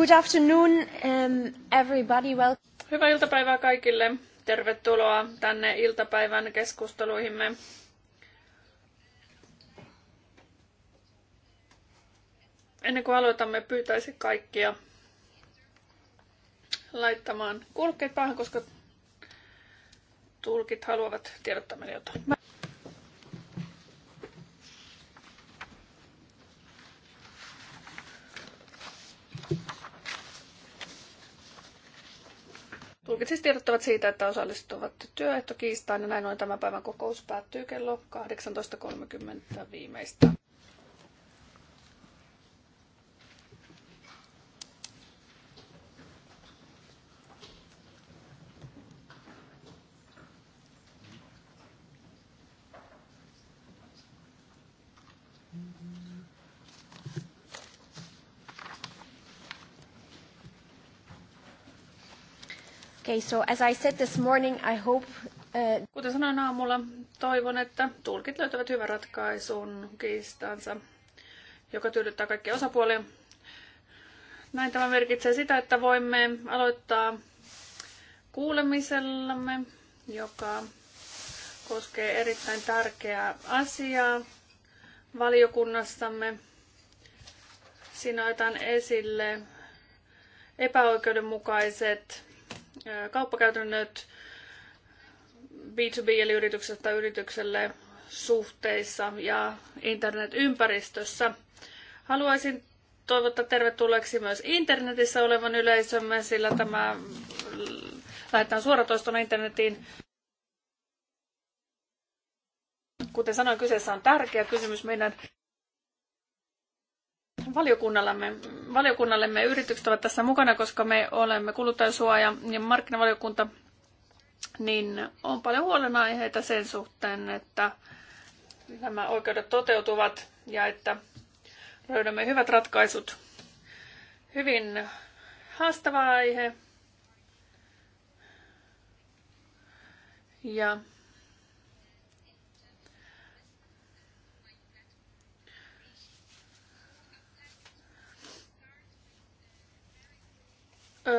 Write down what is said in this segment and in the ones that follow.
Good afternoon, um, everybody. Well... Hyvää iltapäivää kaikille. Tervetuloa tänne iltapäivän keskusteluihimme. Ennen kuin aloitamme, pyytäisin kaikkia laittamaan kulkeet päähän, koska tulkit haluavat tiedottaa meille jotain. Tulkit siis tiedottavat siitä, että osallistuvat työehtokiistaan ja näin noin tämän päivän kokous päättyy kello 18.30 viimeistä. Okay, so as I said this morning, I hope... Uh... Kuten sanoin aamulla, toivon, että tulkit löytävät hyvän ratkaisun kiistansa, joka tyydyttää kaikkia osapuolia. Näin tämä merkitsee sitä, että voimme aloittaa kuulemisellamme, joka koskee erittäin tärkeää asiaa valiokunnassamme. Siinä otan esille epäoikeudenmukaiset kauppakäytännöt B2B eli yrityksestä yritykselle suhteissa ja internetympäristössä. Haluaisin toivottaa tervetulleeksi myös internetissä olevan yleisömme, sillä tämä lähetetään suoratoistona internetiin. Kuten sanoin, kyseessä on tärkeä kysymys meidän valiokunnallemme, valiokunnallemme yritykset ovat tässä mukana, koska me olemme kuluttajansuoja ja markkinavaliokunta, niin on paljon huolenaiheita sen suhteen, että nämä oikeudet toteutuvat ja että löydämme hyvät ratkaisut. Hyvin haastava aihe. Ja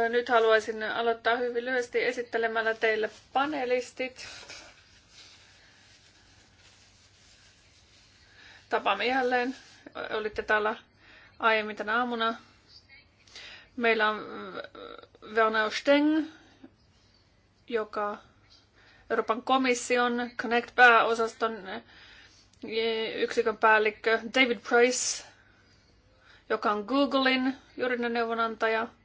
Nyt haluaisin aloittaa hyvin lyhyesti esittelemällä teille panelistit. Tapaamme jälleen. Olitte täällä aiemmin tänä aamuna. Meillä on Werner Steng, joka Euroopan komission Connect-pääosaston e, yksikön päällikkö David Price, joka on Googlein juridinen neuvonantaja –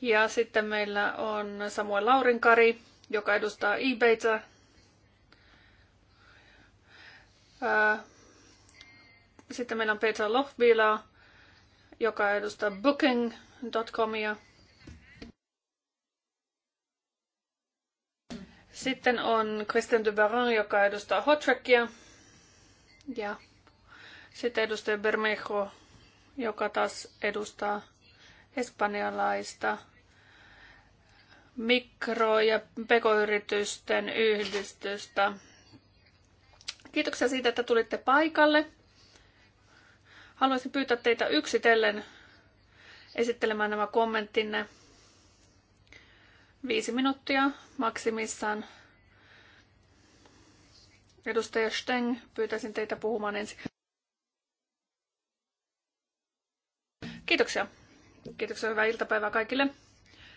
ja sitten meillä on Samuel Laurinkari, joka edustaa eBaytä. Sitten meillä on Petra Lofvila, joka edustaa Booking.comia. Sitten on Christian de joka edustaa Hotrackia. Ja sitten edustaja Bermejo, joka taas edustaa espanjalaista mikro- ja pekoyritysten yhdistystä. Kiitoksia siitä, että tulitte paikalle. Haluaisin pyytää teitä yksitellen esittelemään nämä kommenttinne. Viisi minuuttia maksimissaan. Edustaja Steng, pyytäisin teitä puhumaan ensin. Kiitoksia. Kiitoksia, hyvää iltapäivää kaikille.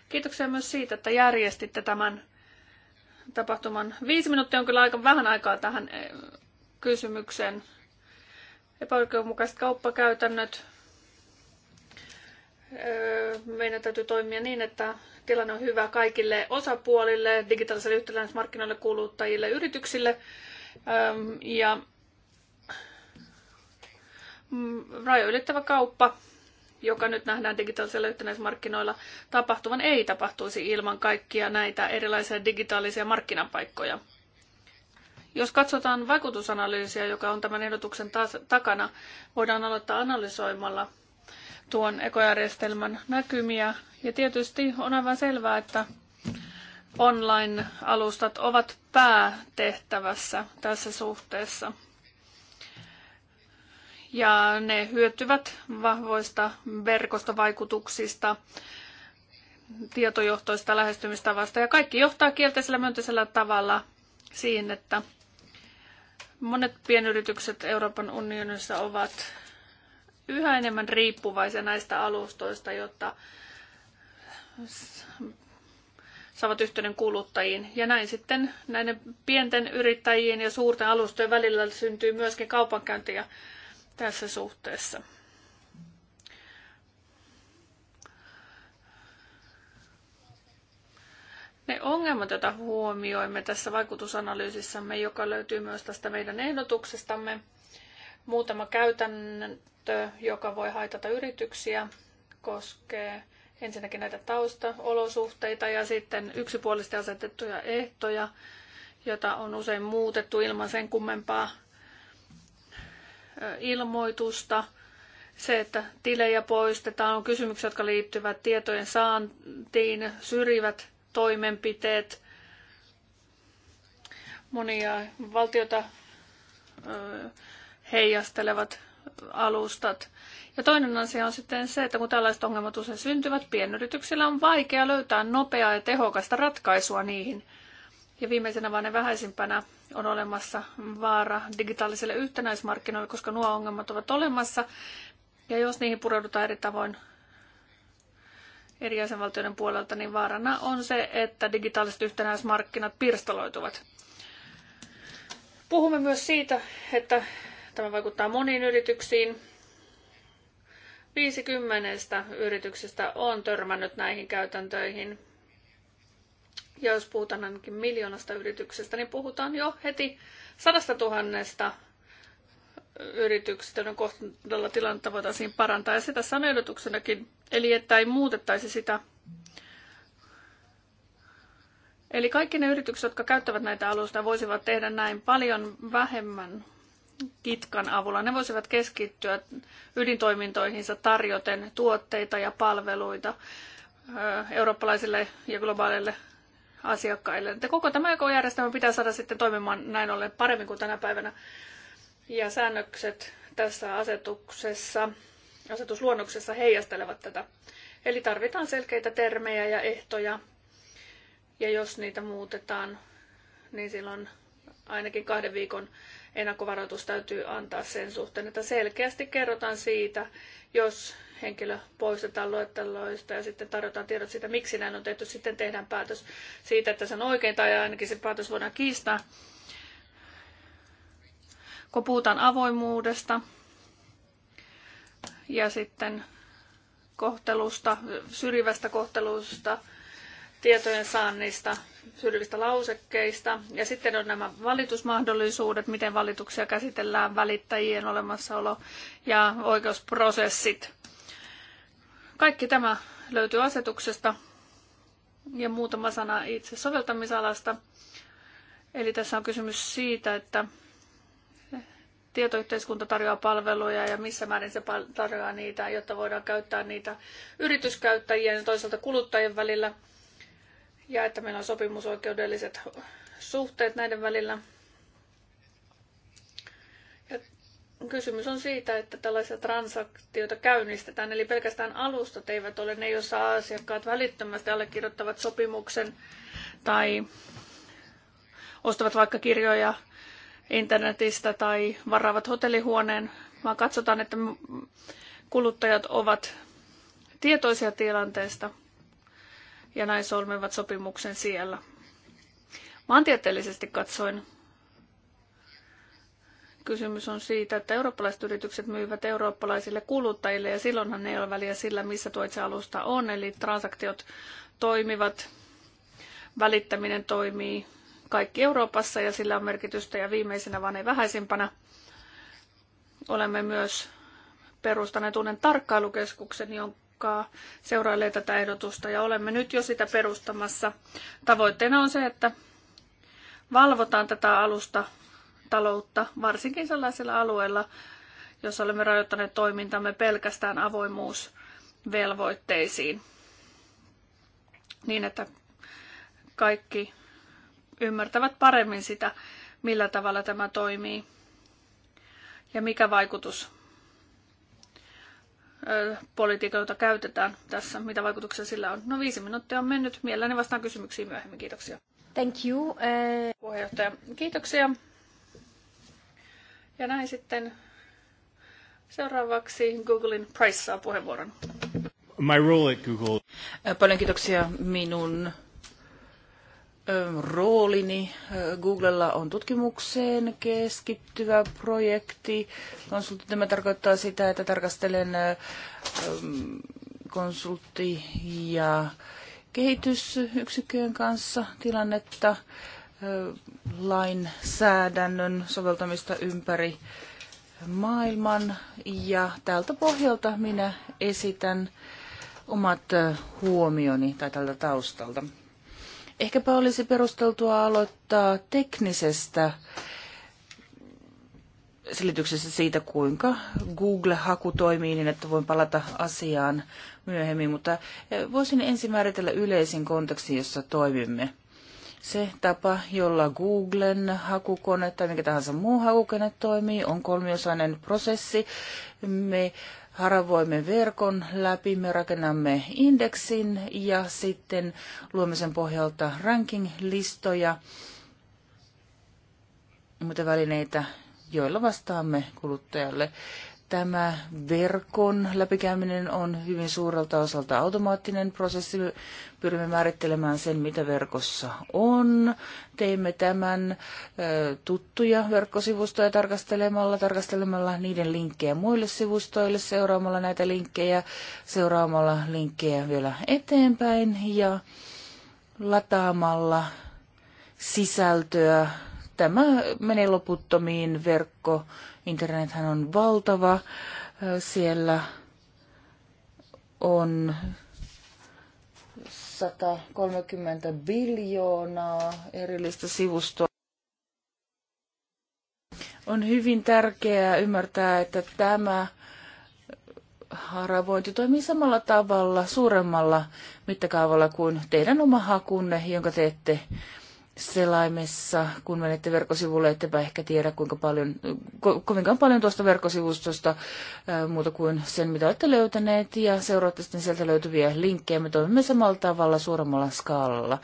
Kiitoksia myös siitä, että järjestitte tämän tapahtuman. Viisi minuuttia on kyllä aika vähän aikaa tähän eh, kysymykseen. Epäoikeudenmukaiset kauppakäytännöt. Eh, meidän täytyy toimia niin, että tilanne on hyvä kaikille osapuolille, digitaaliselle yhtäläismarkkinoille, kuluttajille, yrityksille. Ehm, ja mm, rajoittava kauppa joka nyt nähdään digitaalisilla yhtenäismarkkinoilla tapahtuvan, ei tapahtuisi ilman kaikkia näitä erilaisia digitaalisia markkinapaikkoja. Jos katsotaan vaikutusanalyysiä, joka on tämän ehdotuksen takana, voidaan aloittaa analysoimalla tuon ekojärjestelmän näkymiä. Ja tietysti on aivan selvää, että online-alustat ovat päätehtävässä tässä suhteessa ja ne hyötyvät vahvoista verkostovaikutuksista, tietojohtoista lähestymistavasta ja kaikki johtaa kielteisellä myönteisellä tavalla siihen, että monet pienyritykset Euroopan unionissa ovat yhä enemmän riippuvaisia näistä alustoista, jotta saavat yhteyden kuluttajiin. Ja näin sitten näiden pienten yrittäjien ja suurten alustojen välillä syntyy myöskin kaupankäyntiä tässä suhteessa. Ne ongelmat, joita huomioimme tässä vaikutusanalyysissämme, joka löytyy myös tästä meidän ehdotuksestamme, muutama käytäntö, joka voi haitata yrityksiä, koskee ensinnäkin näitä taustaolosuhteita ja sitten yksipuolisesti asetettuja ehtoja, jota on usein muutettu ilman sen kummempaa ilmoitusta, se, että tilejä poistetaan, on kysymyksiä, jotka liittyvät tietojen saantiin, syrjivät toimenpiteet. Monia valtiota heijastelevat alustat. Ja toinen asia on sitten se, että kun tällaiset ongelmat usein syntyvät, pienyrityksillä on vaikea löytää nopeaa ja tehokasta ratkaisua niihin. Ja viimeisenä vaan ne vähäisimpänä on olemassa vaara digitaaliselle yhtenäismarkkinoille, koska nuo ongelmat ovat olemassa. Ja jos niihin pureudutaan eri tavoin eri jäsenvaltioiden puolelta, niin vaarana on se, että digitaaliset yhtenäismarkkinat pirstaloituvat. Puhumme myös siitä, että tämä vaikuttaa moniin yrityksiin. 50 yrityksestä on törmännyt näihin käytäntöihin ja jos puhutaan ainakin miljoonasta yrityksestä, niin puhutaan jo heti sadasta tuhannesta yrityksestä, joiden kohdalla tilannetta voitaisiin parantaa. Ja se tässä on ehdotuksenakin, eli että ei muutettaisi sitä. Eli kaikki ne yritykset, jotka käyttävät näitä alustoja, voisivat tehdä näin paljon vähemmän kitkan avulla. Ne voisivat keskittyä ydintoimintoihinsa tarjoten tuotteita ja palveluita eurooppalaisille ja globaaleille asiakkaille. Että koko tämä ekojärjestelmä pitää saada sitten toimimaan näin ollen paremmin kuin tänä päivänä. Ja säännökset tässä asetuksessa, asetusluonnoksessa heijastelevat tätä. Eli tarvitaan selkeitä termejä ja ehtoja. Ja jos niitä muutetaan, niin silloin ainakin kahden viikon ennakkovaroitus täytyy antaa sen suhteen, että selkeästi kerrotaan siitä, jos henkilö poistetaan luetteloista ja sitten tarjotaan tiedot siitä, miksi näin on tehty. Sitten tehdään päätös siitä, että se on oikein tai ainakin se päätös voidaan kiistää. Kun puhutaan avoimuudesta ja sitten kohtelusta, syrjivästä kohtelusta, tietojen saannista, syrjivistä lausekkeista. Ja sitten on nämä valitusmahdollisuudet, miten valituksia käsitellään, välittäjien olemassaolo ja oikeusprosessit. Kaikki tämä löytyy asetuksesta ja muutama sana itse soveltamisalasta. Eli tässä on kysymys siitä, että tietoyhteiskunta tarjoaa palveluja ja missä määrin se tarjoaa niitä, jotta voidaan käyttää niitä yrityskäyttäjien ja toisaalta kuluttajien välillä. Ja että meillä on sopimusoikeudelliset suhteet näiden välillä. Kysymys on siitä, että tällaisia transaktioita käynnistetään, eli pelkästään alustat eivät ole ne, joissa asiakkaat välittömästi allekirjoittavat sopimuksen tai ostavat vaikka kirjoja internetistä tai varaavat hotellihuoneen, vaan katsotaan, että kuluttajat ovat tietoisia tilanteesta ja näin solmivat sopimuksen siellä. Maantieteellisesti katsoen Kysymys on siitä, että eurooppalaiset yritykset myyvät eurooppalaisille kuluttajille ja silloinhan ei ole väliä sillä, missä tuo itse alusta on. Eli transaktiot toimivat, välittäminen toimii kaikki Euroopassa ja sillä on merkitystä ja viimeisenä vaan ei vähäisimpänä. Olemme myös perustaneet uuden tarkkailukeskuksen, jonka seurailee tätä ehdotusta ja olemme nyt jo sitä perustamassa. Tavoitteena on se, että valvotaan tätä alusta taloutta, varsinkin sellaisilla alueilla, joissa olemme rajoittaneet toimintamme pelkästään avoimuusvelvoitteisiin. Niin, että kaikki ymmärtävät paremmin sitä, millä tavalla tämä toimii ja mikä vaikutus politiikoita käytetään tässä, mitä vaikutuksia sillä on. No viisi minuuttia on mennyt. Mielelläni vastaan kysymyksiin myöhemmin. Kiitoksia. Thank you. Uh... Puheenjohtaja, kiitoksia. Ja näin sitten seuraavaksi Googlein Price saa puheenvuoron. My role at Google. Äh, paljon kiitoksia minun ähm, roolini. Äh, Googlella on tutkimukseen keskittyvä projekti. tämä tarkoittaa sitä, että tarkastelen äh, ähm, konsultti- ja kehitysyksikköjen kanssa tilannetta lainsäädännön soveltamista ympäri maailman ja tältä pohjalta minä esitän omat huomioni tai tältä taustalta. Ehkäpä olisi perusteltua aloittaa teknisestä selityksessä siitä, kuinka Google-haku toimii, niin että voin palata asiaan myöhemmin, mutta voisin ensin määritellä yleisin kontekstin, jossa toimimme. Se tapa, jolla Googlen hakukone tai mikä tahansa muu hakukone toimii, on kolmiosainen prosessi. Me haravoimme verkon läpi, me rakennamme indeksin ja sitten luomme sen pohjalta ranking-listoja, muita välineitä, joilla vastaamme kuluttajalle. Tämä verkon läpikäyminen on hyvin suurelta osalta automaattinen prosessi. Pyrimme määrittelemään sen, mitä verkossa on. Teimme tämän tuttuja verkkosivustoja tarkastelemalla, tarkastelemalla niiden linkkejä muille sivustoille, seuraamalla näitä linkkejä, seuraamalla linkkejä vielä eteenpäin ja lataamalla sisältöä. Tämä menee loputtomiin verkko Internethän on valtava. Siellä on 130 biljoonaa erillistä sivustoa. On hyvin tärkeää ymmärtää, että tämä haravointi toimii samalla tavalla, suuremmalla mittakaavalla kuin teidän oma hakunne, jonka teette selaimessa, kun menette verkkosivulle, ettepä ehkä tiedä kuinka paljon, ko- kovinkaan paljon tuosta verkkosivustosta ää, muuta kuin sen, mitä olette löytäneet, ja seuraatte sitten sieltä löytyviä linkkejä. Me toimimme samalla tavalla suuremmalla skaalalla.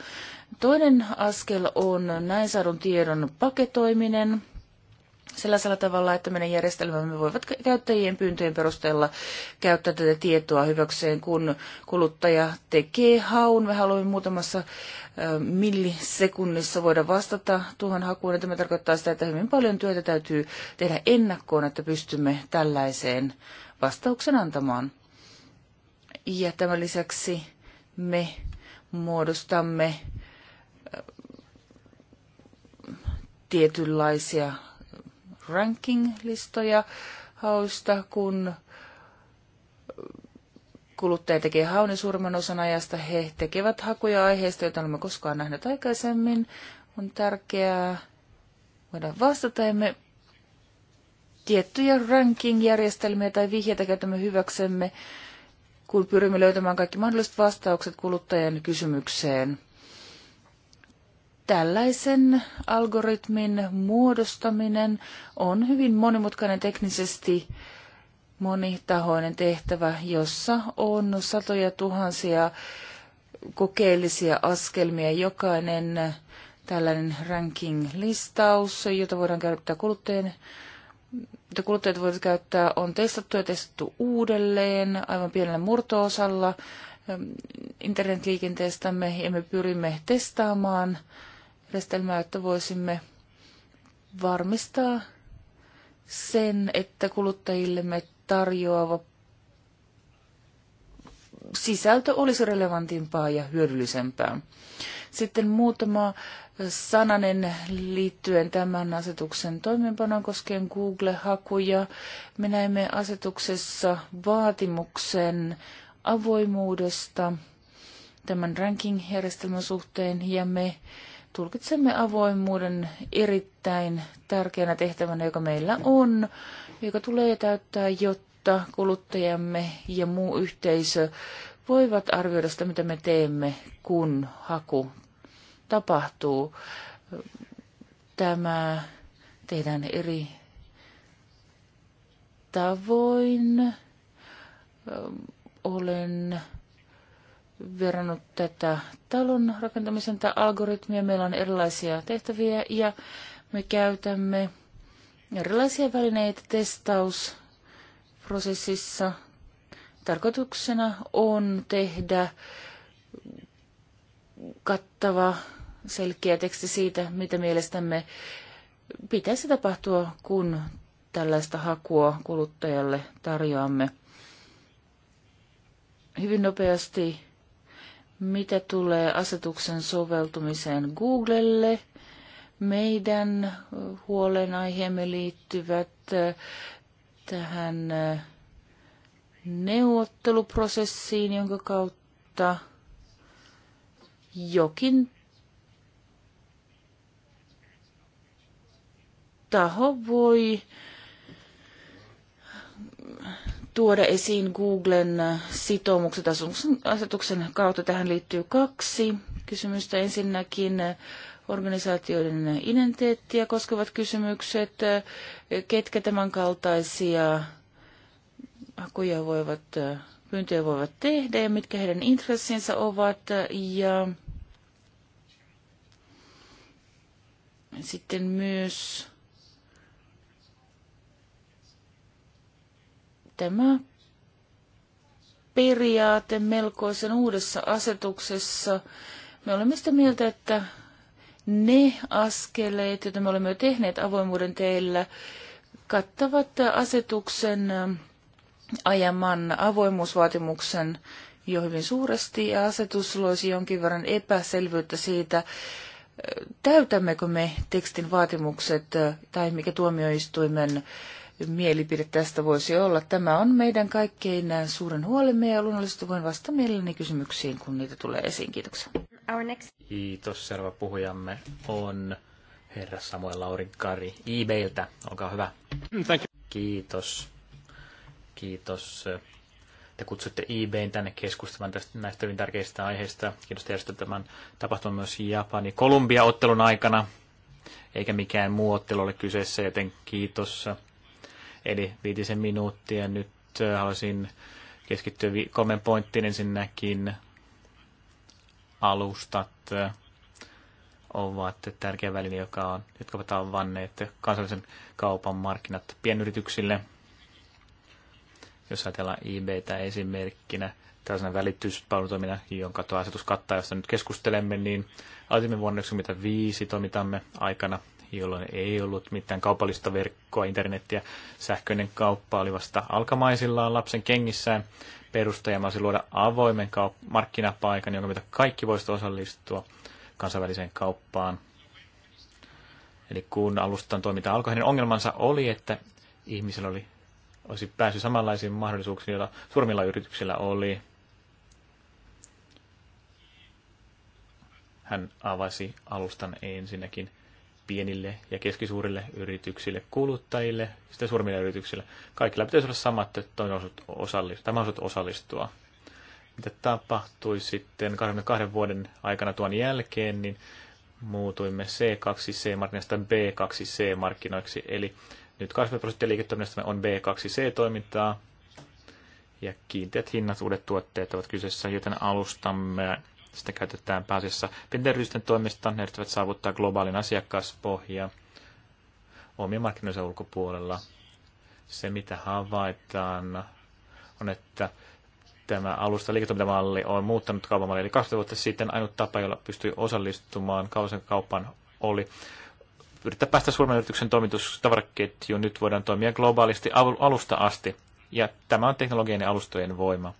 Toinen askel on näin saadun tiedon paketoiminen sellaisella tavalla, että meidän järjestelmämme voivat käyttäjien pyyntöjen perusteella käyttää tätä tietoa hyväkseen, kun kuluttaja tekee haun. Me haluamme muutamassa millisekunnissa voida vastata tuohon hakuun, ja tämä tarkoittaa sitä, että hyvin paljon työtä täytyy tehdä ennakkoon, että pystymme tällaiseen vastauksen antamaan. Ja tämän lisäksi me muodostamme tietynlaisia ranking-listoja hausta, kun kuluttaja tekee haun suurimman osan ajasta. He tekevät hakuja aiheesta, joita olemme koskaan nähneet aikaisemmin. On tärkeää voida vastata, emme tiettyjä ranking-järjestelmiä tai vihjeitä käytämme hyväksemme, kun pyrimme löytämään kaikki mahdolliset vastaukset kuluttajan kysymykseen tällaisen algoritmin muodostaminen on hyvin monimutkainen teknisesti monitahoinen tehtävä, jossa on satoja tuhansia kokeellisia askelmia. Jokainen tällainen ranking-listaus, jota voidaan käyttää kuluttajien mitä kuluttajat voivat käyttää, on testattu ja testattu uudelleen aivan pienellä murto-osalla ehm, internetliikenteestämme ja me pyrimme testaamaan järjestelmää, että voisimme varmistaa sen, että kuluttajillemme tarjoava sisältö olisi relevantimpaa ja hyödyllisempää. Sitten muutama sananen liittyen tämän asetuksen toimeenpanoon koskien Google-hakuja. Me näemme asetuksessa vaatimuksen avoimuudesta tämän ranking-järjestelmän suhteen ja me tulkitsemme avoimuuden erittäin tärkeänä tehtävänä, joka meillä on, joka tulee täyttää, jotta kuluttajamme ja muu yhteisö voivat arvioida sitä, mitä me teemme, kun haku tapahtuu. Tämä tehdään eri tavoin. Olen verrannut tätä talon rakentamisen tai algoritmia. Meillä on erilaisia tehtäviä ja me käytämme erilaisia välineitä testausprosessissa. Tarkoituksena on tehdä kattava, selkeä teksti siitä, mitä mielestämme pitäisi tapahtua, kun tällaista hakua kuluttajalle tarjoamme. Hyvin nopeasti mitä tulee asetuksen soveltumiseen Googlelle, meidän huolenaiheemme liittyvät tähän neuvotteluprosessiin, jonka kautta jokin taho voi tuoda esiin Googlen sitoumukset asetuksen kautta. Tähän liittyy kaksi kysymystä. Ensinnäkin organisaatioiden identiteettiä koskevat kysymykset, ketkä tämän kaltaisia hakuja voivat, pyyntöjä voivat tehdä ja mitkä heidän intressinsä ovat. Ja sitten myös tämä periaate melkoisen uudessa asetuksessa. Me olemme sitä mieltä, että ne askeleet, joita me olemme jo tehneet avoimuuden teillä, kattavat asetuksen ajaman avoimuusvaatimuksen jo hyvin suuresti ja asetus loisi jonkin verran epäselvyyttä siitä, täytämmekö me tekstin vaatimukset tai mikä tuomioistuimen mielipide tästä voisi olla. Tämä on meidän kaikkein suuren huolemme ja luonnollisesti voin vastata mielelläni kysymyksiin, kun niitä tulee esiin. Kiitoksia. Our next... Kiitos. Seuraava puhujamme on herra Samuel Lauri Kari eBayltä. Olkaa hyvä. Mm, thank you. Kiitos. Kiitos. Te kutsutte eBayn tänne keskustelemaan tästä näistä hyvin tärkeistä aiheista. Kiitos teistä tämän tapahtuman myös Japani Kolumbia ottelun aikana eikä mikään muu ottelu ole kyseessä, joten kiitos eli viitisen minuuttia. Nyt äh, haluaisin keskittyä kolmen pointtiin ensinnäkin alustat äh, ovat tärkeä väline, joka on, jotka ovat avanneet kansallisen kaupan markkinat pienyrityksille. Jos ajatellaan eBaytä esimerkkinä, tällaisena välityspalvelutoimina, jonka tuo asetus kattaa, josta nyt keskustelemme, niin aloitimme vuonna 1995 toimitamme aikana jolloin ei ollut mitään kaupallista verkkoa, internettiä. Sähköinen kauppa oli vasta alkamaisillaan lapsen kengissään. Perustaja olisi luoda avoimen kaup- markkinapaikan, jonka mitä kaikki voisivat osallistua kansainväliseen kauppaan. Eli kun alustan toiminta alkoi, hänen ongelmansa oli, että ihmisillä oli, olisi päässyt samanlaisiin mahdollisuuksiin, joita suurimmilla yrityksillä oli. Hän avasi alustan ensinnäkin pienille ja keskisuurille yrityksille, kuluttajille, sitä suurimmille yrityksille. Kaikilla pitäisi olla samat osallistua, mahdollisuudet osallistua. Mitä tapahtui sitten 22 vuoden aikana tuon jälkeen, niin muutuimme c 2 c markkinoista B2C-markkinoiksi, eli nyt 20 prosenttia liiketoiminnasta on B2C-toimintaa, ja kiinteät hinnat uudet tuotteet ovat kyseessä, joten alustamme sitä käytetään pääasiassa pienten toimesta. Ne yrittävät saavuttaa globaalin asiakaspohja omien markkinoiden ulkopuolella. Se, mitä havaitaan, on, että tämä alusta liiketoimintamalli on muuttanut kaupamalli. Eli 20 vuotta sitten ainut tapa, jolla pystyi osallistumaan kaupan kauppaan, oli yrittää päästä suuren yrityksen toimitustavarakketjuun. Nyt voidaan toimia globaalisti alusta asti. Ja tämä on teknologian ja alustojen voima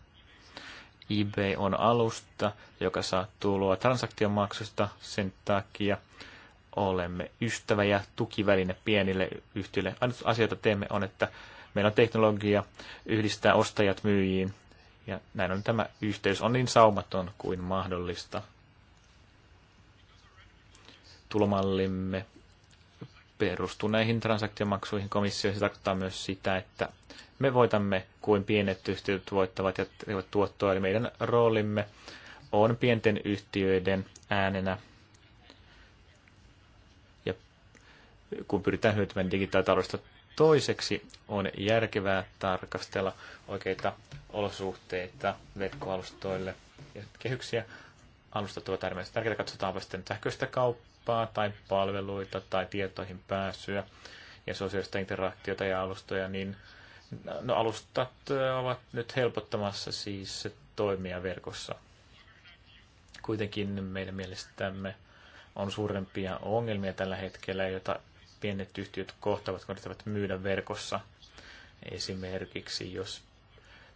eBay on alusta, joka saa tuloa transaktiomaksusta. Sen takia olemme ystävä ja tukiväline pienille yhtiöille. Ainut asioita teemme on, että meillä on teknologia yhdistää ostajat myyjiin. Ja näin on tämä yhteys on niin saumaton kuin mahdollista. Tulomallimme perustuu näihin transaktiomaksuihin. Komissio se tarkoittaa myös sitä, että me voitamme kuin pienet yhtiöt voittavat ja tekevät tuottoa. Eli meidän roolimme on pienten yhtiöiden äänenä. Ja kun pyritään hyötymään digitaalitaloudesta toiseksi, on järkevää tarkastella oikeita olosuhteita verkkoalustoille ja kehyksiä. Alustat ovat äärimmäisen tärkeitä. Katsotaan sitten sähköistä kauppaa tai palveluita tai tietoihin pääsyä ja sosiaalista interaktiota ja alustoja, niin No, alustat ovat nyt helpottamassa siis toimia verkossa. Kuitenkin meidän mielestämme on suurempia ongelmia tällä hetkellä, joita pienet yhtiöt kohtavat, kun yrittävät myydä verkossa. Esimerkiksi jos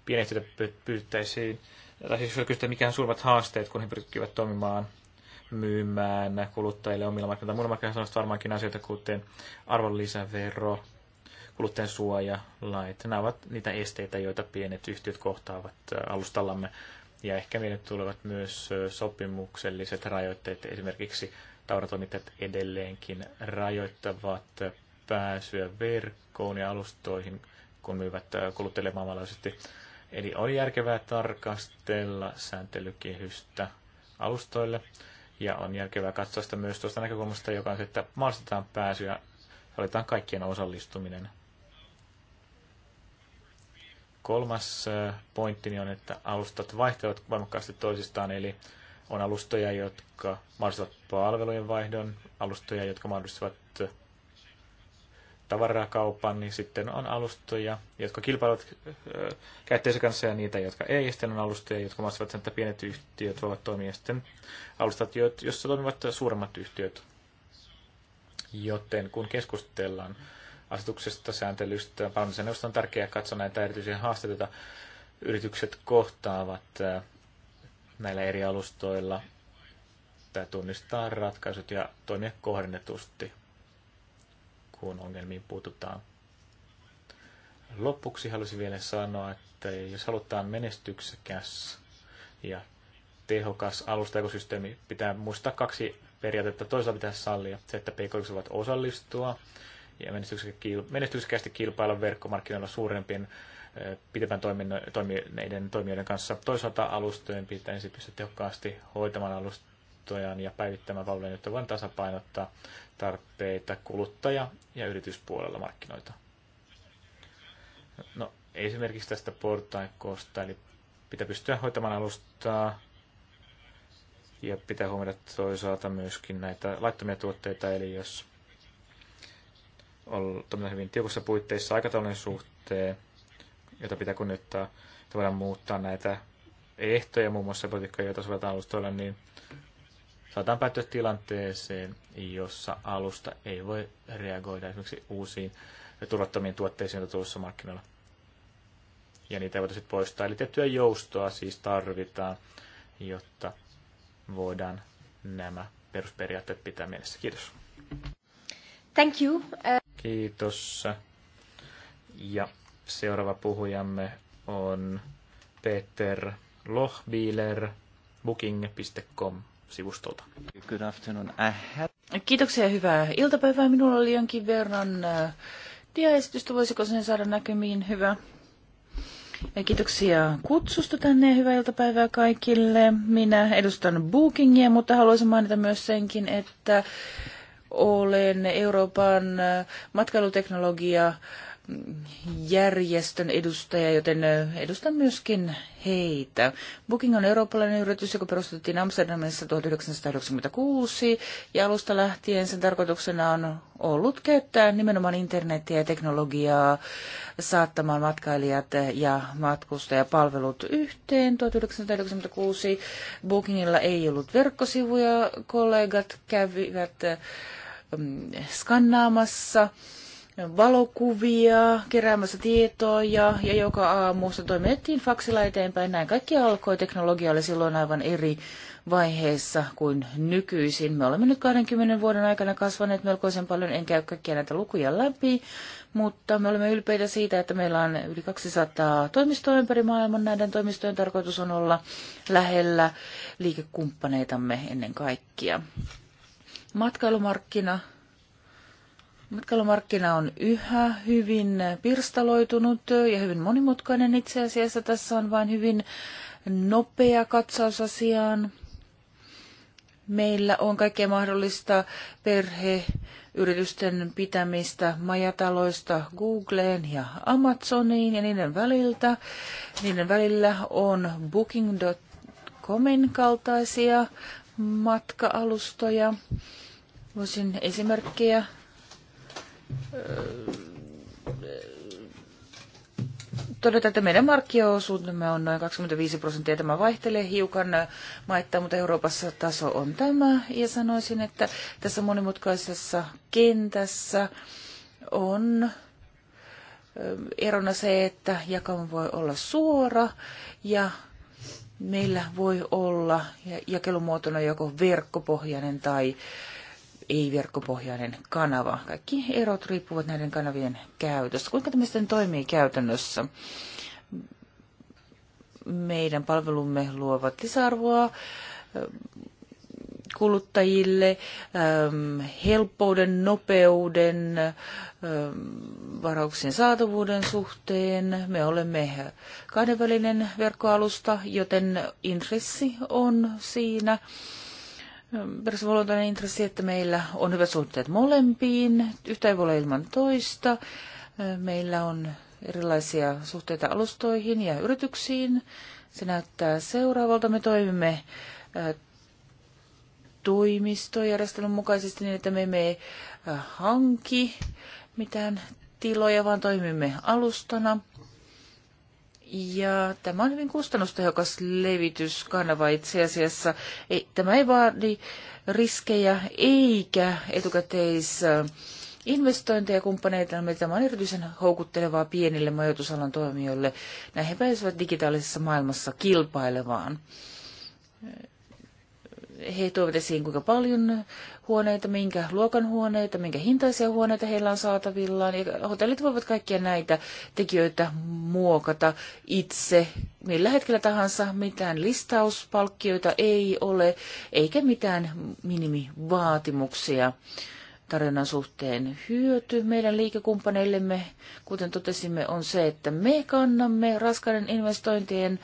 pienet yhtiöt pyyttäisiin, tai siis kysytään, mikä on suurimmat haasteet, kun he pyrkivät toimimaan myymään kuluttajille omilla markkinoilla. Muilla markkinoilla varmaankin asioita, kuten arvonlisävero, lait. Nämä ovat niitä esteitä, joita pienet yhtiöt kohtaavat alustallamme. Ja ehkä meille tulevat myös sopimukselliset rajoitteet. Esimerkiksi tauratoimittajat edelleenkin rajoittavat pääsyä verkkoon ja alustoihin, kun myyvät kuluttajille Eli on järkevää tarkastella sääntelykehystä alustoille. Ja on järkevää katsoa sitä myös tuosta näkökulmasta, joka on se, että mahdollistetaan pääsyä, valitaan kaikkien osallistuminen. Kolmas äh, pointti on, että alustat vaihtelevat voimakkaasti toisistaan, eli on alustoja, jotka mahdollistavat palvelujen vaihdon, alustoja, jotka mahdollistavat äh, tavarakaupan, niin sitten on alustoja, jotka kilpailevat äh, käyttäjänsä kanssa ja niitä, jotka ei. sitten on alustoja, jotka mahdollistavat sen, että pienet yhtiöt voivat toimia. Ja sitten alustat, joissa toimivat suuremmat yhtiöt. Joten kun keskustellaan asetuksesta, sääntelystä. Palveluseneuvoston on tärkeää katsoa näitä erityisiä haasteita, joita yritykset kohtaavat näillä eri alustoilla. Tämä tunnistaa ratkaisut ja toimia kohdennetusti, kun ongelmiin puututaan. Lopuksi haluaisin vielä sanoa, että jos halutaan menestyksekäs ja tehokas alustaekosysteemi, pitää muistaa kaksi periaatetta. Toisaalta pitää sallia se, että pk ovat osallistua ja menestyksekkäästi kilpailla verkkomarkkinoilla suurempien pitävän toimineiden toimijoiden kanssa. Toisaalta alustojen ensin pystyä tehokkaasti hoitamaan alustojaan ja päivittämään palveluja, jotta voidaan tasapainottaa tarpeita kuluttaja- ja yrityspuolella markkinoita. No, esimerkiksi tästä portaikosta, eli pitää pystyä hoitamaan alustaa ja pitää huomioida toisaalta myöskin näitä laittomia tuotteita, eli jos toimia hyvin tiukossa puitteissa aikataulun suhteen, jota pitää kunnioittaa, että voidaan muuttaa näitä ehtoja, muun muassa politiikkaa, joita sovelletaan alustoilla, niin saataan päättyä tilanteeseen, jossa alusta ei voi reagoida esimerkiksi uusiin turvattomiin tuotteisiin, joita tuossa markkinoilla. Ja niitä ei voitaisiin sitten poistaa. Eli tiettyä joustoa siis tarvitaan, jotta voidaan nämä perusperiaatteet pitää mielessä. Kiitos. Thank you. Kiitos. Ja seuraava puhujamme on Peter Lohbiler booking.com sivustolta. Good afternoon. Have... Kiitoksia ja hyvää iltapäivää. Minulla oli jonkin verran äh, diaesitystä. Voisiko sen saada näkymiin? Hyvä. Ja kiitoksia kutsusta tänne ja hyvää iltapäivää kaikille. Minä edustan Bookingia, mutta haluaisin mainita myös senkin, että olen Euroopan äh, matkailuteknologiajärjestön edustaja, joten äh, edustan myöskin heitä. Booking on eurooppalainen yritys, joka perustettiin Amsterdamissa 1996 ja alusta lähtien sen tarkoituksena on ollut käyttää nimenomaan internetiä ja teknologiaa saattamaan matkailijat ja matkustajapalvelut yhteen. 1996 Bookingilla ei ollut verkkosivuja, kollegat kävivät Mm, skannaamassa valokuvia, keräämässä tietoja ja joka aamu se toimitettiin faksilla eteenpäin. Näin kaikki alkoi. Teknologia oli silloin aivan eri vaiheessa kuin nykyisin. Me olemme nyt 20 vuoden aikana kasvaneet melkoisen paljon, en käy kaikkia näitä lukuja läpi, mutta me olemme ylpeitä siitä, että meillä on yli 200 toimistoa ympäri maailman. Näiden toimistojen tarkoitus on olla lähellä liikekumppaneitamme ennen kaikkea. Matkailumarkkina, matkailumarkkina on yhä hyvin pirstaloitunut ja hyvin monimutkainen itse asiassa. Tässä on vain hyvin nopea katsaus asiaan. Meillä on kaikkea mahdollista perheyritysten pitämistä majataloista Googleen ja Amazoniin ja niiden väliltä. Niiden välillä on booking.comin kaltaisia matka-alustoja. Voisin esimerkkiä, todeta, että meidän markkinaosuutemme on noin 25 prosenttia. Tämä vaihtelee hiukan maittaa, mutta Euroopassa taso on tämä. Ja sanoisin, että tässä monimutkaisessa kentässä on erona se, että jakama voi olla suora ja meillä voi olla jakelumuotona joko verkkopohjainen tai ei-verkkopohjainen kanava. Kaikki erot riippuvat näiden kanavien käytöstä. Kuinka tämä sitten toimii käytännössä? Meidän palvelumme luovat lisäarvoa ähm, kuluttajille, ähm, helppouden, nopeuden, ähm, varauksien saatavuuden suhteen. Me olemme kahdenvälinen verkkoalusta, joten intressi on siinä Perusvoluontainen intressi, että meillä on hyvät suhteet molempiin, yhtä ei voi olla ilman toista. Meillä on erilaisia suhteita alustoihin ja yrityksiin. Se näyttää seuraavalta. Me toimimme toimistojärjestelmän mukaisesti niin, että me emme hanki mitään tiloja, vaan toimimme alustana. Ja tämä on hyvin kustannustehokas levityskanava itse asiassa. Ei, tämä ei vaadi riskejä eikä etukäteis investointeja mutta Tämä on erityisen houkuttelevaa pienille majoitusalan toimijoille. Näihin pääsevät digitaalisessa maailmassa kilpailevaan he tuovat esiin, kuinka paljon huoneita, minkä luokan huoneita, minkä hintaisia huoneita heillä on saatavillaan. Ja hotellit voivat kaikkia näitä tekijöitä muokata itse millä hetkellä tahansa. Mitään listauspalkkioita ei ole, eikä mitään minimivaatimuksia tarjonnan suhteen hyöty meidän liikekumppaneillemme, kuten totesimme, on se, että me kannamme raskaiden investointien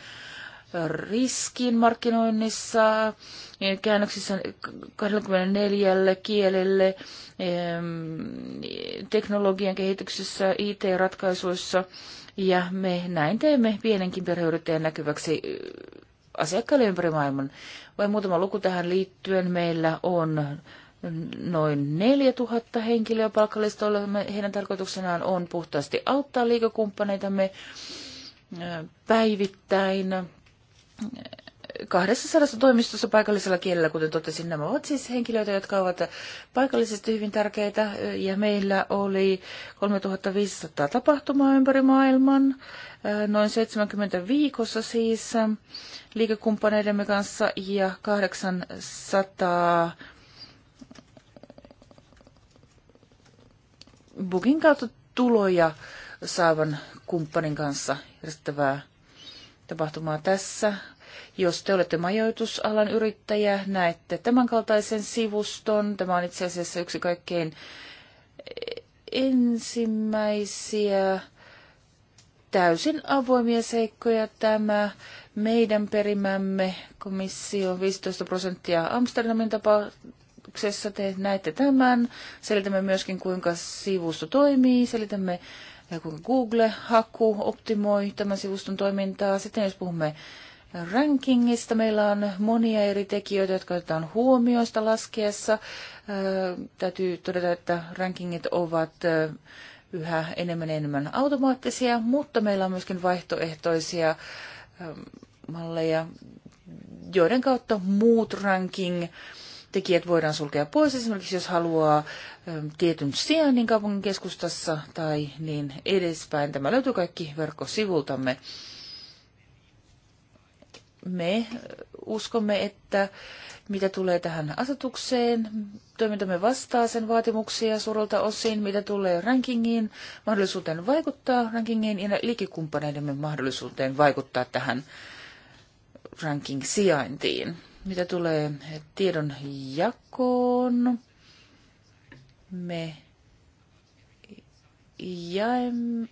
riskin markkinoinnissa, niin käännöksissä 24 kielelle, teknologian kehityksessä, IT-ratkaisuissa ja me näin teemme pienenkin perheyrittäjän näkyväksi asiakkaille ympäri maailman. Vain muutama luku tähän liittyen meillä on noin 4000 henkilöä palkkalistoilla. Heidän tarkoituksenaan on puhtaasti auttaa liikakumppaneitamme päivittäin 200 toimistossa paikallisella kielellä, kuten totesin, nämä ovat siis henkilöitä, jotka ovat paikallisesti hyvin tärkeitä. Ja meillä oli 3500 tapahtumaa ympäri maailman, noin 70 viikossa siis liikekumppaneidemme kanssa ja 800 Bookin kautta tuloja saavan kumppanin kanssa järjestettävää tapahtumaa tässä. Jos te olette majoitusalan yrittäjä, näette tämänkaltaisen sivuston. Tämä on itse asiassa yksi kaikkein ensimmäisiä täysin avoimia seikkoja tämä meidän perimämme komissio 15 prosenttia Amsterdamin tapauksessa. Te näette tämän. Selitämme myöskin, kuinka sivusto toimii. Selitämme kuinka Google-haku optimoi tämän sivuston toimintaa. Sitten jos puhumme rankingista, meillä on monia eri tekijöitä, jotka otetaan huomioista laskiessa. Täytyy todeta, että rankingit ovat yhä enemmän ja enemmän automaattisia, mutta meillä on myöskin vaihtoehtoisia malleja, joiden kautta muut ranking tekijät voidaan sulkea pois. Esimerkiksi jos haluaa tietyn sijainnin kaupungin keskustassa tai niin edespäin. Tämä löytyy kaikki verkkosivultamme. Me uskomme, että mitä tulee tähän asetukseen, toimintamme vastaa sen vaatimuksia suurelta osin, mitä tulee rankingiin, mahdollisuuteen vaikuttaa rankingiin ja liikikumppaneidemme mahdollisuuteen vaikuttaa tähän ranking-sijaintiin. Mitä tulee tiedon jakoon, me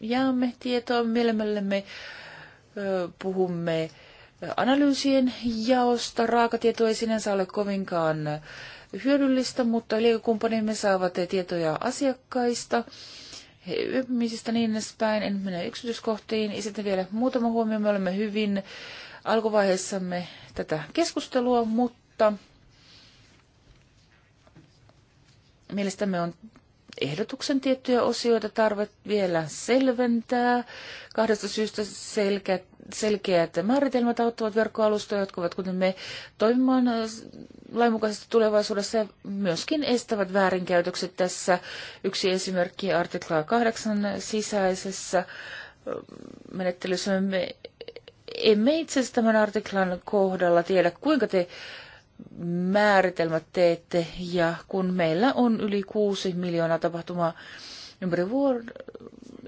jaamme tietoa mielemmällemme, puhumme analyysien jaosta. Raakatieto ei sinänsä ole kovinkaan hyödyllistä, mutta liikokumppanimme saavat tietoja asiakkaista, yöpymisistä niin edespäin. En mene yksityiskohtiin. Ja sitten vielä muutama huomio. Me olemme hyvin alkuvaiheessamme tätä keskustelua, mutta mielestämme on ehdotuksen tiettyjä osioita tarve vielä selventää. Kahdesta syystä selkeät, selkeät määritelmät auttavat verkkoalustoja, jotka ovat kuten me toimimaan lainmukaisesti tulevaisuudessa ja myöskin estävät väärinkäytökset tässä. Yksi esimerkki artikla 8 sisäisessä menettelyssä me emme itse asiassa tämän artiklan kohdalla tiedä, kuinka te määritelmät teette, ja kun meillä on yli kuusi miljoonaa tapahtumaa ympäri, vuor-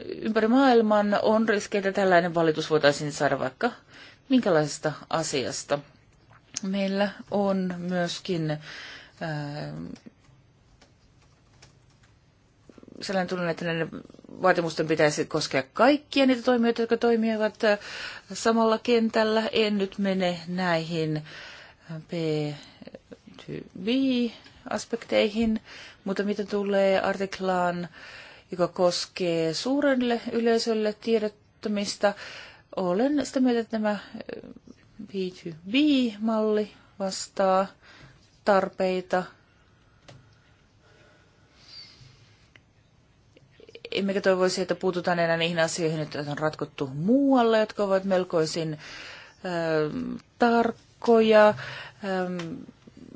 ympäri maailman, on riski, että tällainen valitus voitaisiin saada vaikka minkälaisesta asiasta. Meillä on myöskin ää, sellainen tunne, että näiden vaatimusten pitäisi koskea kaikkia niitä toimijoita, jotka toimivat äh, samalla kentällä. En nyt mene näihin äh, B2B-aspekteihin, mutta mitä tulee artiklaan, joka koskee suurelle yleisölle tiedottamista, olen sitä mieltä, että tämä äh, B2B-malli vastaa tarpeita Emmekä toivoisi, että puututaan enää niihin asioihin, joita on ratkottu muualla, jotka ovat melkoisin ö, tarkkoja. Ö,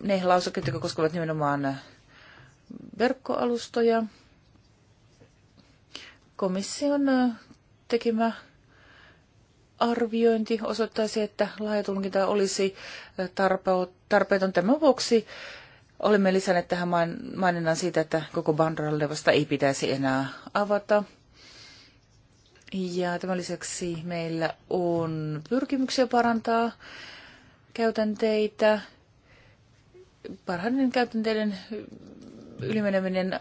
ne lausekkeet, jotka koskevat nimenomaan verkkoalustoja. Komission tekemä arviointi osoittaisi, että laajatulkinta olisi tarpeeton tämän vuoksi Olemme lisänneet tähän maininnan siitä, että koko Bandralevasta ei pitäisi enää avata. Ja tämän lisäksi meillä on pyrkimyksiä parantaa käytänteitä. Parhaiden käytänteiden ylimeneminen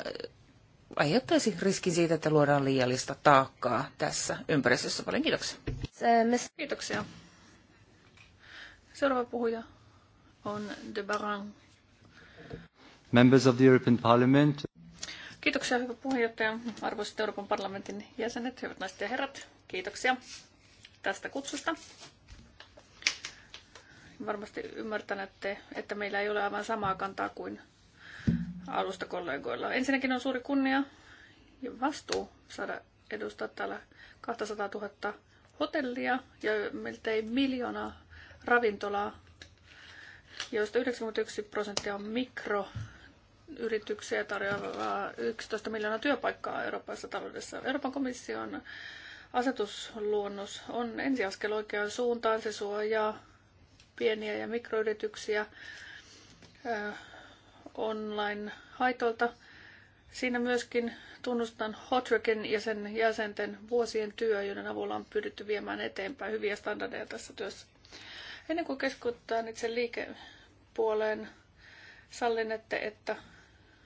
aiheuttaisi riskin siitä, että luodaan liiallista taakkaa tässä ympäristössä. Paljon kiitoksia. Kiitoksia. Seuraava puhuja on De Baran Members of the European Parliament. Kiitoksia, hyvä puheenjohtaja, arvoisat Euroopan parlamentin jäsenet, hyvät naiset ja herrat. Kiitoksia tästä kutsusta. Varmasti ymmärtänette, että meillä ei ole aivan samaa kantaa kuin alusta kollegoilla. Ensinnäkin on suuri kunnia ja vastuu saada edustaa täällä 200 000 hotellia ja miltei miljoonaa ravintolaa, joista 91 prosenttia on mikro- yrityksiä tarjoavaa 11 miljoonaa työpaikkaa Euroopassa taloudessa. Euroopan komission asetusluonnos on ensiaskel oikeaan suuntaan. Se suojaa pieniä ja mikroyrityksiä online-haitolta. Siinä myöskin tunnustan Hotricken ja sen jäsenten vuosien työ, joiden avulla on pyritty viemään eteenpäin hyviä standardeja tässä työssä. Ennen kuin keskutaan itse liikepuoleen, sallin, että, että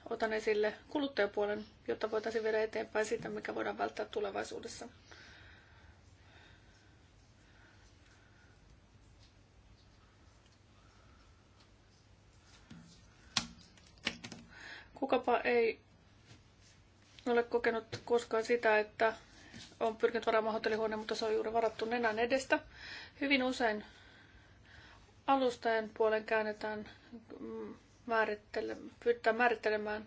otan esille kuluttajapuolen, jotta voitaisiin viedä eteenpäin sitä, mikä voidaan välttää tulevaisuudessa. Kukapa ei ole kokenut koskaan sitä, että on pyrkinyt varaamaan hotellihuoneen, mutta se on juuri varattu nenän edestä. Hyvin usein alustajan puolen käännetään mm, pyytää määrittelemään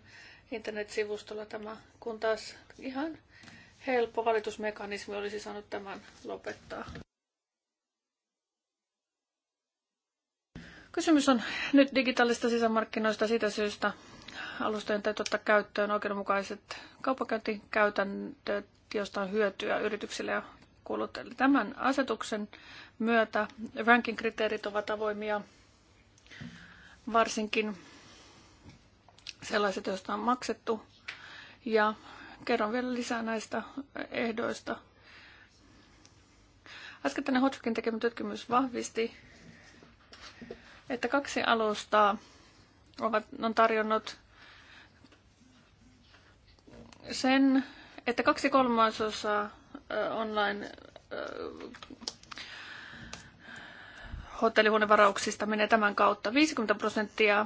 internetsivustolla tämä, kun taas ihan helppo valitusmekanismi olisi saanut tämän lopettaa. Kysymys on nyt digitaalista sisämarkkinoista siitä syystä, alustojen täytyy ottaa käyttöön oikeudenmukaiset kaupankäyntikäytäntöt, joista on hyötyä yrityksille ja kuluttajille. Tämän asetuksen myötä ranking-kriteerit ovat avoimia varsinkin sellaiset, joista on maksettu. Ja kerron vielä lisää näistä ehdoista. Äskettäinen Hodgkin tekemä tutkimus vahvisti, että kaksi alusta ovat, on tarjonnut sen, että kaksi kolmasosaa online hotellihuonevarauksista menee tämän kautta. 50 prosenttia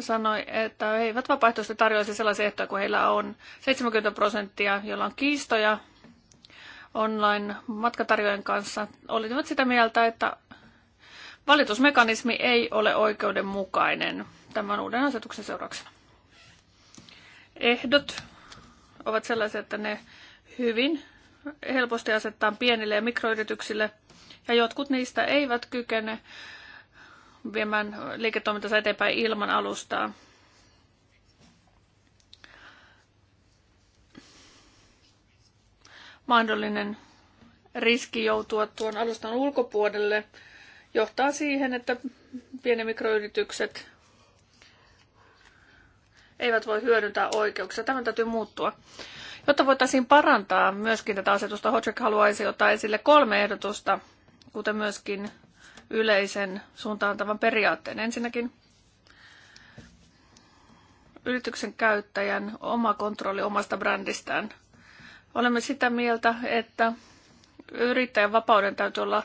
sanoi, että he eivät vapaaehtoisesti tarjoaisi sellaisia ehtoja kuin heillä on. 70 prosenttia, joilla on kiistoja online matkatarjojen kanssa, olivat sitä mieltä, että valitusmekanismi ei ole oikeudenmukainen tämän uuden asetuksen seurauksena. Ehdot ovat sellaisia, että ne hyvin helposti asettaa pienille ja mikroyrityksille, ja jotkut niistä eivät kykene viemään liiketoimintansa eteenpäin ilman alustaa. Mahdollinen riski joutua tuon alustan ulkopuolelle johtaa siihen, että pienet mikroyritykset eivät voi hyödyntää oikeuksia. tämän täytyy muuttua. Jotta voitaisiin parantaa myöskin tätä asetusta, Hodgek haluaisi ottaa esille kolme ehdotusta, kuten myöskin yleisen suuntaantavan periaatteen. Ensinnäkin yrityksen käyttäjän oma kontrolli omasta brändistään. Olemme sitä mieltä, että yrittäjän vapauden täytyy olla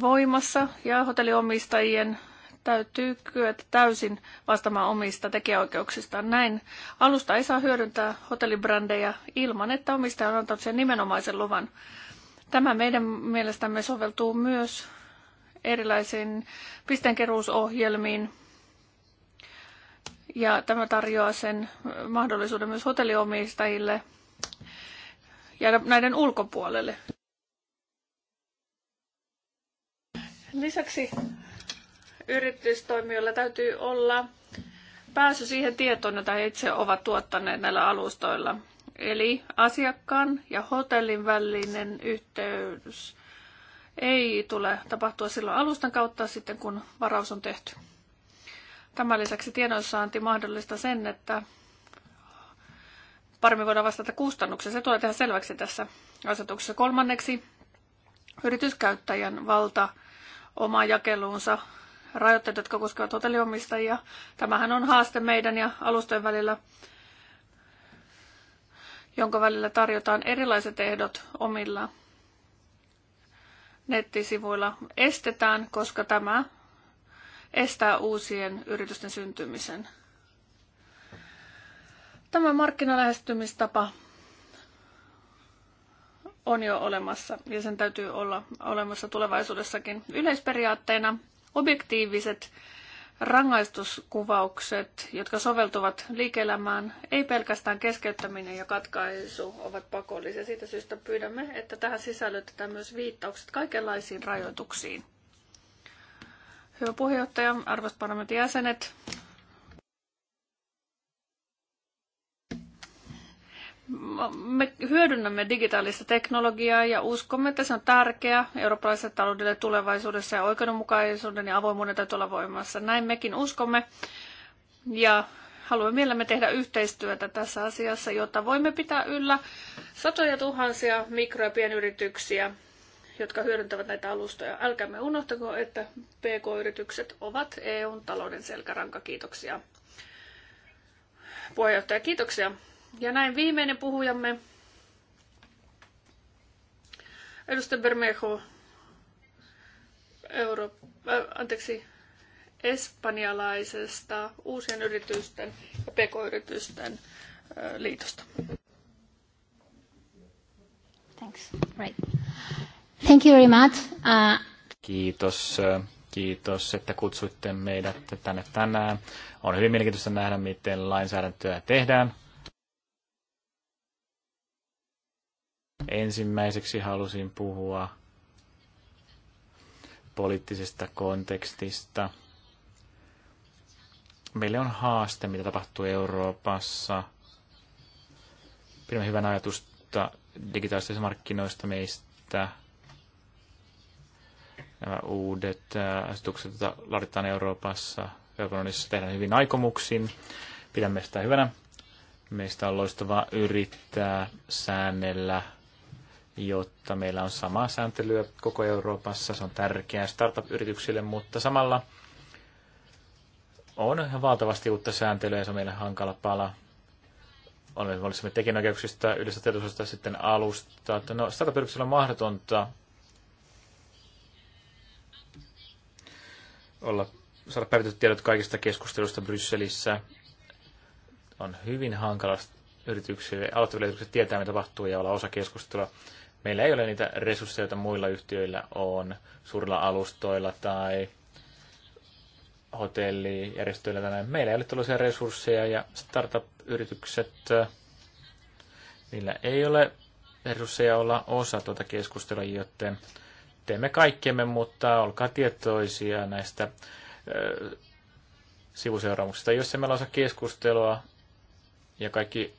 voimassa ja hotelliomistajien täytyy kyetä täysin vastaamaan omista tekijäoikeuksistaan. Näin alusta ei saa hyödyntää hotellibrändejä ilman, että omistaja on antanut sen nimenomaisen luvan. Tämä meidän mielestämme soveltuu myös erilaisiin pisteenkeruusohjelmiin. Ja tämä tarjoaa sen mahdollisuuden myös hotelliomistajille ja näiden ulkopuolelle. Lisäksi yritystoimijoilla täytyy olla pääsy siihen tietoon, jota he itse ovat tuottaneet näillä alustoilla. Eli asiakkaan ja hotellin välinen yhteys ei tule tapahtua silloin alustan kautta sitten, kun varaus on tehty. Tämän lisäksi tiedonsaanti mahdollista sen, että paremmin voidaan vastata kustannuksia. Se tulee tehdä selväksi tässä asetuksessa. Kolmanneksi yrityskäyttäjän valta omaan jakeluunsa rajoitteet, jotka koskevat hotelliomistajia. Tämähän on haaste meidän ja alustojen välillä, jonka välillä tarjotaan erilaiset ehdot omilla nettisivuilla estetään, koska tämä estää uusien yritysten syntymisen. Tämä markkinalähestymistapa on jo olemassa ja sen täytyy olla olemassa tulevaisuudessakin. Yleisperiaatteena objektiiviset Rangaistuskuvaukset, jotka soveltuvat liike-elämään, ei pelkästään keskeyttäminen ja katkaisu ovat pakollisia. Siitä syystä pyydämme, että tähän sisällytetään myös viittaukset kaikenlaisiin rajoituksiin. Hyvä puheenjohtaja, arvoisat parlamentin jäsenet, me hyödynnämme digitaalista teknologiaa ja uskomme, että se on tärkeä eurooppalaiselle taloudelle tulevaisuudessa ja oikeudenmukaisuuden ja avoimuuden täytyy olla voimassa. Näin mekin uskomme ja haluamme mielellämme tehdä yhteistyötä tässä asiassa, jotta voimme pitää yllä satoja tuhansia mikro- ja pienyrityksiä, jotka hyödyntävät näitä alustoja. Älkäämme unohtako, että PK-yritykset ovat EUn talouden selkäranka. Kiitoksia. Puheenjohtaja, kiitoksia. Ja näin viimeinen puhujamme, edustaja Bermejo, Euro, äh, anteeksi, espanjalaisesta uusien yritysten ja pk-yritysten äh, liitosta. Thanks. Right. Thank you very much. Uh... Kiitos. Äh, kiitos, että kutsuitte meidät tänne tänään. On hyvin mielenkiintoista nähdä, miten lainsäädäntöä tehdään. Ensimmäiseksi halusin puhua poliittisesta kontekstista. Meille on haaste, mitä tapahtuu Euroopassa. Pidämme hyvän ajatusta digitaalisista markkinoista meistä. Nämä uudet asetukset, joita laaditaan Euroopassa, Euroopassa tehdään hyvin aikomuksin. Pidämme sitä hyvänä. Meistä on loistavaa yrittää säännellä jotta meillä on samaa sääntelyä koko Euroopassa. Se on tärkeää startup-yrityksille, mutta samalla on valtavasti uutta sääntelyä ja se on meille hankala pala. Olemme huolissamme tekijänoikeuksista, yleistä tietoisuudesta sitten alusta. No, startup-yrityksillä on mahdotonta olla, saada päivitetyt tiedot kaikista keskustelusta Brysselissä. On hyvin hankalasta yrityksille, aloittaville yrityksille tietää, mitä tapahtuu ja olla osa keskustelua meillä ei ole niitä resursseja, joita muilla yhtiöillä on, suurilla alustoilla tai hotellijärjestöillä tai näin. Meillä ei ole tällaisia resursseja ja startup-yritykset, niillä ei ole resursseja olla osa tuota keskustelua, joten teemme kaikkemme, mutta olkaa tietoisia näistä ö, sivuseuraamuksista. Jos emme osaa keskustelua ja kaikki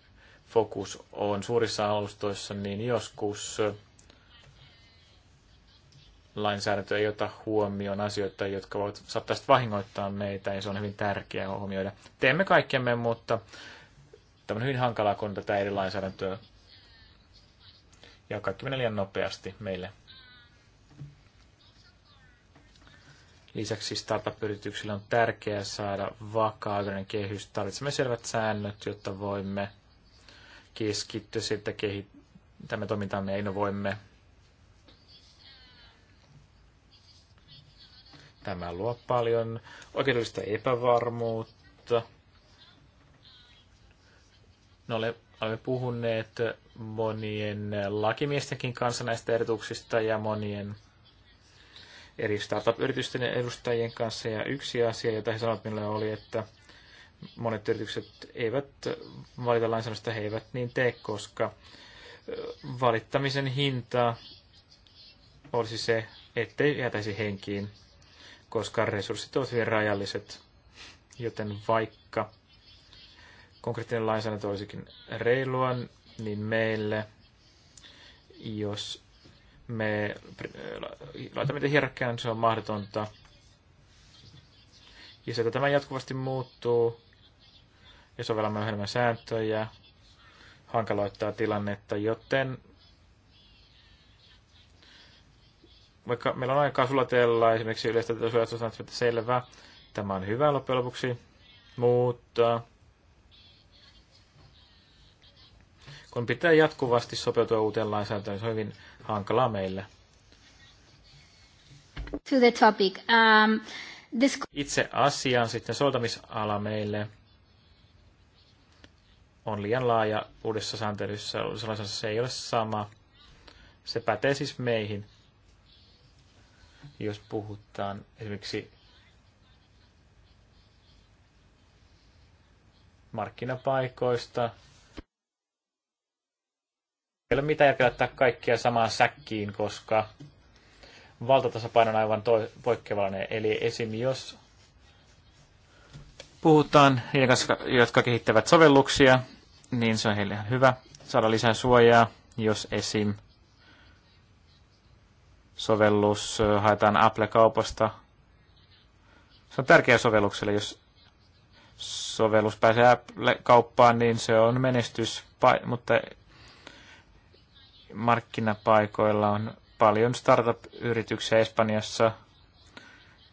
fokus on suurissa alustoissa, niin joskus lainsäädäntö ei ota huomioon asioita, jotka voivat saattaa vahingoittaa meitä, ja se on hyvin tärkeää huomioida. Teemme kaikkemme, mutta tämä on hyvin hankalaa, kun tätä eri lainsäädäntöä ja kaikki menee liian nopeasti meille. Lisäksi startup-yrityksille on tärkeää saada vakaa kehys. Tarvitsemme selvät säännöt, jotta voimme keskittyä sitten kehittämme toimintamme ja innovoimme. Tämä luo paljon oikeudellista epävarmuutta. No, olemme puhuneet monien lakimiestenkin kanssa näistä erityksistä ja monien eri startup-yritysten edustajien kanssa. Ja yksi asia, jota he sanoivat minulle oli, että monet yritykset eivät valita lainsäädännöstä, he eivät niin tee, koska valittamisen hinta olisi se, ettei jätäisi henkiin, koska resurssit ovat hyvin rajalliset. Joten vaikka konkreettinen lainsäädäntö olisikin reilua, niin meille, jos me laitamme niitä hierarkiaan, niin se on mahdotonta. Ja se, että tämä jatkuvasti muuttuu, ja sovellamme ohjelman sääntöjä, hankaloittaa tilannetta, joten vaikka meillä on aikaa sulatella esimerkiksi yleistä suojatusta, että selvä, tämä on hyvä loppujen lopuksi, mutta kun pitää jatkuvasti sopeutua uuteen lainsäädäntöön, se on hyvin hankalaa meille. To the topic. Um, this... Itse asiaan sitten soltamisala meille on liian laaja uudessa sääntelyssä, sellaisessa se ei ole sama. Se pätee siis meihin. Jos puhutaan esimerkiksi markkinapaikoista, ei ole mitään järkeä laittaa kaikkia samaan säkkiin, koska valtatasapaino on aivan to- poikkeavainen. Eli esim. jos puhutaan niiden kanssa, jotka kehittävät sovelluksia, niin se on heille ihan hyvä saada lisää suojaa, jos esim. sovellus haetaan Apple-kaupasta. Se on tärkeä sovellukselle, jos sovellus pääsee Apple-kauppaan, niin se on menestys, mutta markkinapaikoilla on paljon startup-yrityksiä Espanjassa,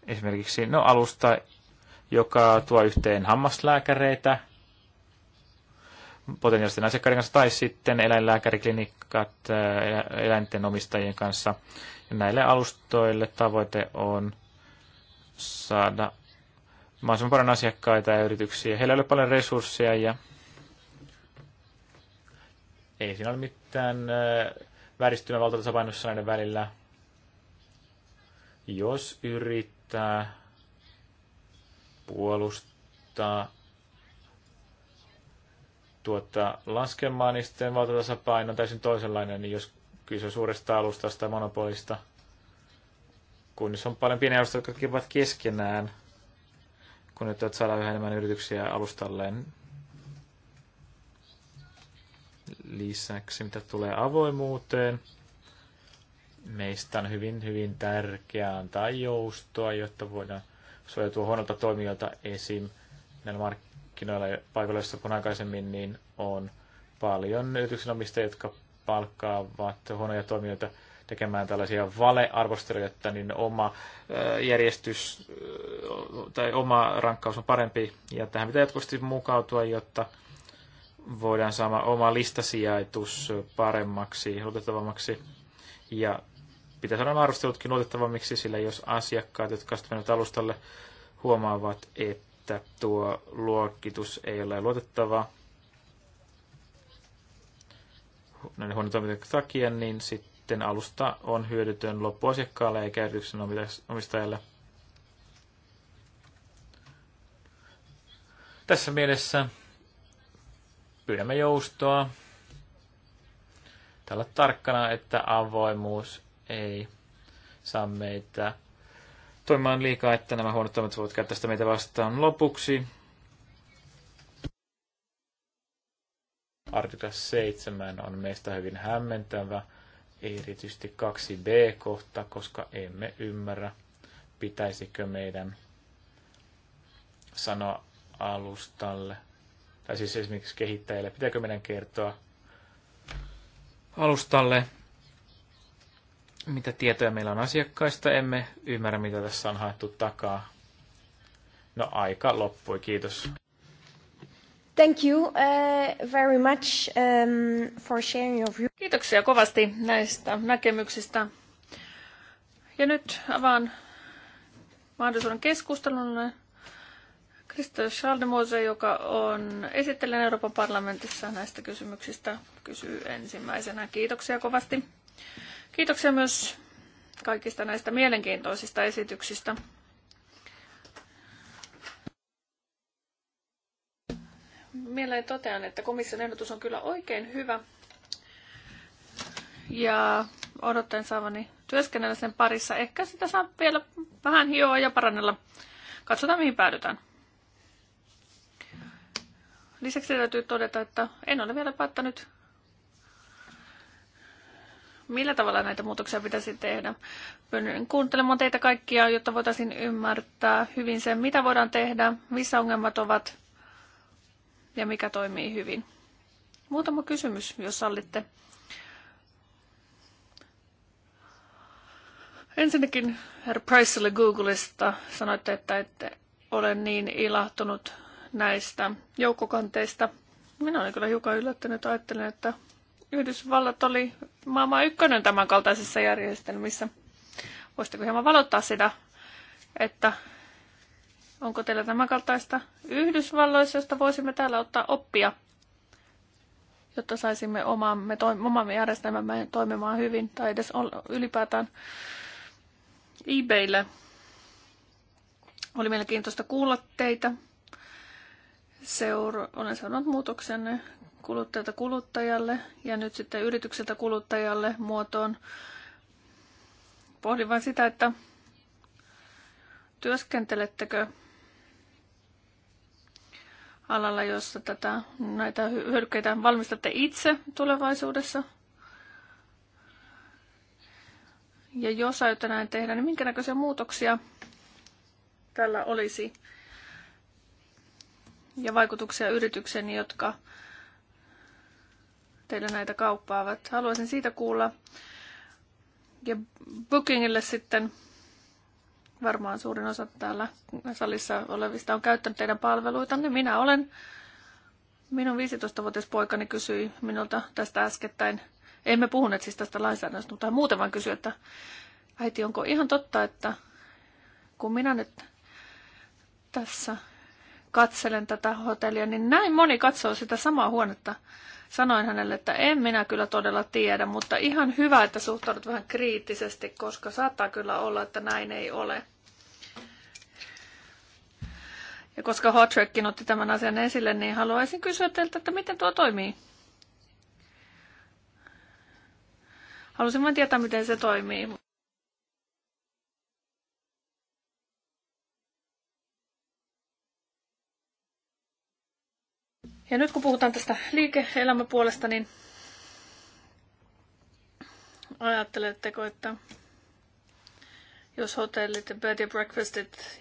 esimerkiksi no, alusta, joka tuo yhteen hammaslääkäreitä – potentiaalisten asiakkaiden kanssa tai sitten eläinlääkäriklinikat eläinten omistajien kanssa. Ja näille alustoille tavoite on saada mahdollisimman paljon asiakkaita ja yrityksiä. Heillä ei ole paljon resursseja ja ei siinä ole mitään vääristymä valtatasapainossa näiden välillä. Jos yrittää puolustaa tuota, laskemaan, niin sitten valtatasapaino on täysin toisenlainen, niin jos kyse on suuresta alustasta tai monopolista, kunnissa on paljon pieniä alustoja, jotka kilpailevat keskenään, kun nyt saadaan yhä enemmän yrityksiä alustalleen lisäksi, mitä tulee avoimuuteen. Meistä on hyvin, hyvin tärkeää antaa joustoa, jotta voidaan suojautua huonolta toimijoilta esim. näillä markkinoilla markkinoilla ja paikoilla, kuin aikaisemmin, niin on paljon yrityksenomistajia, jotka palkkaavat huonoja toimijoita tekemään tällaisia valearvosteluja, että niin oma järjestys tai oma rankkaus on parempi. Ja tähän pitää jatkuvasti mukautua, jotta voidaan saada oma listasijaitus paremmaksi, luotettavammaksi. Ja pitää saada arvostelutkin luotettavammiksi, sillä jos asiakkaat, jotka ovat alustalle, huomaavat, että että tuo luokitus ei ole luotettava näiden huonotoimintojen takia, niin sitten alusta on hyödytön loppuasiakkaalle eikä yrityksen omistajalle. Tässä mielessä pyydämme joustoa. Tällä tarkkana, että avoimuus ei saa meitä toimimaan liikaa, että nämä huonot toimet voivat käyttää sitä meitä vastaan lopuksi. Artikla 7 on meistä hyvin hämmentävä, erityisesti 2b-kohta, koska emme ymmärrä, pitäisikö meidän sanoa alustalle, tai siis esimerkiksi kehittäjille, pitääkö meidän kertoa alustalle mitä tietoja meillä on asiakkaista, emme ymmärrä, mitä tässä on haettu takaa. No aika loppui, kiitos. Thank you uh, very much um, for sharing your view. Kiitoksia kovasti näistä näkemyksistä. Ja nyt avaan mahdollisuuden keskustelun Krista Schaldemose, joka on esittelen Euroopan parlamentissa näistä kysymyksistä, kysyy ensimmäisenä. Kiitoksia kovasti. Kiitoksia myös kaikista näistä mielenkiintoisista esityksistä. Mieleen totean, että komission ehdotus on kyllä oikein hyvä ja odotan saavani työskennellä sen parissa. Ehkä sitä saa vielä vähän hioa ja parannella. Katsotaan, mihin päädytään. Lisäksi täytyy todeta, että en ole vielä päättänyt millä tavalla näitä muutoksia pitäisi tehdä. Pyrin kuuntelemaan teitä kaikkia, jotta voitaisiin ymmärtää hyvin sen, mitä voidaan tehdä, missä ongelmat ovat ja mikä toimii hyvin. Muutama kysymys, jos sallitte. Ensinnäkin herra Pricelle Googlesta sanoitte, että ette ole niin ilahtunut näistä joukkokanteista. Minä olen kyllä hiukan yllättynyt. Ajattelen, että Yhdysvallat oli maailma ykkönen tämänkaltaisissa järjestelmissä. Voisitteko hieman valottaa sitä, että onko teillä tämänkaltaista Yhdysvalloissa, josta voisimme täällä ottaa oppia, jotta saisimme omamme, omamme järjestelmämme toimimaan hyvin tai edes ylipäätään eBaylle. Oli mielenkiintoista kuulla teitä. Seura- olen seurannut muutoksenne kuluttajalta kuluttajalle ja nyt sitten yritykseltä kuluttajalle muotoon. Pohdin vain sitä, että työskentelettekö alalla, jossa tätä, näitä hyödykkeitä valmistatte itse tulevaisuudessa? Ja jos aiotte näin tehdä, niin minkä näköisiä muutoksia tällä olisi? Ja vaikutuksia yritykseen, jotka teillä näitä kauppaavat. Haluaisin siitä kuulla. Ja Bookingille sitten varmaan suurin osa täällä salissa olevista on käyttänyt teidän Niin Minä olen. Minun 15-vuotias poikani kysyi minulta tästä äskettäin. Emme puhuneet siis tästä lainsäädännöstä, mutta hän muuten vaan kysyi, että äiti, onko ihan totta, että kun minä nyt tässä katselen tätä hotellia, niin näin moni katsoo sitä samaa huonetta Sanoin hänelle, että en minä kyllä todella tiedä, mutta ihan hyvä, että suhtaudut vähän kriittisesti, koska saattaa kyllä olla, että näin ei ole. Ja koska Hotrekkin otti tämän asian esille, niin haluaisin kysyä teiltä, että miten tuo toimii? Haluaisin vain tietää, miten se toimii. Ja nyt kun puhutaan tästä liike-elämäpuolesta, niin ajatteletteko, että jos hotellit ja bed ja breakfastit,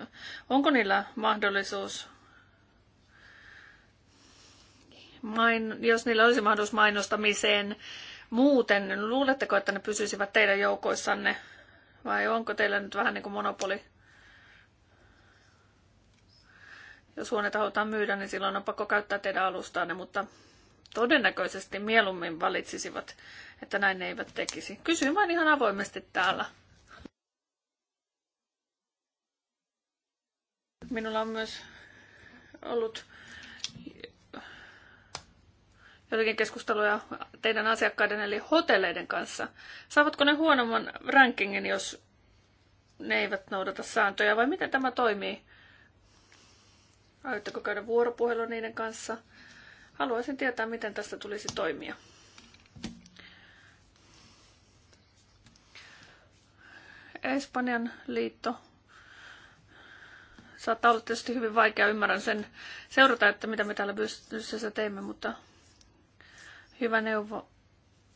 äh, onko niillä mahdollisuus, main, jos niillä olisi mahdollisuus mainostamiseen muuten, niin luuletteko, että ne pysyisivät teidän joukoissanne vai onko teillä nyt vähän niin kuin monopoli? Jos huoneita halutaan myydä, niin silloin on pakko käyttää teidän alustaanne, mutta todennäköisesti mieluummin valitsisivat, että näin ne eivät tekisi. Kysyn vain ihan avoimesti täällä. Minulla on myös ollut jotakin keskusteluja teidän asiakkaiden eli hotelleiden kanssa. Saavatko ne huonomman rankingin, jos ne eivät noudata sääntöjä vai miten tämä toimii? Aiotteko käydä vuoropuhelua niiden kanssa? Haluaisin tietää, miten tässä tulisi toimia. Espanjan liitto saattaa olla tietysti hyvin vaikea, ymmärrän sen seurata, että mitä me täällä pystyssä teemme, mutta hyvä neuvo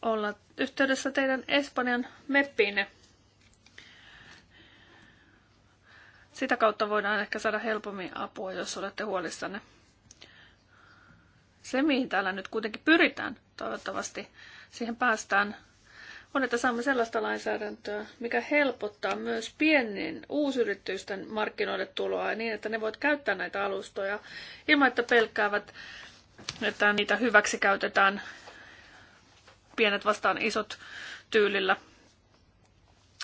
olla yhteydessä teidän Espanjan meppiinne. Sitä kautta voidaan ehkä saada helpommin apua, jos olette huolissanne. Se, mihin täällä nyt kuitenkin pyritään, toivottavasti siihen päästään, on, että saamme sellaista lainsäädäntöä, mikä helpottaa myös pienin uusyritysten markkinoille tuloa niin, että ne voivat käyttää näitä alustoja ilman, että pelkäävät, että niitä hyväksi käytetään pienet vastaan isot tyylillä.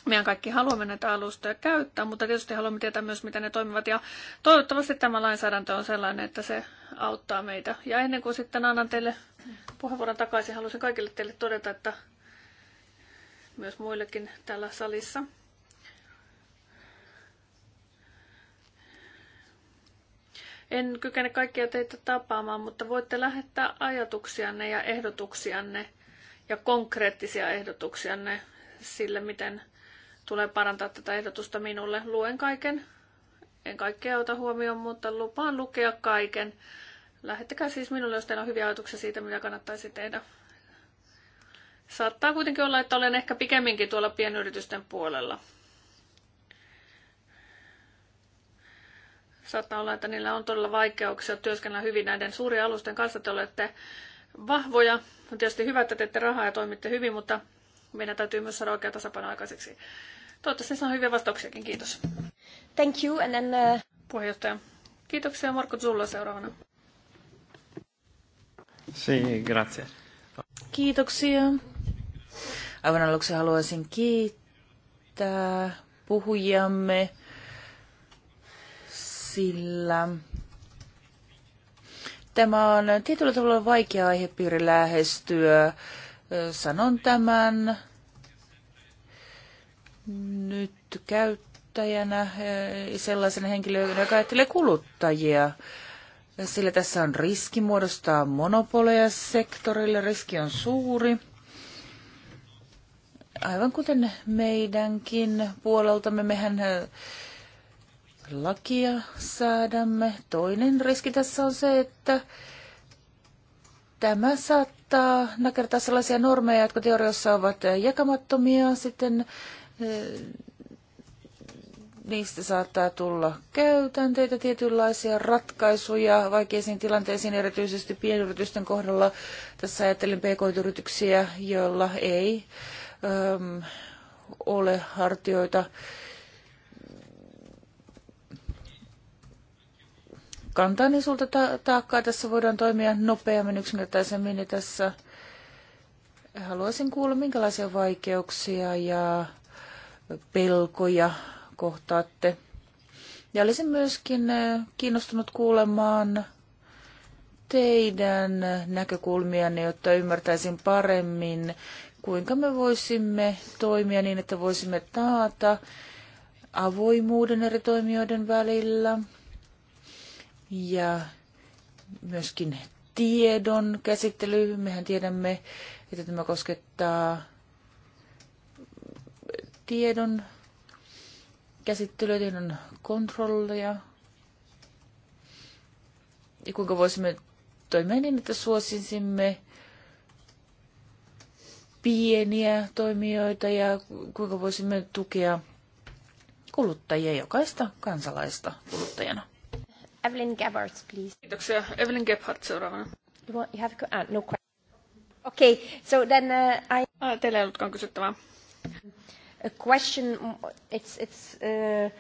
Meidän kaikki haluamme näitä alustoja käyttää, mutta tietysti haluamme tietää myös, miten ne toimivat. Ja toivottavasti tämä lainsäädäntö on sellainen, että se auttaa meitä. Ja ennen kuin sitten annan teille puheenvuoron takaisin, haluaisin kaikille teille todeta, että myös muillekin täällä salissa. En kykene kaikkia teitä tapaamaan, mutta voitte lähettää ajatuksianne ja ehdotuksianne ja konkreettisia ehdotuksianne sille, miten tulee parantaa tätä ehdotusta minulle. Luen kaiken. En kaikkea ota huomioon, mutta lupaan lukea kaiken. Lähettäkää siis minulle, jos teillä on hyviä ajatuksia siitä, mitä kannattaisi tehdä. Saattaa kuitenkin olla, että olen ehkä pikemminkin tuolla pienyritysten puolella. Saattaa olla, että niillä on todella vaikeuksia työskennellä hyvin näiden suurien alusten kanssa. Te olette vahvoja. On tietysti hyvä, että teette rahaa ja toimitte hyvin, mutta meidän täytyy myös saada oikea tasapaino aikaiseksi. Toivottavasti saan hyviä vastauksiakin. Kiitos. Thank you and then, uh... Puheenjohtaja. Kiitoksia Marko Zulla seuraavana. Si, grazie. Kiitoksia. Aivan aluksi haluaisin kiittää puhujamme, sillä tämä on tietyllä tavalla vaikea aihepiiri lähestyä. Sanon tämän nyt käyttäjänä eh, sellaisena henkilönä, joka ajattelee kuluttajia. Sillä tässä on riski muodostaa monopoleja sektorille, riski on suuri. Aivan kuten meidänkin puoleltamme, mehän eh, lakia säädämme. Toinen riski tässä on se, että tämä saattaa nakertaa sellaisia normeja, jotka teoriassa ovat eh, jakamattomia sitten Eh, niistä saattaa tulla käytänteitä, tietynlaisia ratkaisuja vaikeisiin tilanteisiin, erityisesti pienyritysten kohdalla. Tässä ajattelen pk-yrityksiä, joilla ei äm, ehm, ole hartioita kantaa niin sulta ta- taakkaa. Tässä voidaan toimia nopeammin, yksinkertaisemmin ja tässä haluaisin kuulla, minkälaisia vaikeuksia ja pelkoja kohtaatte. Ja olisin myöskin eh, kiinnostunut kuulemaan teidän näkökulmianne, jotta ymmärtäisin paremmin, kuinka me voisimme toimia niin, että voisimme taata avoimuuden eri toimijoiden välillä ja myöskin tiedon käsittely. Mehän tiedämme, että tämä koskettaa tiedon käsittelyä, tiedon kontrollia ja kuinka voisimme toimia niin, että suosisimme pieniä toimijoita ja kuinka voisimme tukea kuluttajia, jokaista kansalaista kuluttajana. Evelyn Gebhardt, please. Kiitoksia. Evelyn Gebhardt seuraavana. You, want, you have to, uh, no question. Okay, so then uh, I... Ah, teillä ei ollutkaan kysyttävää a question, it's, it's uh,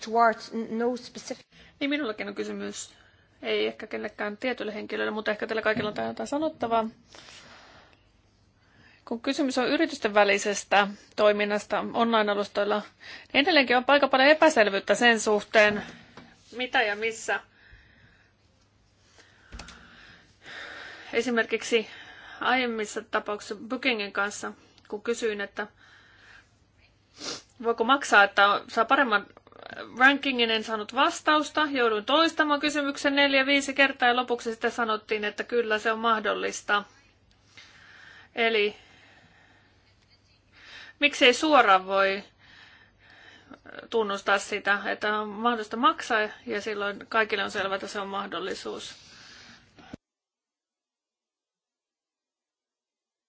towards no specific... Niin minullakin on kysymys. Ei ehkä kenellekään tietylle henkilölle, mutta ehkä teillä kaikilla on tähän jotain sanottavaa. Kun kysymys on yritysten välisestä toiminnasta online-alustoilla, niin edelleenkin on aika paljon epäselvyyttä sen suhteen, mitä ja missä. Esimerkiksi aiemmissa tapauksissa Bookingin kanssa, kun kysyin, että voiko maksaa, että saa paremman rankingin, en saanut vastausta. Jouduin toistamaan kysymyksen neljä, viisi kertaa ja lopuksi sitten sanottiin, että kyllä se on mahdollista. Eli miksi ei suoraan voi tunnustaa sitä, että on mahdollista maksaa ja silloin kaikille on selvää, että se on mahdollisuus.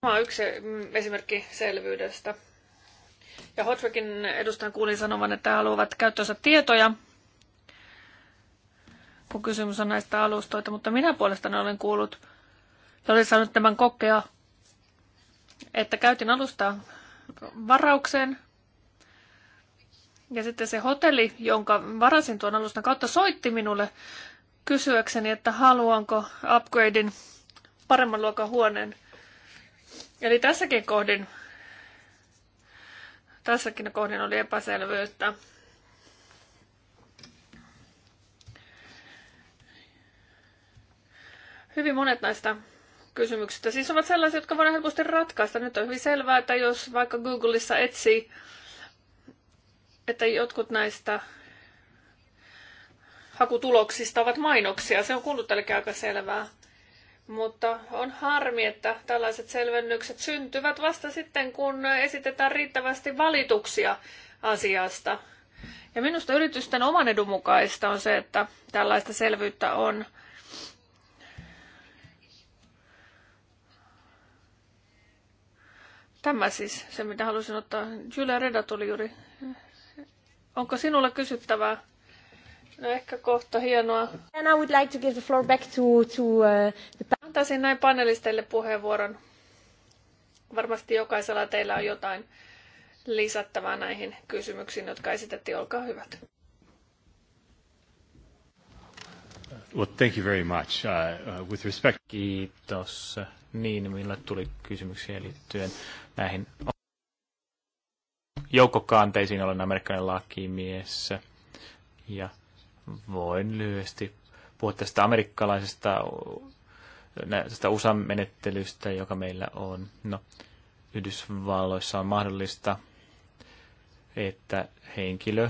Tämä on yksi mm, esimerkki selvyydestä. Ja Hotrickin edustajan kuulin sanovan, että haluavat käyttöönsä tietoja, kun kysymys on näistä alustoita, mutta minä puolestani olen kuullut ja olen saanut tämän kokea, että käytin alusta varaukseen ja sitten se hotelli, jonka varasin tuon alustan kautta, soitti minulle kysyäkseni, että haluanko upgradein paremman luokan huoneen. Eli tässäkin kohdin Tässäkin kohdin oli epäselvyyttä. Hyvin monet näistä kysymyksistä siis ovat sellaisia, jotka voidaan helposti ratkaista. Nyt on hyvin selvää, että jos vaikka Googleissa etsii, että jotkut näistä hakutuloksista ovat mainoksia. Se on kuluttajallekin aika selvää. Mutta on harmi, että tällaiset selvennykset syntyvät vasta sitten, kun esitetään riittävästi valituksia asiasta. Ja minusta yritysten oman edun mukaista on se, että tällaista selvyyttä on. Tämä siis se, mitä halusin ottaa. Julia Reda tuli juuri. Onko sinulla kysyttävää? No ehkä kohta hienoa. And I would like to give the floor back to, to uh, the... panel. Antaisin näin panelisteille puheenvuoron. Varmasti jokaisella teillä on jotain lisättävää näihin kysymyksiin, jotka esitettiin. Olkaa hyvät. Well, thank you very much. Uh, uh with respect... Kiitos. Niin, millä tuli kysymyksiä liittyen näihin joukkokanteisiin. Olen amerikkalainen lakimies ja Voin lyhyesti puhua tästä amerikkalaisesta tästä usa menettelystä, joka meillä on. No, Yhdysvalloissa on mahdollista, että henkilö,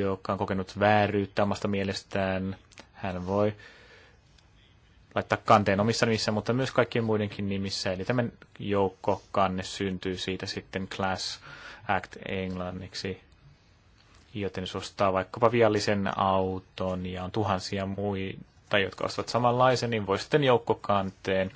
joka on kokenut vääryyttä omasta mielestään, hän voi laittaa kanteen omissa nimissä, mutta myös kaikkien muidenkin nimissä. Eli tämän joukkokanne syntyy siitä sitten Class Act englanniksi. Joten jos ostaa vaikkapa viallisen auton ja on tuhansia muita, jotka ostavat samanlaisen, niin voi sitten joukkokanteen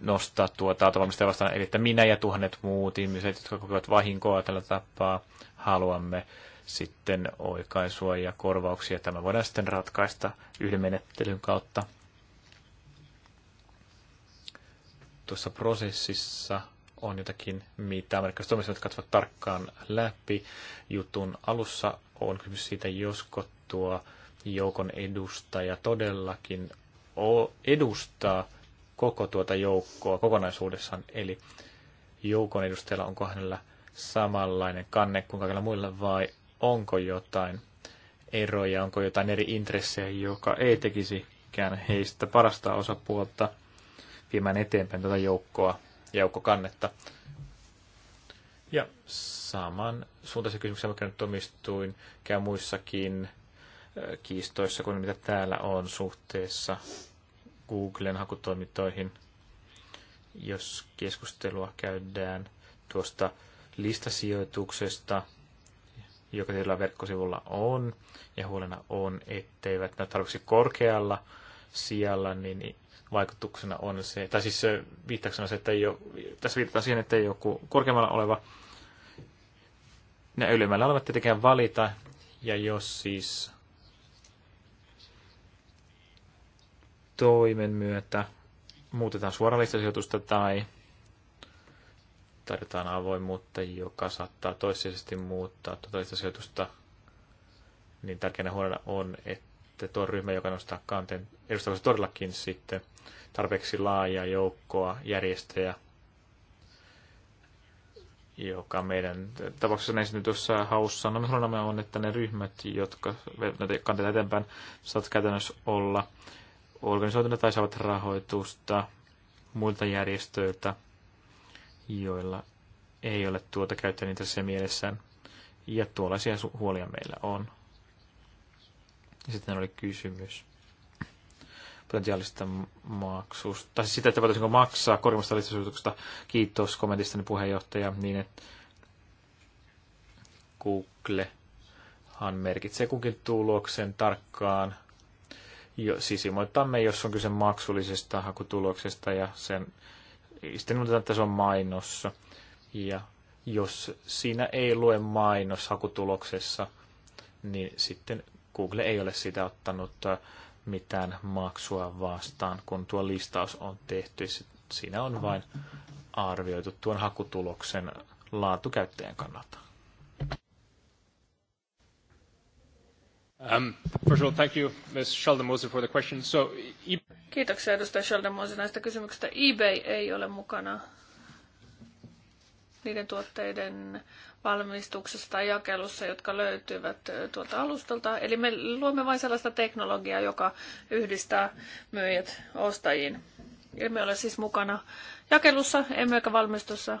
nostaa tuota autovalmistajan vastaan. Eli että minä ja tuhannet muut ihmiset, jotka kokevat vahinkoa tällä tapaa, haluamme sitten oikaisua ja korvauksia. Tämä voidaan sitten ratkaista yhden menettelyn kautta. Tuossa prosessissa on jotakin, mitä amerikkalaiset toimisivat katsovat tarkkaan läpi. Jutun alussa on kysymys siitä, josko tuo joukon edustaja todellakin edustaa koko tuota joukkoa kokonaisuudessaan, eli joukon edustajalla onko hänellä samanlainen kanne kuin kaikilla muilla vai onko jotain eroja, onko jotain eri intressejä, joka ei tekisikään heistä parasta osapuolta viemään eteenpäin tätä tuota joukkoa joukkokannetta. Ja saman suuntaisen kysymyksen, mikä nyt omistuin, käy muissakin kiistoissa kuin mitä täällä on suhteessa Googlen hakutoimintoihin, jos keskustelua käydään tuosta listasijoituksesta, joka tietyllä verkkosivulla on, ja huolena on, etteivät ne tarvitse korkealla sijalla, niin vaikutuksena on se, tai siis viittauksena on se, että ei ole, tässä viitataan siihen, että ei joku korkeammalla oleva ne ylimmällä olevat tietenkään valita, ja jos siis toimen myötä muutetaan sijoitusta tai tarjotaan avoimuutta, joka saattaa toissijaisesti muuttaa toista tuota sijoitusta, niin tärkeänä huolena on, että sitten tuo ryhmä, joka nostaa kanteen, edustaako se todellakin sitten tarpeeksi laajaa joukkoa järjestäjä, joka meidän tapauksessa näin tuossa haussa. No me on, että ne ryhmät, jotka näitä kanteita eteenpäin saat käytännössä olla organisoituneet tai saavat rahoitusta muilta järjestöiltä, joilla ei ole tuota käyttäjäintressejä mielessään. Ja tuollaisia huolia meillä on. Ja sitten oli kysymys potentiaalista maksusta, tai siis sitä, että voitaisiinko maksaa korvasta lisäsuosituksesta. Kiitos kommentistani puheenjohtaja, niin että Googlehan merkitsee kunkin tuloksen tarkkaan. Jo, siis ilmoitamme, jos on kyse maksullisesta hakutuloksesta ja sen sitten ilmoitetaan, että se on mainossa. Ja jos siinä ei lue mainos hakutuloksessa, niin sitten Google ei ole sitä ottanut äh, mitään maksua vastaan, kun tuo listaus on tehty. Siinä on vain arvioitu tuon hakutuloksen laatu käyttäjän kannalta. Um, first of all, thank you, Ms. Sheldon-Mose, for the question. So, e- Kiitoksia edustaja Sheldon-Mose näistä kysymyksistä. eBay ei ole mukana niiden tuotteiden valmistuksessa tai jakelussa, jotka löytyvät tuolta alustalta. Eli me luomme vain sellaista teknologiaa, joka yhdistää myyjät ostajiin. Emme ole siis mukana jakelussa, emmekä valmistussa,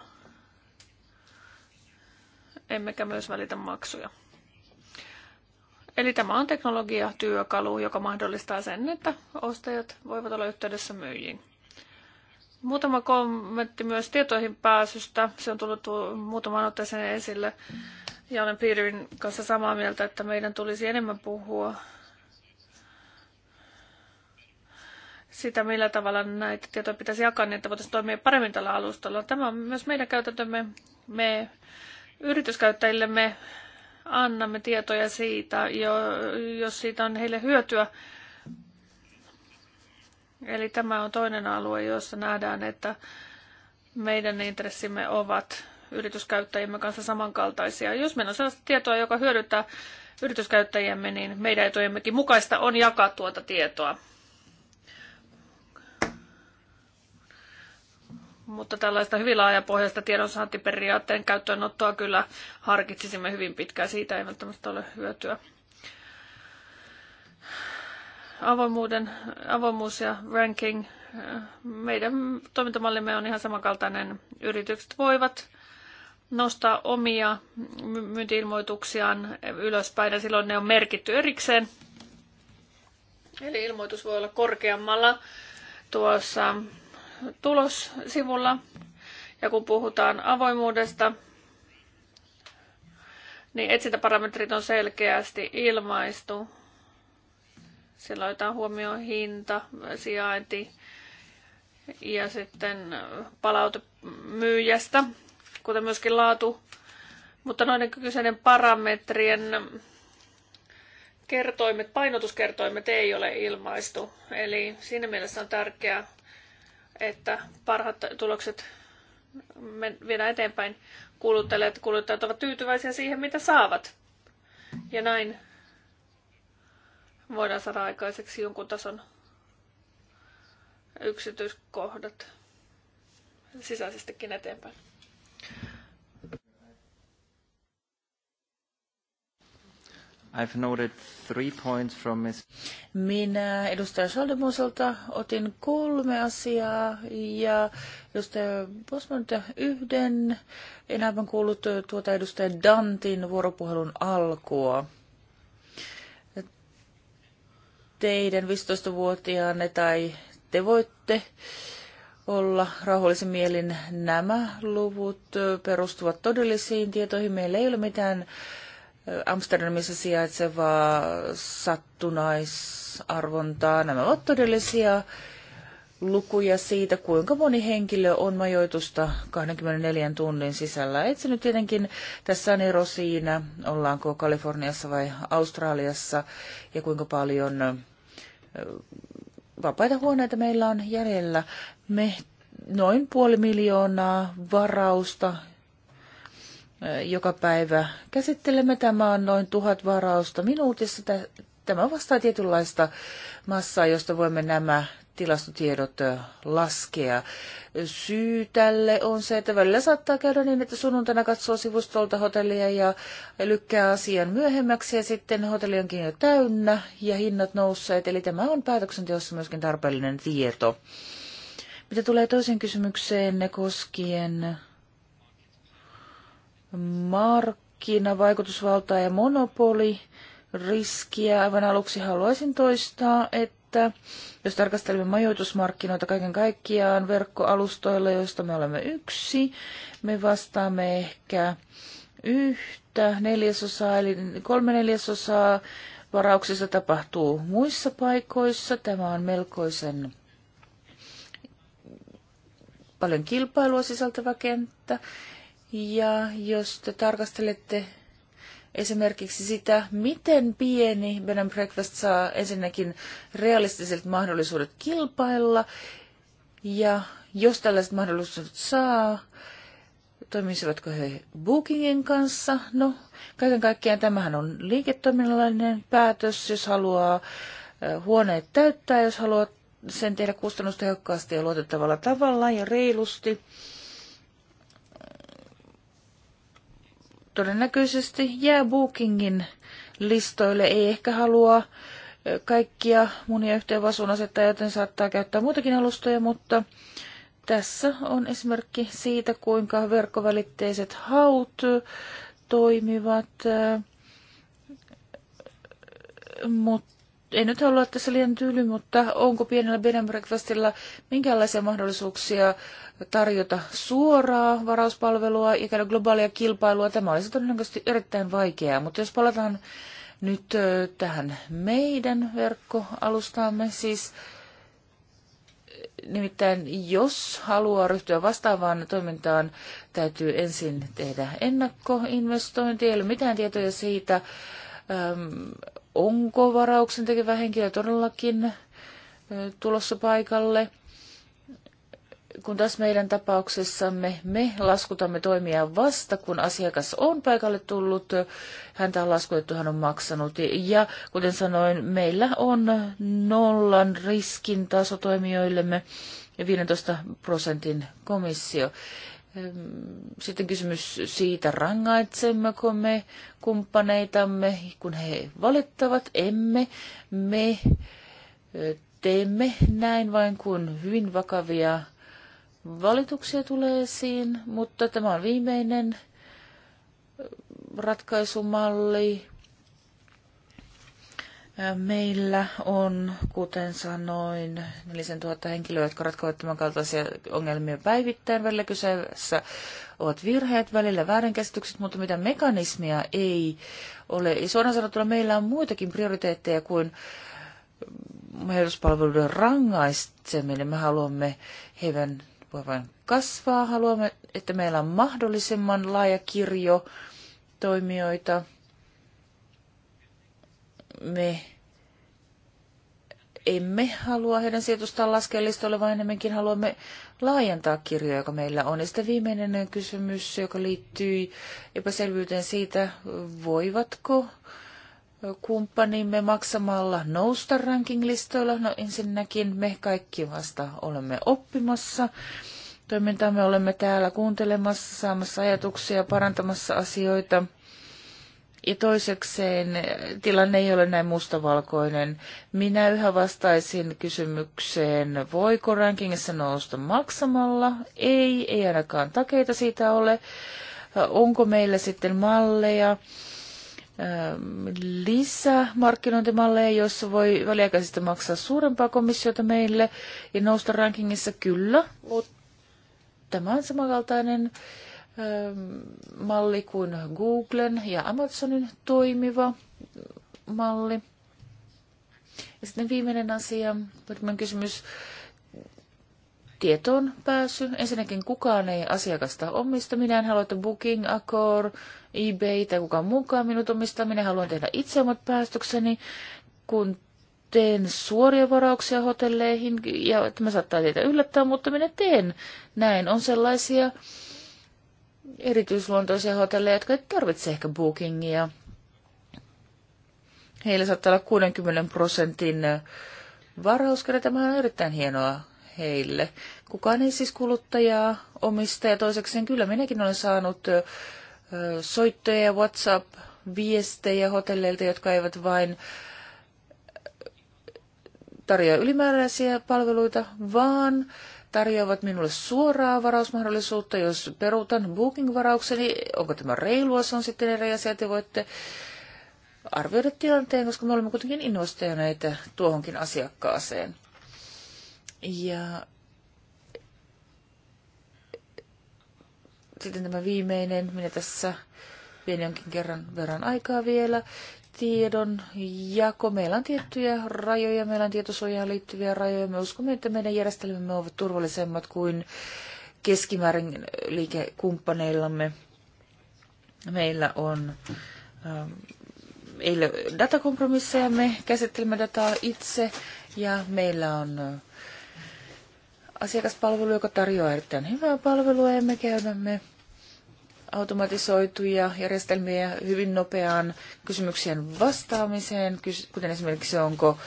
emmekä myös välitä maksuja. Eli tämä on teknologia, työkalu, joka mahdollistaa sen, että ostajat voivat olla yhteydessä myyjiin. Muutama kommentti myös tietoihin pääsystä. Se on tullut muutamaan otteeseen esille. Ja olen Peterin kanssa samaa mieltä, että meidän tulisi enemmän puhua sitä, millä tavalla näitä tietoja pitäisi jakaa, niin että voitaisiin toimia paremmin tällä alustalla. Tämä on myös meidän käytäntömme. Me yrityskäyttäjille me annamme tietoja siitä, jos siitä on heille hyötyä Eli tämä on toinen alue, jossa nähdään, että meidän intressimme ovat yrityskäyttäjimme kanssa samankaltaisia. Jos meillä on sellaista tietoa, joka hyödyttää yrityskäyttäjiämme, niin meidän etujemmekin mukaista on jakaa tuota tietoa. Mutta tällaista hyvin laajapohjaista tiedonsaantiperiaatteen käyttöönottoa kyllä harkitsisimme hyvin pitkään. Siitä ei välttämättä ole hyötyä avoimuuden, avoimuus ja ranking. Meidän toimintamallimme on ihan samankaltainen. Yritykset voivat nostaa omia myyntiilmoituksiaan ylöspäin ja silloin ne on merkitty erikseen. Eli ilmoitus voi olla korkeammalla tuossa tulossivulla. Ja kun puhutaan avoimuudesta, niin etsintäparametrit on selkeästi ilmaistu siellä otetaan huomioon hinta, sijainti ja sitten palaute myyjästä, kuten myöskin laatu. Mutta noiden kyseinen parametrien kertoimet, painotuskertoimet ei ole ilmaistu. Eli siinä mielessä on tärkeää, että parhaat tulokset viedään eteenpäin kuluttajille, että kuluttajat ovat tyytyväisiä siihen, mitä saavat. Ja näin voidaan saada aikaiseksi jonkun tason yksityiskohdat sisäisestikin eteenpäin. I've noted three points from Ms. Minä edustaja Schaldemuselta otin kolme asiaa ja edustaja Bosmanilta yhden. En aivan kuullut tuota edustaja Dantin vuoropuhelun alkua teidän 15-vuotiaanne tai te voitte olla rauhallisen mielin. Nämä luvut perustuvat todellisiin tietoihin. Meillä ei ole mitään Amsterdamissa sijaitsevaa sattunaisarvontaa. Nämä ovat todellisia lukuja siitä, kuinka moni henkilö on majoitusta 24 tunnin sisällä. Itse nyt tietenkin, tässä on ero siinä, ollaanko Kaliforniassa vai Australiassa ja kuinka paljon vapaita huoneita meillä on jäljellä. Me noin puoli miljoonaa varausta joka päivä käsittelemme. Tämä on noin tuhat varausta minuutissa. Tämä vastaa tietynlaista massaa, josta voimme nämä tilastotiedot laskea. Syy tälle on se, että välillä saattaa käydä niin, että sunnuntaina katsoo sivustolta hotellia ja lykkää asian myöhemmäksi ja sitten hotelli onkin jo täynnä ja hinnat nousseet. Eli tämä on päätöksenteossa myöskin tarpeellinen tieto. Mitä tulee toisen kysymykseen koskien markkinavaikutusvaltaa ja monopoli, riskiä. Aivan aluksi haluaisin toistaa, että että jos tarkastelemme majoitusmarkkinoita kaiken kaikkiaan verkkoalustoilla, joista me olemme yksi, me vastaamme ehkä yhtä neljäsosaa, eli kolme neljäsosaa varauksista tapahtuu muissa paikoissa. Tämä on melkoisen paljon kilpailua sisältävä kenttä. Ja jos te tarkastelette esimerkiksi sitä, miten pieni Bed and Breakfast saa ensinnäkin realistiset mahdollisuudet kilpailla, ja jos tällaiset mahdollisuudet saa, toimisivatko he Bookingin kanssa? No, kaiken kaikkiaan tämähän on liiketoiminnallinen päätös, jos haluaa äh, huoneet täyttää, jos haluaa sen tehdä kustannustehokkaasti ja luotettavalla tavalla ja reilusti. todennäköisesti jää Bookingin listoille, ei ehkä halua kaikkia munia yhteen vasuun asettaa, joten saattaa käyttää muitakin alustoja, mutta tässä on esimerkki siitä, kuinka verkkovälitteiset haut toimivat, mutta en nyt halua tässä liian tyly, mutta onko pienellä bed and breakfastilla minkälaisia mahdollisuuksia tarjota suoraa varauspalvelua ja käydä globaalia kilpailua? Tämä olisi todennäköisesti erittäin vaikeaa, mutta jos palataan nyt tähän meidän verkkoalustaamme, siis Nimittäin jos haluaa ryhtyä vastaavaan toimintaan, täytyy ensin tehdä ennakkoinvestointi, ei ole mitään tietoja siitä, onko varauksen tekevä henkilö todellakin tulossa paikalle. Kun tässä meidän tapauksessamme me laskutamme toimia vasta, kun asiakas on paikalle tullut, häntä on laskutettu, hän on maksanut. Ja kuten sanoin, meillä on nollan riskin taso toimijoillemme ja 15 prosentin komissio. Sitten kysymys siitä, rangaitsemmeko me kumppaneitamme, kun he valittavat, emme. Me teemme näin vain, kun hyvin vakavia valituksia tulee esiin, mutta tämä on viimeinen ratkaisumalli. Meillä on, kuten sanoin, 4000 henkilöä, jotka ratkovat tämän kaltaisia ongelmia päivittäin. Välillä kyseessä ovat virheet, välillä väärinkäsitykset, mutta mitä mekanismia ei ole. Ja suoraan sanottuna meillä on muitakin prioriteetteja kuin majoituspalveluiden rangaisteminen. Me haluamme heidän voivan kasvaa, haluamme, että meillä on mahdollisimman laaja kirjo toimijoita – me emme halua heidän sijoitustaan laskea vaan enemmänkin haluamme laajentaa kirjoja, joka meillä on. Ja sitten viimeinen kysymys, joka liittyy epäselvyyteen siitä, voivatko kumppanimme maksamalla nousta rankinglistoilla. No ensinnäkin me kaikki vasta olemme oppimassa. Toimintaa me olemme täällä kuuntelemassa, saamassa ajatuksia, parantamassa asioita – ja toisekseen tilanne ei ole näin mustavalkoinen. Minä yhä vastaisin kysymykseen, voiko rankingissa nousta maksamalla? Ei, ei ainakaan takeita siitä ole. Onko meillä sitten malleja? Ähm, lisää markkinointimalleja, joissa voi väliaikaisesti maksaa suurempaa komissiota meille ja nousta rankingissa kyllä, mutta tämä on samankaltainen äh, Ähm, malli kuin Googlen ja Amazonin toimiva malli. Ja sitten viimeinen asia, Putman kysymys. Tietoon pääsy. Ensinnäkin kukaan ei asiakasta omista. Minä en halua, että Booking, Accor, eBay tai kukaan muukaan minut omistaa. Minä haluan tehdä itse omat päästökseni, kun teen suoria varauksia hotelleihin. Ja tämä saattaa teitä yllättää, mutta minä teen näin. On sellaisia erityisluontoisia hotelleja, jotka ei tarvitse ehkä bookingia. Heillä saattaa olla 60 prosentin varauskirja. Tämä on erittäin hienoa heille. Kukaan ei siis kuluttajaa omista ja toisekseen kyllä minäkin olen saanut soittoja ja WhatsApp-viestejä hotelleilta, jotka eivät vain tarjoa ylimääräisiä palveluita, vaan tarjoavat minulle suoraa varausmahdollisuutta, jos peruutan booking-varaukseni. Niin onko tämä reilua, se on sitten eri asia, että voitte arvioida tilanteen, koska me olemme kuitenkin investoineita tuohonkin asiakkaaseen. Ja sitten tämä viimeinen, minä tässä vien jonkin kerran verran aikaa vielä tiedon jako. Meillä on tiettyjä rajoja, meillä on tietosuojaan liittyviä rajoja. Me uskomme, että meidän järjestelmämme ovat turvallisemmat kuin keskimäärin liikekumppaneillamme. Meillä on ähm, datakompromisseja, me käsittelemme dataa itse ja meillä on äh, asiakaspalvelu, joka tarjoaa erittäin hyvää palvelua ja me käydämme automatisoituja järjestelmiä hyvin nopeaan kysymyksien vastaamiseen, kuten esimerkiksi onko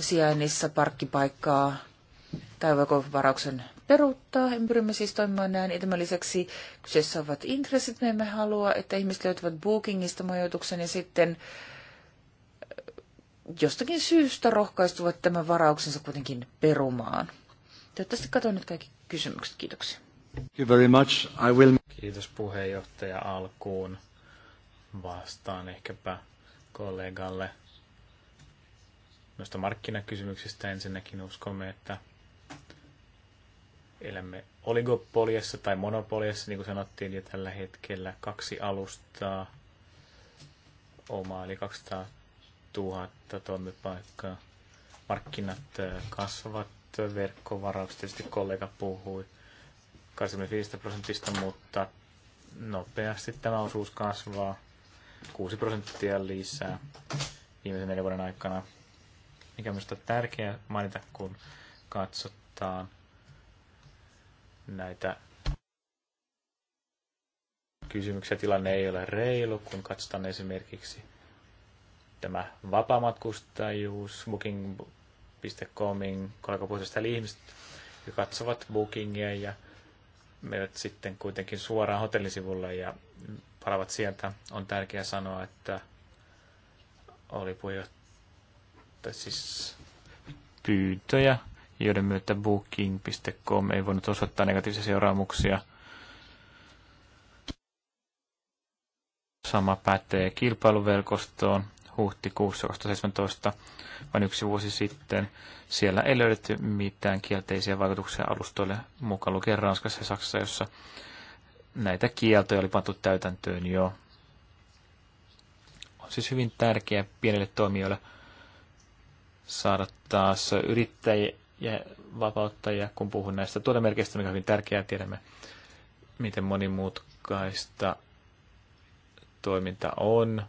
sijainnissa parkkipaikkaa tai voiko varauksen peruuttaa. Me pyrimme siis toimimaan näin. Ja tämän lisäksi kyseessä ovat intressit. Me emme halua, että ihmiset löytävät bookingista majoituksen ja sitten äh, jostakin syystä rohkaistuvat tämän varauksensa kuitenkin perumaan. Toivottavasti katsoin nyt kaikki kysymykset. Kiitoksia. Thank you very much. I will... Kiitos puheenjohtaja alkuun. Vastaan ehkäpä kollegalle noista markkinakysymyksistä ensinnäkin uskomme, että elämme oligopoliassa tai monopoliassa, niin kuin sanottiin, jo tällä hetkellä kaksi alustaa omaa, eli 200 000 toimipaikkaa. Markkinat kasvavat, verkkovaraukset, tietysti kollega puhui 25 prosentista, mutta nopeasti tämä osuus kasvaa 6 prosenttia lisää viimeisen neljän vuoden aikana, mikä on minusta tärkeää mainita, kun katsotaan näitä kysymyksiä. Tilanne ei ole reilu, kun katsotaan esimerkiksi tämä vapaamatkustajuus, booking.comin kolmekopuolisesta ihmiset, jotka katsovat bookingia ja menevät sitten kuitenkin suoraan hotellisivulle ja palavat sieltä. On tärkeää sanoa, että oli puheenjohtaja, siis pyyntöjä, joiden myötä booking.com ei voinut osoittaa negatiivisia seuraamuksia. Sama pätee kilpailuverkostoon, huhtikuussa 2017, vain yksi vuosi sitten. Siellä ei löydetty mitään kielteisiä vaikutuksia alustoille, mukaan lukien Ranskassa ja Saksassa, jossa näitä kieltoja oli pantu täytäntöön jo. On siis hyvin tärkeää pienille toimijoille saada taas yrittäjiä vapauttajia, kun puhun näistä tuotemerkeistä, mikä on hyvin tärkeää, tiedämme, miten monimutkaista toiminta on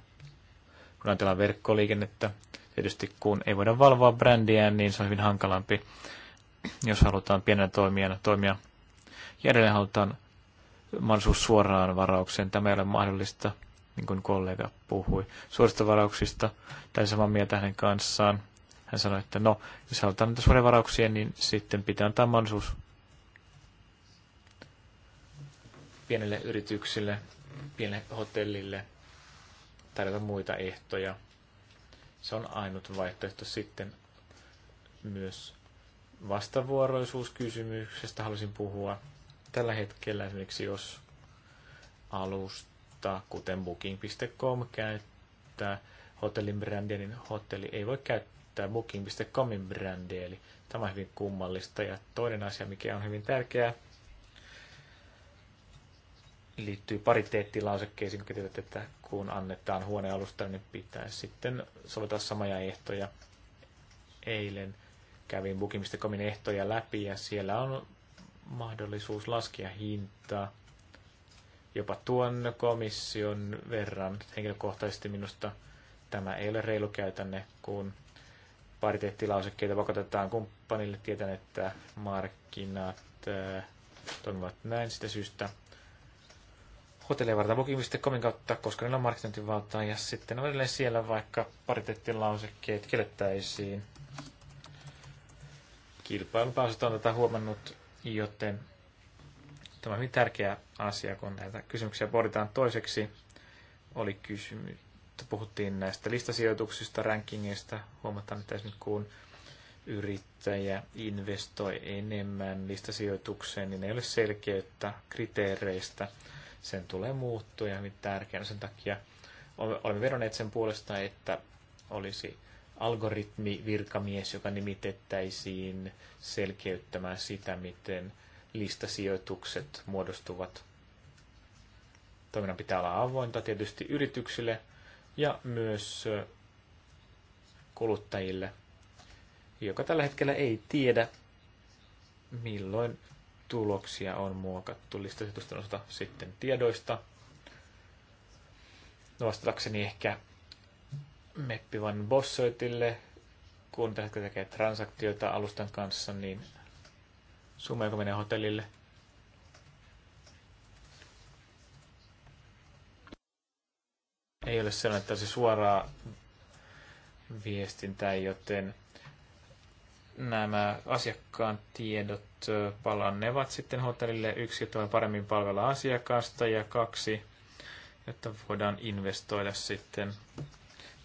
kun ajatellaan verkkoliikennettä. Tietysti kun ei voida valvoa brändiä, niin se on hyvin hankalampi, jos halutaan pienenä toimijana toimia. Ja edelleen halutaan mahdollisuus suoraan varaukseen. Tämä ei ole mahdollista, niin kuin kollega puhui. Suorista varauksista, tai samaa mieltä hänen kanssaan. Hän sanoi, että no, jos halutaan näitä suoria varauksia, niin sitten pitää antaa mahdollisuus pienelle yrityksille, pienelle hotellille tarjota muita ehtoja. Se on ainut vaihtoehto sitten myös vastavuoroisuuskysymyksestä halusin puhua. Tällä hetkellä esimerkiksi jos alusta, kuten booking.com käyttää hotellin brändiä, niin hotelli ei voi käyttää booking.comin brändiä, eli tämä on hyvin kummallista. Ja toinen asia, mikä on hyvin tärkeää, liittyy pariteettilausekkeisiin, kun tiedät, että kun annetaan huonealusta, niin pitää sitten soveltaa samoja ehtoja. Eilen kävin Booking.comin ehtoja läpi ja siellä on mahdollisuus laskea hintaa jopa tuon komission verran. Henkilökohtaisesti minusta tämä ei ole reilu käytänne, kun pariteettilausekkeita pakotetaan kumppanille tietän, että markkinat äh, toimivat näin sitä syystä hotelleja varten booking.comin kautta, koska niillä on markkinointivaltaa, ja sitten on edelleen siellä vaikka pariteettilausekkeet kiellettäisiin. Kilpailupääosat on tätä huomannut, joten tämä on hyvin tärkeä asia, kun näitä kysymyksiä pohditaan toiseksi. Oli kysymys, puhuttiin näistä listasijoituksista, rankingeista. Huomataan, että esimerkiksi kun yrittäjä investoi enemmän listasijoitukseen, niin ei ole selkeyttä kriteereistä – sen tulee muuttua ja hyvin tärkeänä sen takia olemme vedonneet sen puolesta, että olisi algoritmivirkamies, joka nimitettäisiin selkeyttämään sitä, miten listasijoitukset muodostuvat. Toiminnan pitää olla avointa tietysti yrityksille ja myös kuluttajille, joka tällä hetkellä ei tiedä, milloin tuloksia on muokattu listasetusten osalta sitten tiedoista. No vastatakseni ehkä Meppi Van Bossöitille, kun tällä tekee transaktioita alustan kanssa, niin summa, menee hotellille, ei ole sellainen, että se suoraa viestintää, joten nämä asiakkaan tiedot palannevat sitten hotellille yksi, jotta voi paremmin palvella asiakasta ja kaksi, jotta voidaan investoida sitten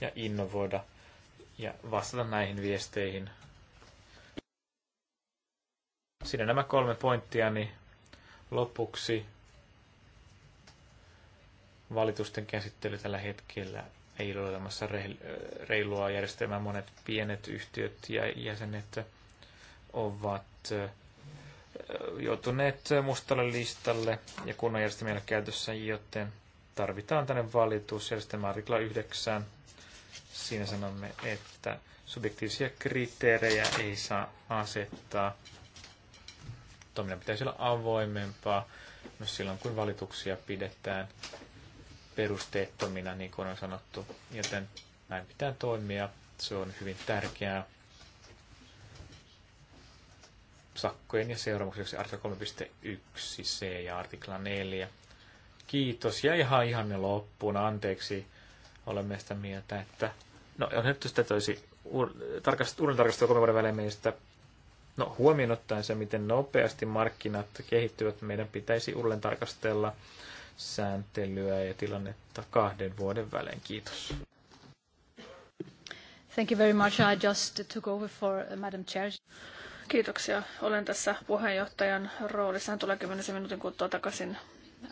ja innovoida ja vastata näihin viesteihin. Siinä nämä kolme pointtia, niin lopuksi valitusten käsittely tällä hetkellä ei ole olemassa reilua järjestelmää. Monet pienet yhtiöt ja jäsenet ovat eh, joutuneet mustalle listalle ja kunnon järjestelmä käytössä, joten tarvitaan tänne valitusjärjestelmä artikla 9. Siinä sanomme, että subjektiivisia kriteerejä ei saa asettaa. Toiminnan pitäisi olla avoimempaa myös silloin, kun valituksia pidetään perusteettomina, niin kuin on sanottu. Joten näin pitää toimia. Se on hyvin tärkeää. Sakkojen ja seuraamukseksi artikla 3.1 C ja artikla 4. Kiitos. Ja ihan ne loppuun. Anteeksi. Olemme sitä mieltä, että... No, on nyt sitä toisi uuden tarkastelua kolmen vuoden välein meistä No, huomioon ottaen se, miten nopeasti markkinat kehittyvät, meidän pitäisi uudelleen tarkastella sääntelyä ja tilannetta kahden vuoden välein. Kiitos. Thank you very much. I just took over for uh, Madam Chair. Kiitoksia. Olen tässä puheenjohtajan roolissa. Hän tulee 10 minuutin kuluttua takaisin.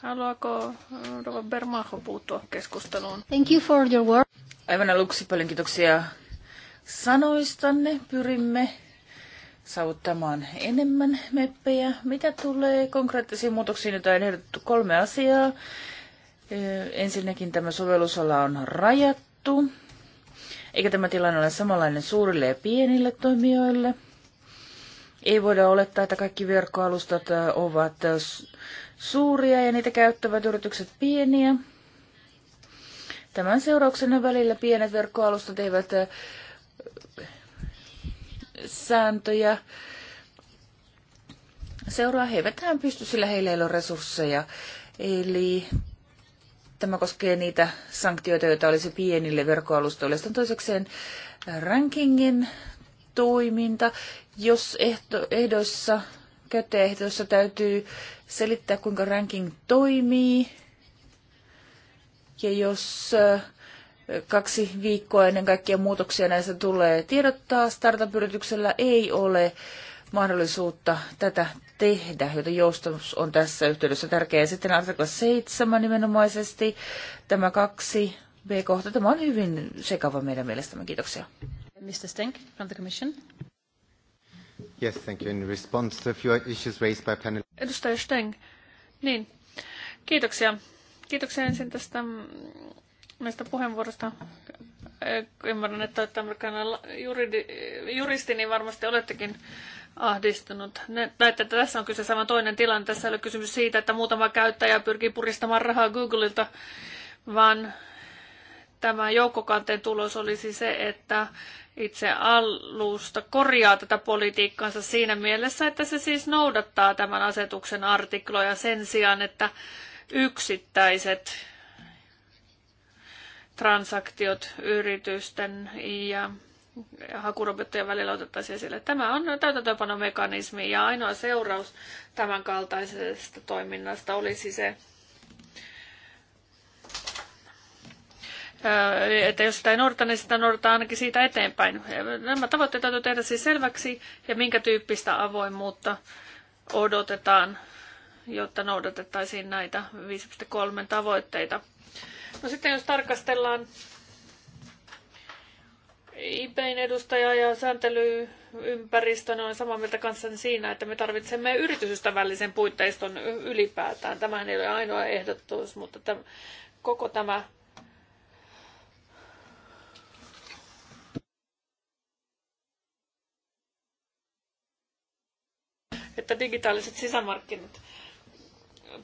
Haluaako uh, Rova Bermaho puuttua keskusteluun? Thank you for your work. Aivan aluksi paljon kiitoksia sanoistanne. Pyrimme saavuttamaan enemmän meppejä. Mitä tulee konkreettisiin muutoksiin, joita on ehdotettu kolme asiaa. Ensinnäkin tämä sovellusala on rajattu, eikä tämä tilanne ole samanlainen suurille ja pienille toimijoille. Ei voida olettaa, että kaikki verkkoalustat ovat suuria ja niitä käyttävät yritykset pieniä. Tämän seurauksena välillä pienet verkkoalustat eivät sääntöjä seuraa. He eivät tähän pysty, sillä heillä ei ole resursseja. Eli tämä koskee niitä sanktioita, joita olisi pienille verkkoalustoille. Sitten toisekseen rankingin toiminta. Jos ehto, ehdoissa, käyttäjäehdoissa täytyy selittää, kuinka ranking toimii, ja jos äh, kaksi viikkoa ennen kaikkia muutoksia näistä tulee tiedottaa. Startup-yrityksellä ei ole mahdollisuutta tätä tehdä, joten joustavuus on tässä yhteydessä tärkeää. Sitten artikla 7 nimenomaisesti, tämä kaksi B-kohta, tämä on hyvin sekava meidän mielestämme. Kiitoksia. Mr. Stenk from the Commission. Yes, thank you. In response to a few issues raised by panel... Edustaja Steng, niin, kiitoksia. Kiitoksia ensin tästä mm, näistä puheenvuorosta. Eh, ymmärrän, että olette juridi, juristi, niin varmasti olettekin ahdistunut. Näette, että tässä on kyse sama toinen tilanne. Tässä ei ole kysymys siitä, että muutama käyttäjä pyrkii puristamaan rahaa Googlelta, vaan tämä joukkokanteen tulos olisi se, että itse alusta korjaa tätä politiikkaansa siinä mielessä, että se siis noudattaa tämän asetuksen artikloja sen sijaan, että yksittäiset transaktiot yritysten ja hakurobottien välillä otettaisiin esille. Tämä on täytäntöönpanomekanismi ja ainoa seuraus tämän kaltaisesta toiminnasta olisi se, että jos sitä ei noudata, niin sitä noudataan ainakin siitä eteenpäin. Nämä tavoitteet täytyy tehdä siis selväksi ja minkä tyyppistä avoimuutta odotetaan, jotta noudatettaisiin näitä 5.3 tavoitteita. No sitten jos tarkastellaan IPin edustaja ja sääntelyympäristö on samaa mieltä kanssani siinä, että me tarvitsemme yritysystävällisen puitteiston ylipäätään. Tämä ei ole ainoa ehdotus, mutta tämän, koko tämä että digitaaliset sisämarkkinat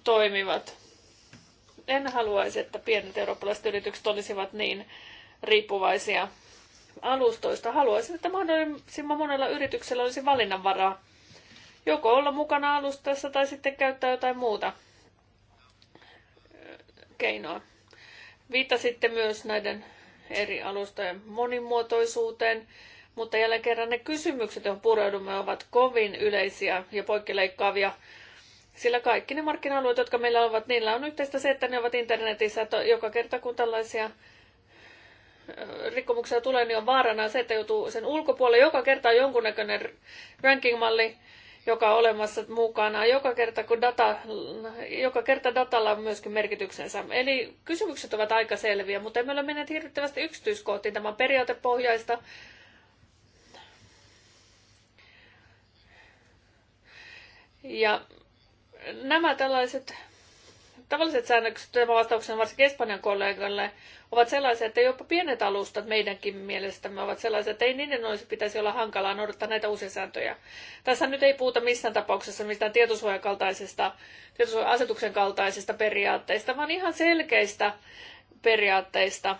toimivat. En haluaisi, että pienet eurooppalaiset yritykset olisivat niin riippuvaisia alustoista. Haluaisin, että mahdollisimman monella yrityksellä olisi valinnanvaraa. Joko olla mukana alustassa tai sitten käyttää jotain muuta keinoa. Viittasitte myös näiden eri alustojen monimuotoisuuteen, mutta jälleen kerran ne kysymykset, joihin pureudumme, ovat kovin yleisiä ja poikkileikkaavia sillä kaikki ne markkina-alueet, jotka meillä ovat, niillä on yhteistä se, että ne ovat internetissä. Joka kerta kun tällaisia rikkomuksia tulee, niin on vaarana se, että joutuu sen ulkopuolelle. Joka kerta on jonkunnäköinen ranking-malli, joka on olemassa mukana. Joka kerta, kun data, joka kerta datalla on myöskin merkityksensä. Eli kysymykset ovat aika selviä, mutta emme ole menneet hirvittävästi yksityiskohtiin. Tämä on periaatepohjaista. Ja nämä tällaiset tavalliset säännökset tämän vastauksen varsinkin Espanjan kollegalle ovat sellaisia, että jopa pienet alustat meidänkin mielestämme ovat sellaisia, että ei niiden olisi pitäisi olla hankalaa noudattaa näitä uusia sääntöjä. Tässä nyt ei puhuta missään tapauksessa mistään tietosuojakaltaisesta, tietosuoja-asetuksen kaltaisista periaatteista, vaan ihan selkeistä periaatteista,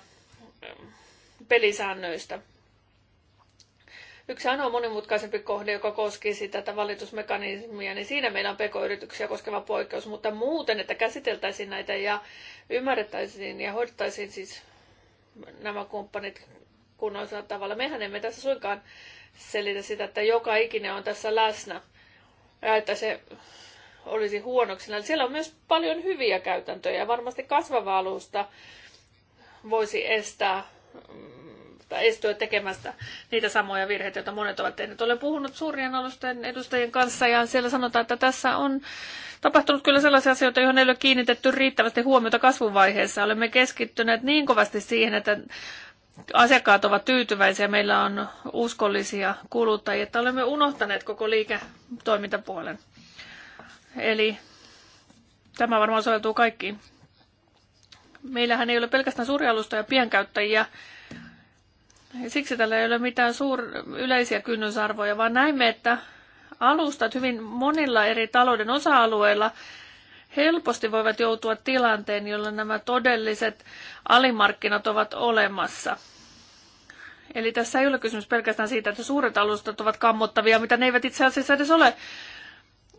pelisäännöistä. Yksi ainoa monimutkaisempi kohde, joka sitä tätä valitusmekanismia, niin siinä meillä on pk-yrityksiä koskeva poikkeus, mutta muuten, että käsiteltäisiin näitä ja ymmärrettäisiin ja hoidettaisiin siis nämä kumppanit kunnoisella tavalla. Mehän emme tässä suinkaan selitä sitä, että joka ikinen on tässä läsnä ja että se olisi huonoksi. Siellä on myös paljon hyviä käytäntöjä ja varmasti kasvava alusta voisi estää mm, tai estyä tekemästä niitä samoja virheitä, joita monet ovat tehneet. Olen puhunut suurien alusten edustajien kanssa ja siellä sanotaan, että tässä on tapahtunut kyllä sellaisia asioita, joihin ei ole kiinnitetty riittävästi huomiota kasvuvaiheessa. Olemme keskittyneet niin kovasti siihen, että asiakkaat ovat tyytyväisiä, meillä on uskollisia kuluttajia, että olemme unohtaneet koko liiketoimintapuolen. Eli tämä varmaan soveltuu kaikkiin. Meillähän ei ole pelkästään suurialustoja ja pienkäyttäjiä, Siksi tällä ei ole mitään suur yleisiä kynnysarvoja, vaan näimme, että alustat hyvin monilla eri talouden osa-alueilla helposti voivat joutua tilanteen, jolla nämä todelliset alimarkkinat ovat olemassa. Eli tässä ei ole kysymys pelkästään siitä, että suuret alustat ovat kammottavia, mitä ne eivät itse asiassa edes ole.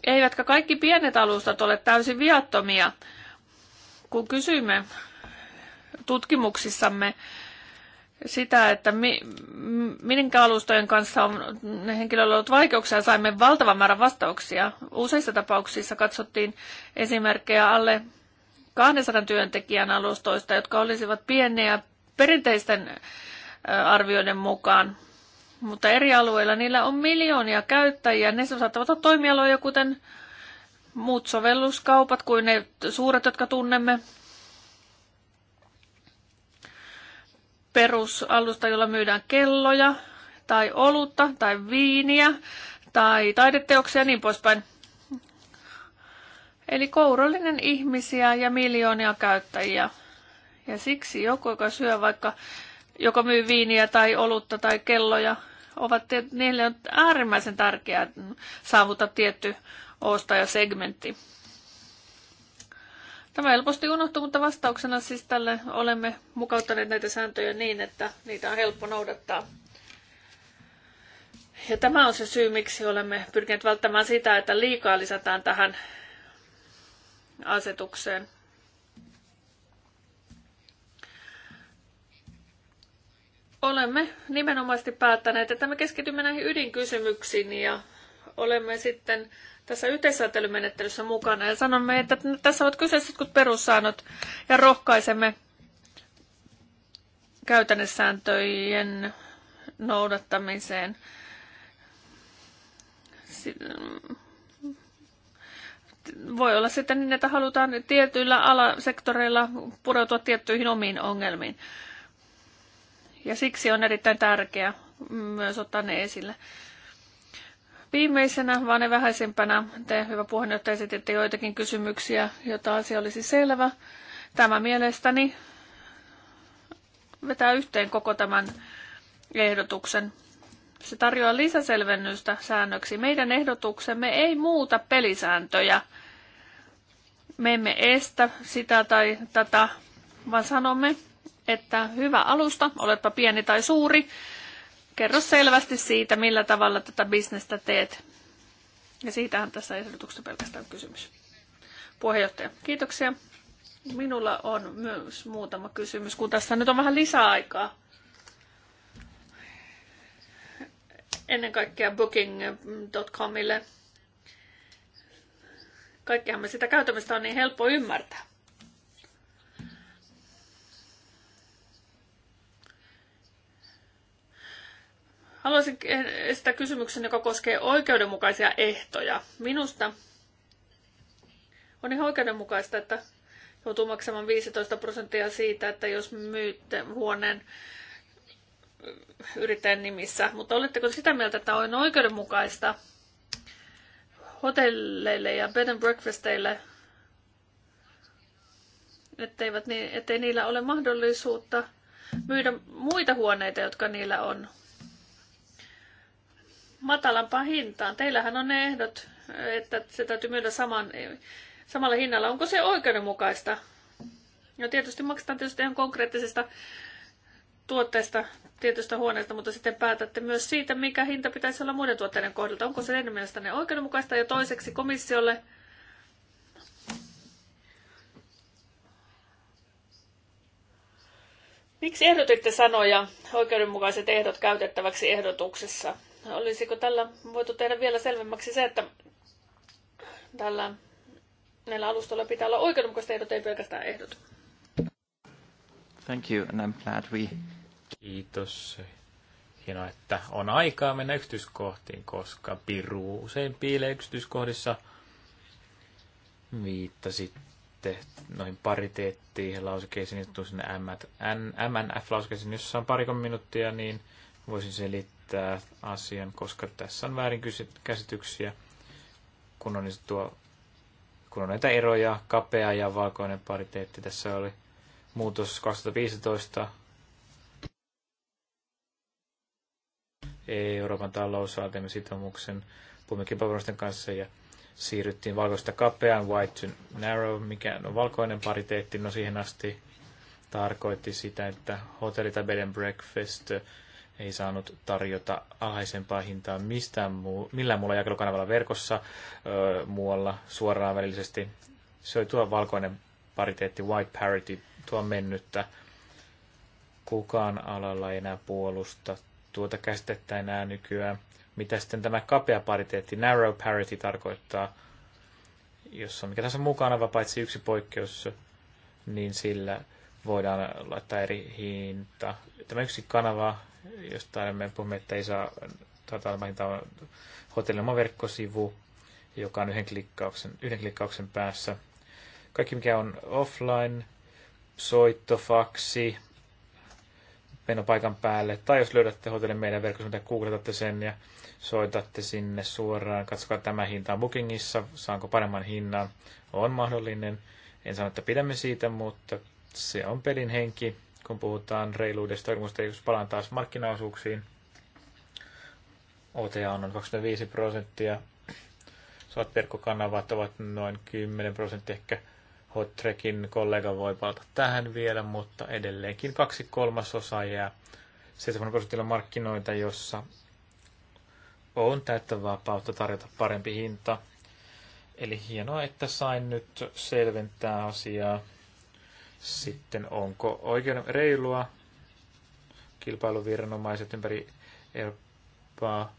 Eivätkä kaikki pienet alustat ole täysin viattomia. Kun kysymme tutkimuksissamme sitä, että mi, minkä alustojen kanssa on henkilöllä ollut vaikeuksia, saimme valtavan määrän vastauksia. Useissa tapauksissa katsottiin esimerkkejä alle 200 työntekijän alustoista, jotka olisivat pieniä perinteisten arvioiden mukaan. Mutta eri alueilla niillä on miljoonia käyttäjiä. Ne saattavat olla toimialoja, kuten muut sovelluskaupat kuin ne suuret, jotka tunnemme, perusalusta, jolla myydään kelloja tai olutta tai viiniä tai taideteoksia ja niin poispäin. Eli kourallinen ihmisiä ja miljoonia käyttäjiä. Ja siksi joku, joka syö vaikka, joka myy viiniä tai olutta tai kelloja, ovat, niille on äärimmäisen tärkeää saavuttaa tietty ostajasegmentti. Tämä helposti unohtuu, mutta vastauksena siis tälle olemme mukauttaneet näitä sääntöjä niin, että niitä on helppo noudattaa. Ja tämä on se syy, miksi olemme pyrkineet välttämään sitä, että liikaa lisätään tähän asetukseen. Olemme nimenomaisesti päättäneet, että me keskitymme näihin ydinkysymyksiin ja olemme sitten tässä yhteissäätelymenettelyssä mukana ja sanomme, että tässä ovat kyseessä jotkut perussäännöt ja rohkaisemme käytännössääntöjen noudattamiseen. Voi olla sitten niin, että halutaan tietyillä alasektoreilla pureutua tiettyihin omiin ongelmiin. Ja siksi on erittäin tärkeää myös ottaa ne esille. Viimeisenä, vaan ne vähäisimpänä. te hyvä puheenjohtaja esititte joitakin kysymyksiä, joita asia olisi selvä. Tämä mielestäni vetää yhteen koko tämän ehdotuksen. Se tarjoaa lisäselvennystä säännöksi. Meidän ehdotuksemme ei muuta pelisääntöjä. Me emme estä sitä tai tätä, vaan sanomme, että hyvä alusta, oletpa pieni tai suuri, kerro selvästi siitä, millä tavalla tätä bisnestä teet. Ja siitähän tässä ehdotuksessa pelkästään kysymys. Puheenjohtaja, kiitoksia. Minulla on myös muutama kysymys, kun tässä nyt on vähän lisäaikaa. Ennen kaikkea booking.comille. Kaikkihan me sitä käytämistä on niin helppo ymmärtää. Haluaisin esittää kysymyksen, joka koskee oikeudenmukaisia ehtoja. Minusta on ihan oikeudenmukaista, että joutuu maksamaan 15 prosenttia siitä, että jos myytte huoneen yrittäjän nimissä. Mutta oletteko sitä mieltä, että on oikeudenmukaista hotelleille ja bed and breakfasteille, etteivät, ettei niillä ole mahdollisuutta myydä muita huoneita, jotka niillä on? matalampaan hintaan. Teillähän on ne ehdot, että se täytyy myydä saman, samalla hinnalla. Onko se oikeudenmukaista? No tietysti maksetaan tietysti ihan konkreettisesta tuotteesta, tietystä huoneesta, mutta sitten päätätte myös siitä, mikä hinta pitäisi olla muiden tuotteiden kohdalta. Onko se teidän mielestänne oikeudenmukaista? Ja toiseksi komissiolle, Miksi ehdotitte sanoja oikeudenmukaiset ehdot käytettäväksi ehdotuksessa? Olisiko tällä voitu tehdä vielä selvemmäksi se, että tällä näillä alustoilla pitää olla oikeudenmukaiset ehdot, ei pelkästään ehdot. Thank you, and I'm glad we... Kiitos. Hienoa, että on aikaa mennä yksityiskohtiin, koska piru usein piilee yksityiskohdissa. Viittasitte noihin pariteettiin lausekeisiin, niin sinne MNF-lausekeisiin, jossa on parikon minuuttia, niin voisin selittää asian, koska tässä on käsityksiä, kun on, tuo, kun on näitä eroja, kapea ja valkoinen pariteetti. Tässä oli muutos 2015 Euroopan talous saatimme sitoumuksen puhummekin kanssa ja siirryttiin valkoista kapeaan, white to narrow, mikä on no, valkoinen pariteetti, no siihen asti tarkoitti sitä, että hotelli tai bed and breakfast ei saanut tarjota alhaisempaa hintaa mistään muu, millään muulla jakelukanavalla verkossa, ö, muualla suoraan välillisesti. Se oli tuo valkoinen pariteetti, white parity, tuo mennyttä. Kukaan alalla ei enää puolusta tuota käsitettä enää nykyään. Mitä sitten tämä kapea pariteetti, narrow parity, tarkoittaa, jos on mikä tässä mukana, vaan paitsi yksi poikkeus, niin sillä voidaan laittaa eri hinta. Tämä yksi kanava josta me puhumme, että ei saa tuota, hotellin oma verkkosivu, joka on yhden klikkauksen, yhden klikkauksen päässä. Kaikki mikä on offline, soitto, faksi, meno paikan päälle, tai jos löydätte hotellin meidän verkkosuunnitelman, googletatte sen ja soitatte sinne suoraan, katsokaa tämä hinta on bookingissa, saanko paremman hinnan, on mahdollinen. En sano, että pidämme siitä, mutta se on pelin henki kun puhutaan reiluudesta, jos palaan taas markkinaosuuksiin, OTA on noin 25 prosenttia, saat verkkokanavat ovat noin 10 prosenttia, ehkä Hot Trekin kollega voi palata tähän vielä, mutta edelleenkin kaksi kolmasosaa jää 7 prosentilla markkinoita, jossa on täyttä vapautta tarjota parempi hinta. Eli hienoa, että sain nyt selventää asiaa. Sitten onko oikein reilua kilpailuviranomaiset ympäri Eurooppaa,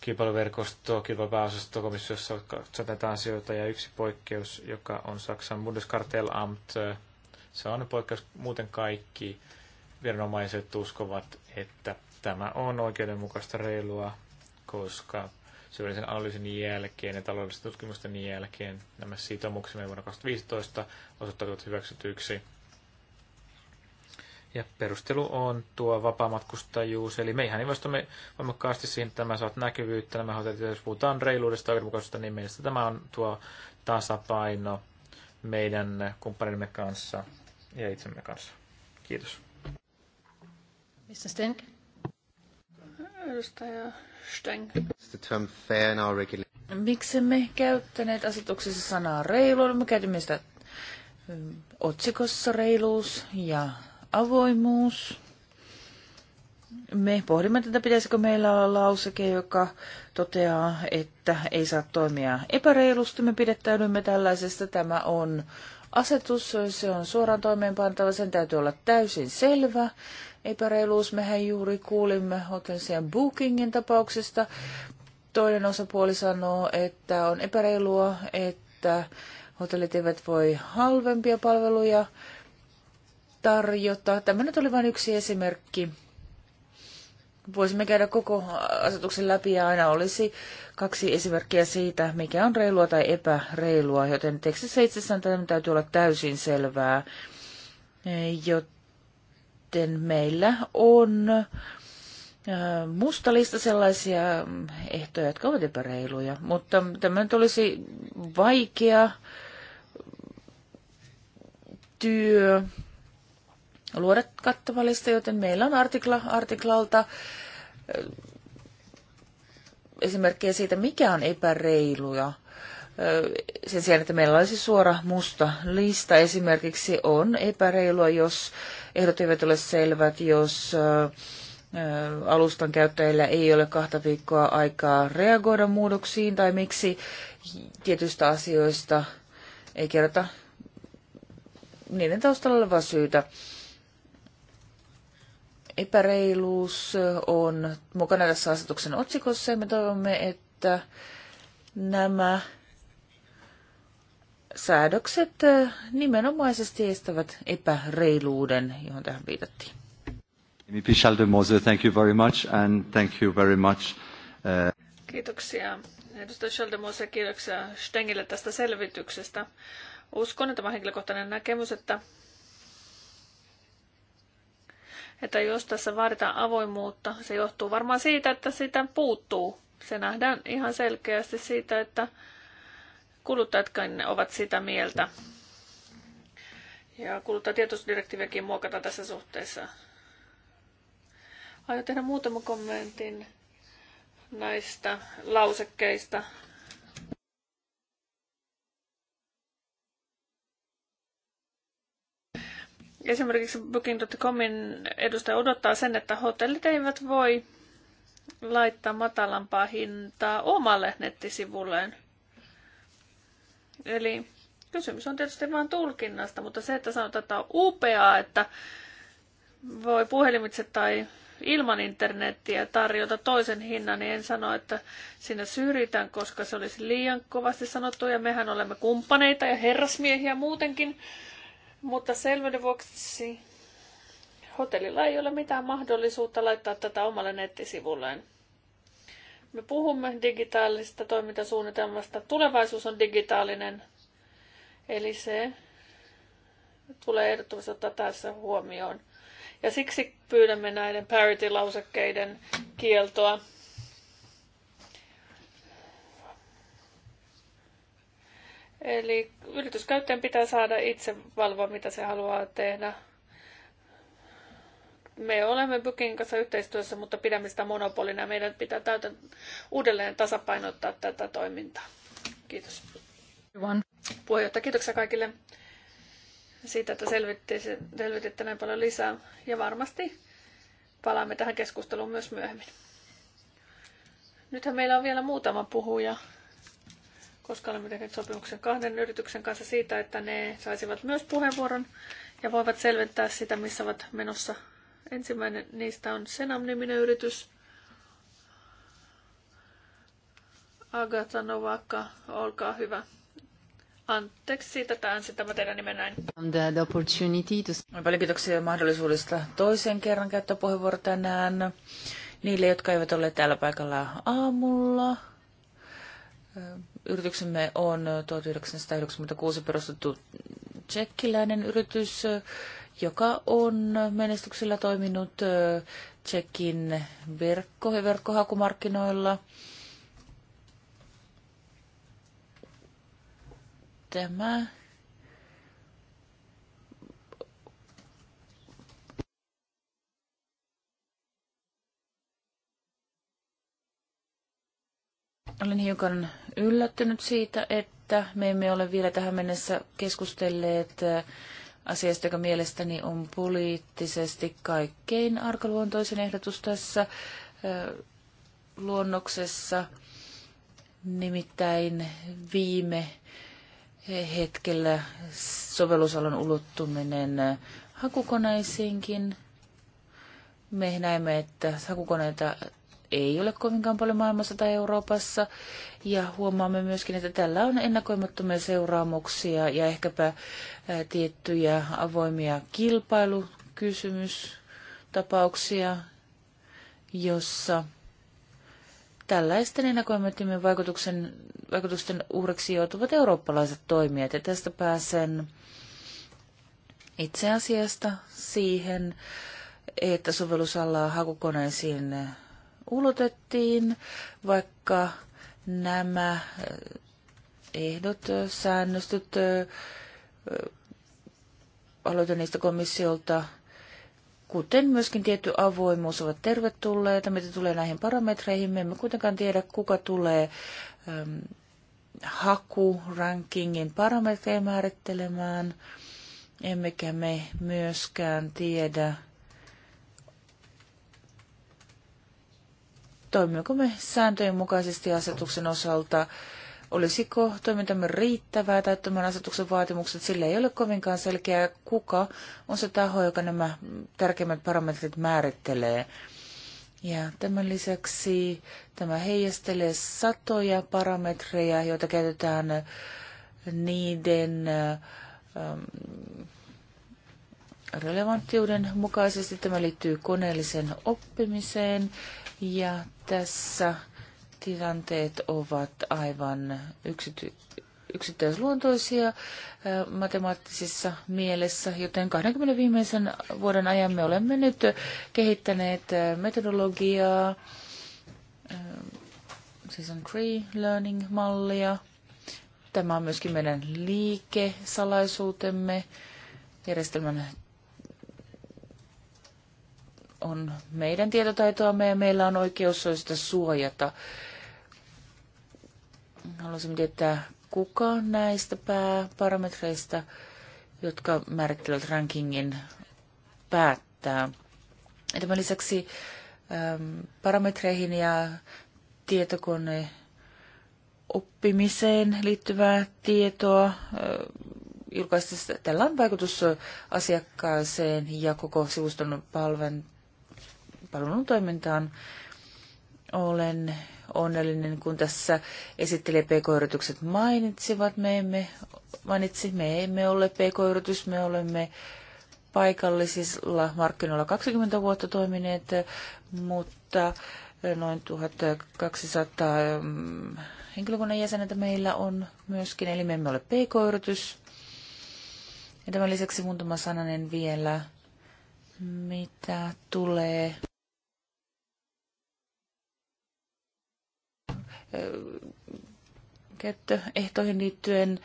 kilpailuverkostoa, kilpailupääosastoa komissiossa katsoo tätä asioita ja yksi poikkeus, joka on Saksan Bundeskartellamt, se on poikkeus. Muuten kaikki viranomaiset uskovat, että tämä on oikeudenmukaista reilua, koska syvällisen analyysin jälkeen ja taloudellisten tutkimusten jälkeen nämä sitoumuksemme vuonna 2015 osoittautuvat hyväksytyiksi. Ja perustelu on tuo vapaamatkustajuus, eli meihän investoimme voimakkaasti siihen, että nämä saavat näkyvyyttä, nämä hotellit, jos puhutaan reiluudesta oikeudenmukaisuudesta, niin mielestä tämä on tuo tasapaino meidän kumppanimme kanssa ja itsemme kanssa. Kiitos. Mr. Stenk? Edustaja Miksemme Miksi me käyttäneet asetuksessa sanaa reilu? Me käytimme sitä mm, otsikossa reiluus ja avoimuus. Me pohdimme tätä, pitäisikö meillä olla lauseke, joka toteaa, että ei saa toimia epäreilusti. Me pidettäydymme tällaisesta. Tämä on asetus, se on suoraan toimeenpantava, sen täytyy olla täysin selvä epäreiluus. Mehän juuri kuulimme hotellien bookingin tapauksesta. Toinen osapuoli sanoo, että on epäreilua, että hotellit eivät voi halvempia palveluja tarjota. Tämä nyt oli vain yksi esimerkki. Voisimme käydä koko asetuksen läpi ja aina olisi kaksi esimerkkiä siitä, mikä on reilua tai epäreilua, joten tekstissä itsessään tämä täytyy olla täysin selvää, jotta sitten meillä on äh, musta lista sellaisia ehtoja, jotka ovat epäreiluja, mutta tämä nyt olisi vaikea työ luoda kattava lista, joten meillä on artikla artiklalta äh, esimerkkejä siitä, mikä on epäreiluja sen sijaan, että meillä olisi suora musta lista esimerkiksi, on epäreilua, jos ehdot eivät ole selvät, jos alustan käyttäjillä ei ole kahta viikkoa aikaa reagoida muutoksiin tai miksi tietyistä asioista ei kerrota niiden taustalla olevaa syytä. Epäreiluus on mukana tässä asetuksen otsikossa ja me toivomme, että nämä säädökset eh, nimenomaisesti estävät epäreiluuden, johon tähän viitattiin. MEP Mose, thank you very much and thank you very much. Eh, kiitoksia edustaja Schaldemose kiitoksia Stengille tästä selvityksestä. Uskon, että tämä henkilökohtainen näkemys, että, että jos tässä vaaditaan avoimuutta, se johtuu varmaan siitä, että sitä puuttuu. Se nähdään ihan selkeästi siitä, että kuluttajatkin ovat sitä mieltä. Ja kuluttajatietoisdirektiiviäkin muokataan tässä suhteessa. Aion tehdä muutaman kommentin näistä lausekkeista. Esimerkiksi Booking.comin edustaja odottaa sen, että hotellit eivät voi laittaa matalampaa hintaa omalle nettisivulleen. Eli kysymys on tietysti vain tulkinnasta, mutta se, että sanotaan, että on upeaa, että voi puhelimitse tai ilman internettiä tarjota toisen hinnan, niin en sano, että sinä syrjitän, koska se olisi liian kovasti sanottu ja mehän olemme kumppaneita ja herrasmiehiä muutenkin. Mutta selvyyden vuoksi hotellilla ei ole mitään mahdollisuutta laittaa tätä omalle nettisivulleen. Me puhumme digitaalisesta toimintasuunnitelmasta. Tulevaisuus on digitaalinen, eli se tulee ehdottomasti ottaa tässä huomioon. Ja siksi pyydämme näiden parity-lausekkeiden kieltoa. Eli yrityskäyttäjän pitää saada itse valvoa, mitä se haluaa tehdä. Me olemme Bookin kanssa yhteistyössä, mutta pidämme sitä monopolina ja meidän pitää täytä uudelleen tasapainottaa tätä toimintaa. Kiitos. Hyvän. Puheenjohtaja, kiitoksia kaikille siitä, että selvititte näin paljon lisää ja varmasti palaamme tähän keskusteluun myös myöhemmin. Nythän meillä on vielä muutama puhuja, koska olemme tehneet sopimuksen kahden yrityksen kanssa siitä, että ne saisivat myös puheenvuoron ja voivat selventää sitä, missä ovat menossa Ensimmäinen niistä on Senam-niminen yritys. Agata Novakka, olkaa hyvä. Anteeksi siitä, että sitä tämä teidän nimen näin. The opportunity Paljon kiitoksia mahdollisuudesta toisen kerran käyttää puheenvuoro tänään. Niille, jotka eivät ole täällä paikalla aamulla. Yrityksemme on 1996 perustettu tsekkiläinen yritys, joka on menestyksellä toiminut Tsekin verkko- ja verkkohakumarkkinoilla. Tämä Olen hiukan yllättynyt siitä, että me emme ole vielä tähän mennessä keskustelleet asiasta, joka mielestäni on poliittisesti kaikkein arkaluontoisin ehdotus tässä luonnoksessa. Nimittäin viime hetkellä sovellusalan ulottuminen hakukoneisiinkin. Me näemme, että hakukoneita ei ole kovinkaan paljon maailmassa tai Euroopassa. Ja huomaamme myöskin, että tällä on ennakoimattomia seuraamuksia ja ehkäpä tiettyjä avoimia kilpailukysymystapauksia, jossa tällaisten ennakoimattomien vaikutuksen, vaikutusten uhreksi joutuvat eurooppalaiset toimijat. Ja tästä pääsen itse asiasta siihen, että sovellusalaa hakukoneisiin ulotettiin, vaikka nämä eh, ehdot, eh, säännöstöt, eh, aloitan niistä komissiolta, kuten myöskin tietty avoimuus ovat tervetulleita, mitä tulee näihin parametreihin. Me emme kuitenkaan tiedä, kuka tulee ehm, hakurankingin parametreja määrittelemään, emmekä me myöskään tiedä, Toimimmeko me sääntöjen mukaisesti asetuksen osalta? Olisiko toimintamme riittävää täyttämään asetuksen vaatimukset? Sillä ei ole kovinkaan selkeää, kuka on se taho, joka nämä tärkeimmät parametrit määrittelee. Ja tämän lisäksi tämä heijastelee satoja parametreja, joita käytetään niiden ähm, relevanttiuden mukaisesti. Tämä liittyy koneelliseen oppimiseen, ja tässä tilanteet ovat aivan yksity- yksittäisluontoisia matemaattisessa mielessä, joten 20 viimeisen vuoden ajan me olemme nyt kehittäneet metodologiaa, season 3 learning-mallia. Tämä on myöskin meidän liikesalaisuutemme, järjestelmän on meidän tietotaitoamme ja meillä on oikeus sitä suojata. Haluaisin tietää, kuka näistä pääparametreista, jotka määrittelevät rankingin, päättää. Tämän lisäksi ähm, parametreihin ja tietokone oppimiseen liittyvää tietoa äh, julkaistessa. Tällä on vaikutus asiakkaaseen ja koko sivuston palven, palvelun toimintaan. Olen onnellinen, kun tässä esittelijä PK-yritykset mainitsivat. Me emme, mainitsi, me emme ole PK-yritys, me olemme paikallisilla markkinoilla 20 vuotta toimineet, mutta noin 1200 mm, henkilökunnan jäsenetä meillä on myöskin, eli me emme ole PK-yritys. Ja tämän lisäksi muutama sananen vielä, mitä tulee käyttöehtoihin liittyen.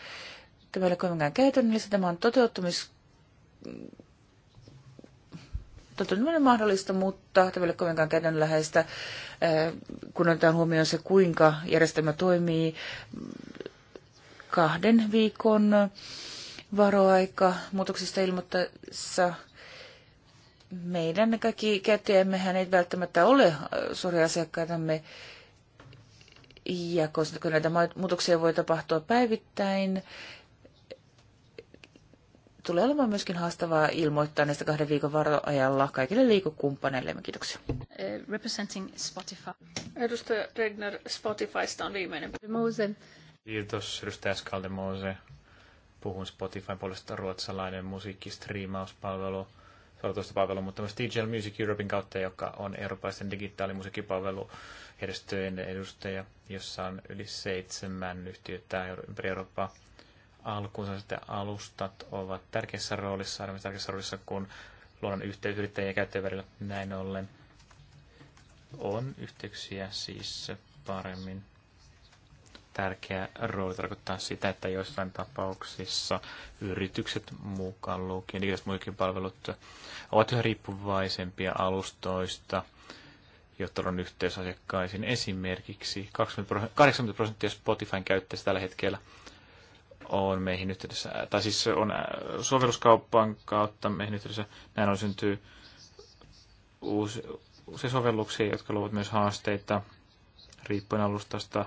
Tämä ei ole kovinkaan käytännöllistä. Tämä on toteuttamis toteutuminen mahdollista, mutta tämä ei ole kovinkaan käytännönläheistä, kun otetaan huomioon se, kuinka järjestelmä toimii kahden viikon varoaika muutoksista ilmoittaessa meidän kaikki käyttäjämmehän ei välttämättä ole suoria asiakkaitamme ja koska näitä muutoksia voi tapahtua päivittäin, tulee olemaan myöskin haastavaa ilmoittaa näistä kahden viikon varoajalla kaikille liikokumppaneille. Kiitoksia. Eh, representing Spotify. Edustaja Regner Spotifysta on viimeinen. Mose. Kiitos edustaja Skaldemose. Puhun Spotifyn puolesta ruotsalainen musiikkistriimauspalvelu palvelu, mutta myös Digital Music Europein kautta, joka on eurooppalaisen digitaalimusiikkipalvelu järjestöjen edustaja, jossa on yli seitsemän yhtiötä ympäri Eurooppaa. Alkuunsa sitten alustat ovat tärkeässä roolissa, aivan tärkeässä roolissa, kun luodaan yhteys yrittäjien ja käyttäjien välillä näin ollen. On yhteyksiä siis paremmin tärkeä rooli tarkoittaa sitä, että joissain tapauksissa yritykset mukaan lukien digitaaliset muikin palvelut ovat yhä riippuvaisempia alustoista, jotta on yhteys asiakkaisiin. Esimerkiksi 80 prosenttia Spotifyn käyttäjistä tällä hetkellä on meihin yhteydessä, tai siis on äh, sovelluskauppaan kautta meihin yhteydessä. Näin on syntyy uusi, uusia sovelluksia, jotka luovat myös haasteita riippuen alustasta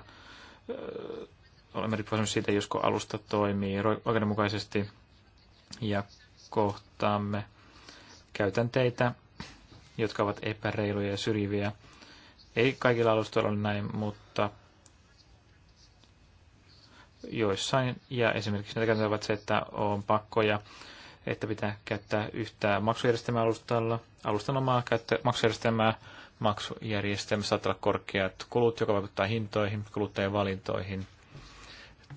olemme riippuvaisia siitä, josko alusta toimii oikeudenmukaisesti ja kohtaamme käytänteitä, jotka ovat epäreiluja ja syrjiviä. Ei kaikilla alustoilla ole näin, mutta joissain, ja esimerkiksi näitä käytäntöjä ovat se, että on pakkoja, että pitää käyttää yhtä maksujärjestelmää alustalla, alustan omaa käyttö, maksujärjestelmää maksujärjestelmässä saattaa olla korkeat kulut, joka vaikuttaa hintoihin, kuluttajien valintoihin.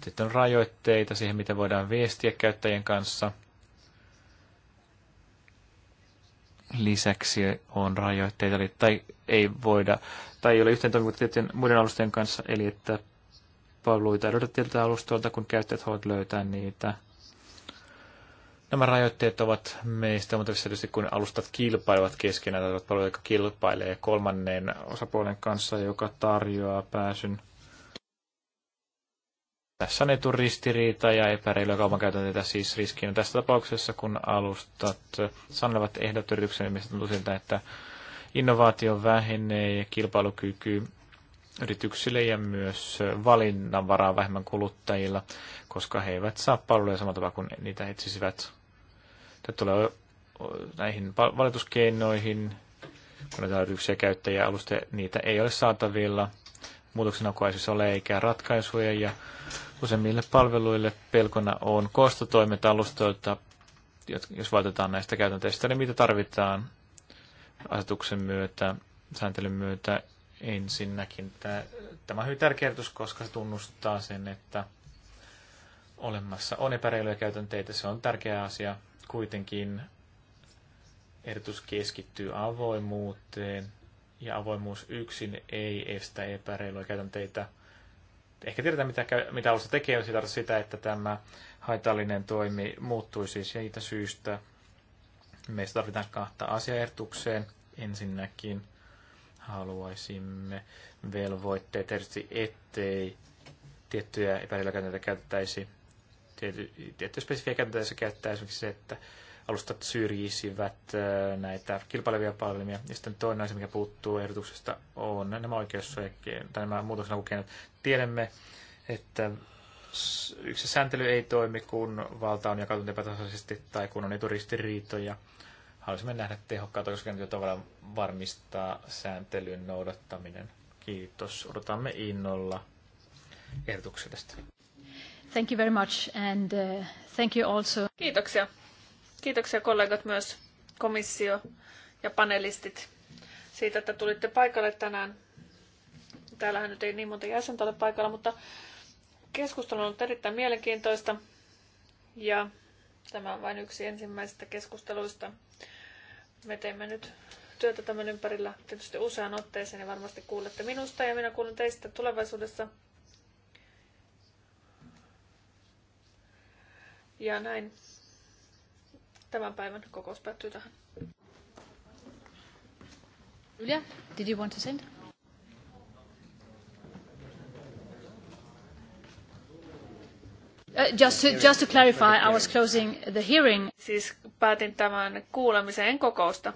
Sitten on rajoitteita siihen, miten voidaan viestiä käyttäjien kanssa. Lisäksi on rajoitteita, eli tai ei voida, tai ei ole yhteen toimivuutta muiden alustojen kanssa, eli että palveluita ei löydä tietyltä alustoilta, kun käyttäjät voivat löytää niitä – Nämä rajoitteet ovat meistä huomattavissa tietysti, kun alustat kilpailevat keskenään, tai paljon, jotka kilpailee kolmannen osapuolen kanssa, joka tarjoaa pääsyn. Tässä on eturistiriita ja epäreilyä kaupankäytänteitä siis riskiin. tässä tapauksessa, kun alustat sanovat ehdot yrityksen, mistä tuntuu siltä, että innovaatio vähenee ja kilpailukyky yrityksille ja myös valinnanvaraa vähemmän kuluttajilla, koska he eivät saa palveluja samalla tavalla kuin niitä etsisivät. Tämä tulee näihin valituskeinoihin, kun näitä yrityksiä käyttäjiä alusta, niitä ei ole saatavilla. Muutoksen ei siis ole eikä ratkaisuja ja useimmille palveluille pelkona on kostotoimet alustoilta, jos valitetaan näistä käytänteistä, niin mitä tarvitaan asetuksen myötä, sääntelyn myötä ensinnäkin. Tämä on hyvin tärkeä ajatus, koska se tunnustaa sen, että olemassa on epäreiluja käytänteitä. Se on tärkeä asia Kuitenkin ehdotus keskittyy avoimuuteen ja avoimuus yksin ei estä epäreilua käytänteitä. Ehkä tiedetään, mitä, mitä alusta tekee, se sitä, että tämä haitallinen toimi muuttui siis siitä syystä. Meistä tarvitaan kahta asiaehdotukseen. Ensinnäkin haluaisimme velvoitteet erityisesti ettei tiettyjä epäreilua käytänteitä käytettäisi tietty spesifiä käytäntöjä, käyttää esimerkiksi se, että alustat syrjisivät näitä kilpailevia palvelimia. Ja sitten toinen asia, mikä puuttuu ehdotuksesta, on nämä oikeussuojakeinot, tai nämä muutoksenhakukeinot. Tiedämme, että yksi sääntely ei toimi, kun valta on jakautunut epätasaisesti tai kun on eturistiriitoja. Haluaisimme nähdä tehokkaat oikeuskäynnit, joita tavallaan varmistaa sääntelyn noudattaminen. Kiitos. Odotamme innolla ehdotuksesta. Thank you very much and uh, thank you also. Kiitoksia. Kiitoksia kollegat myös komissio ja panelistit siitä, että tulitte paikalle tänään. Täällähän nyt ei niin monta jäsentä ole paikalla, mutta keskustelu on ollut erittäin mielenkiintoista ja tämä on vain yksi ensimmäisistä keskusteluista. Me teemme nyt työtä tämän ympärillä tietysti usean otteeseen ja varmasti kuulette minusta ja minä kuulen teistä tulevaisuudessa. Ja näin tämän päivän kokous päättyy tähän. Julia, did you want to send? Uh, just, to, just to clarify, I was closing the hearing. Siis päätin tämän kuulemisen kokousta.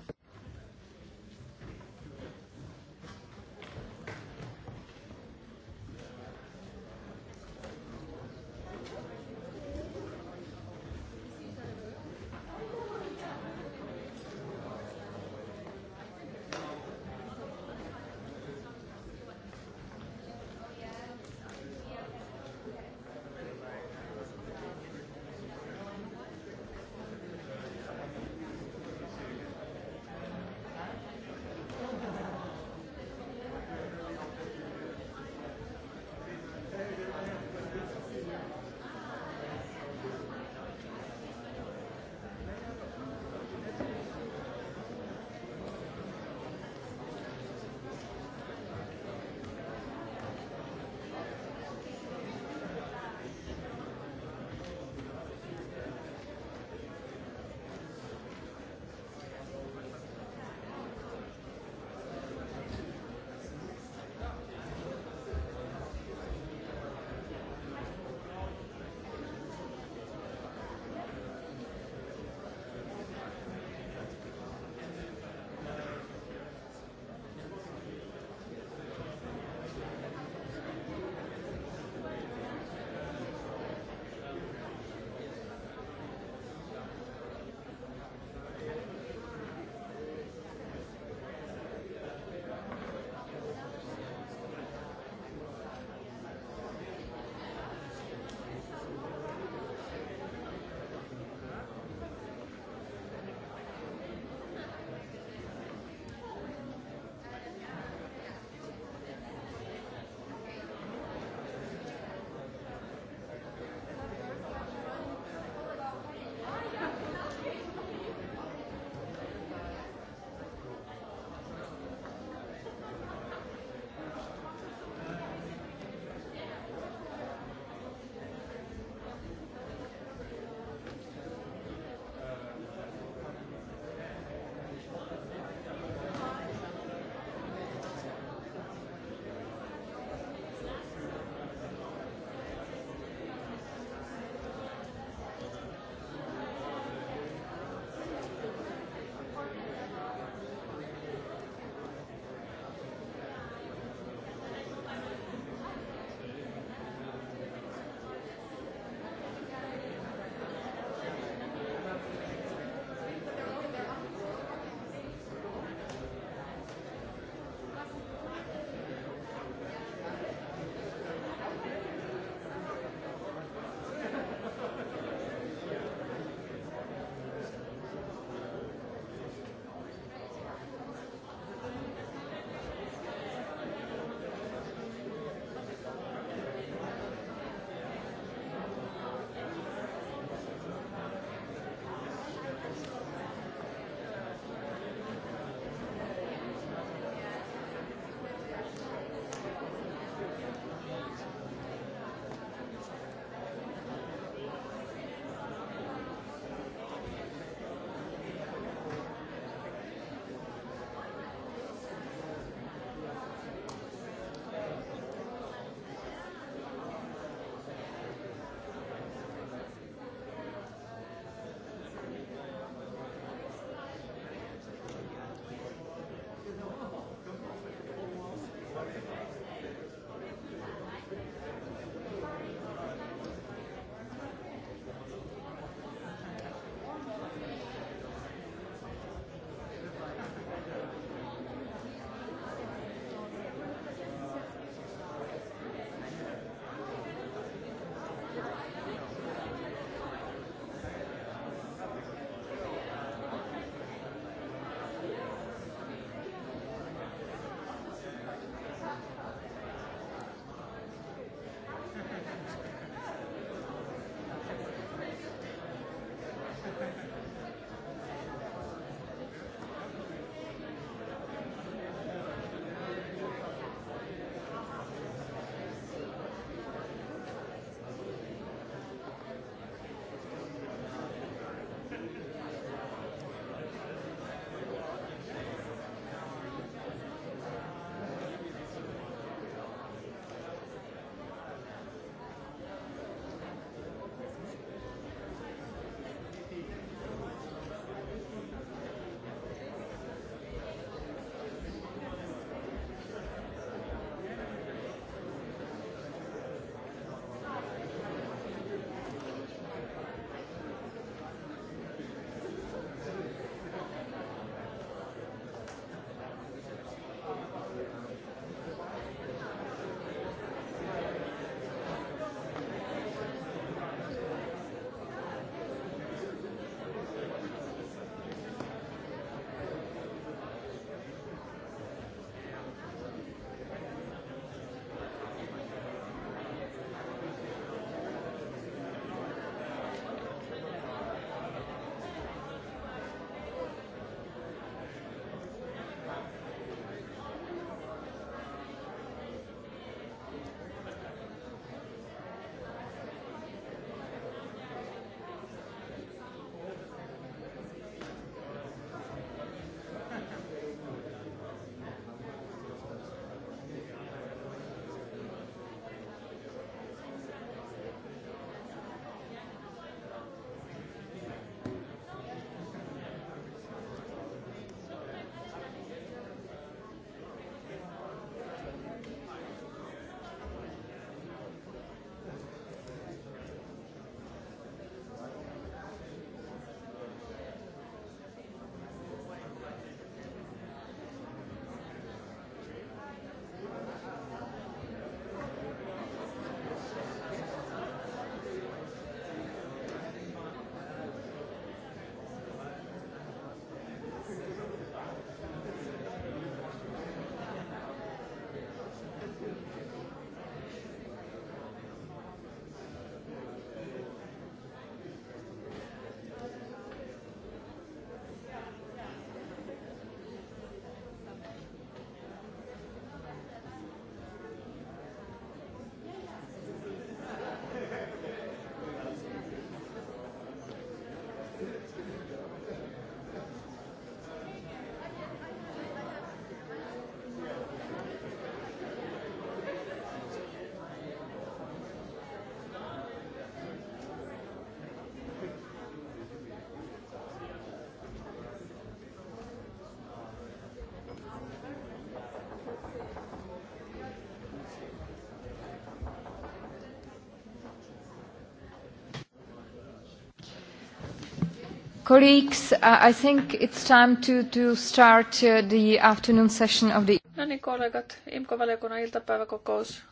Colleagues, uh, I think it's time to, to start uh, the afternoon session of the... No niin, kollegat, IMCO-valiokunnan iltapäiväkokous.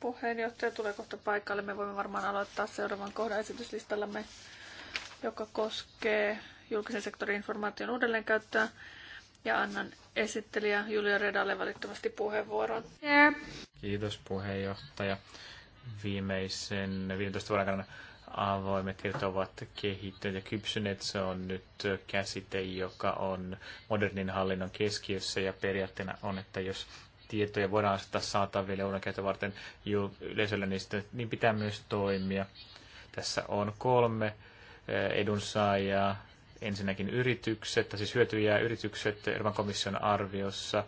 Puheenjohtaja tulee kohta paikalle. Me voimme varmaan aloittaa seuraavan kohdan esityslistallamme, joka koskee julkisen sektorin informaation uudelleenkäyttöä. Ja annan esittelijä Julia Redalle välittömästi puheenvuoron. Kiitos puheenjohtaja. Viimeisen 15 vuoden aikana avoimet tiedot ovat kehittyneet ja kypsyneet. Se on nyt käsite, joka on modernin hallinnon keskiössä ja periaatteena on, että jos tietoja voidaan asettaa saataville uuden käytön varten yleisölle, niin, sitten, niin pitää myös toimia. Tässä on kolme eh, edunsaajaa. Ensinnäkin yritykset, tai siis hyötyjä yritykset Euroopan komission arviossa,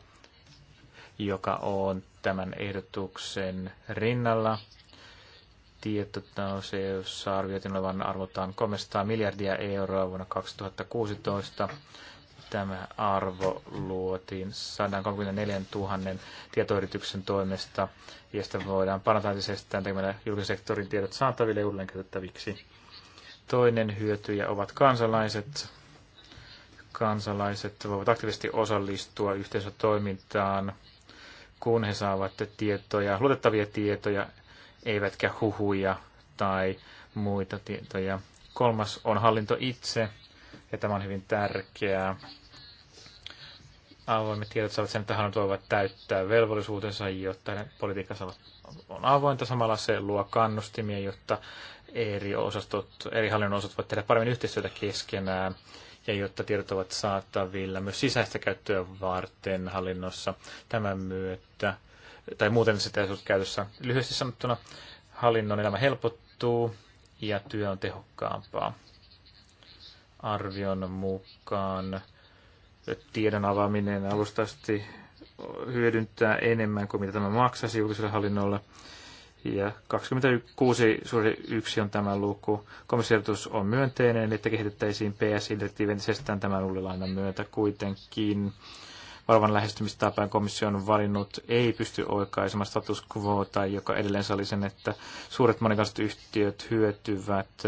joka on tämän ehdotuksen rinnalla se, jossa arvioitiin olevan arvotaan 300 miljardia euroa vuonna 2016. Tämä arvo luotiin 134 000 tietoyrityksen toimesta, ja sitä voidaan parantaa entisestään tekemällä julkisen sektorin tiedot saataville uudelleen käytettäviksi. Toinen hyötyjä ovat kansalaiset. Kansalaiset voivat aktiivisesti osallistua yhteisötoimintaan, kun he saavat tietoja, luotettavia tietoja eivätkä huhuja tai muita tietoja. Kolmas on hallinto itse, ja tämä on hyvin tärkeää. Avoimet tiedot saavat sen, että hän voivat täyttää velvollisuutensa, jotta politiikka on avointa. Samalla se luo kannustimia, jotta eri, osastot, eri hallinnon osat voivat tehdä paremmin yhteistyötä keskenään ja jotta tiedot ovat saatavilla myös sisäistä käyttöä varten hallinnossa. Tämän myötä tai muuten sitä ei ole käytössä. Lyhyesti sanottuna hallinnon elämä helpottuu ja työ on tehokkaampaa. Arvion mukaan tiedon avaaminen alustasti hyödyntää enemmän kuin mitä tämä maksaisi julkiselle hallinnolle. Ja 26 suuri yksi on tämä luku. Komissiotus on myönteinen, että kehitettäisiin ps direktiivi entisestään tämän uuden lainan myötä kuitenkin varovan lähestymistapaan komissio on valinnut, ei pysty oikaisemaan status quo tai joka edelleen sali sen, että suuret monikansalliset yhtiöt hyötyvät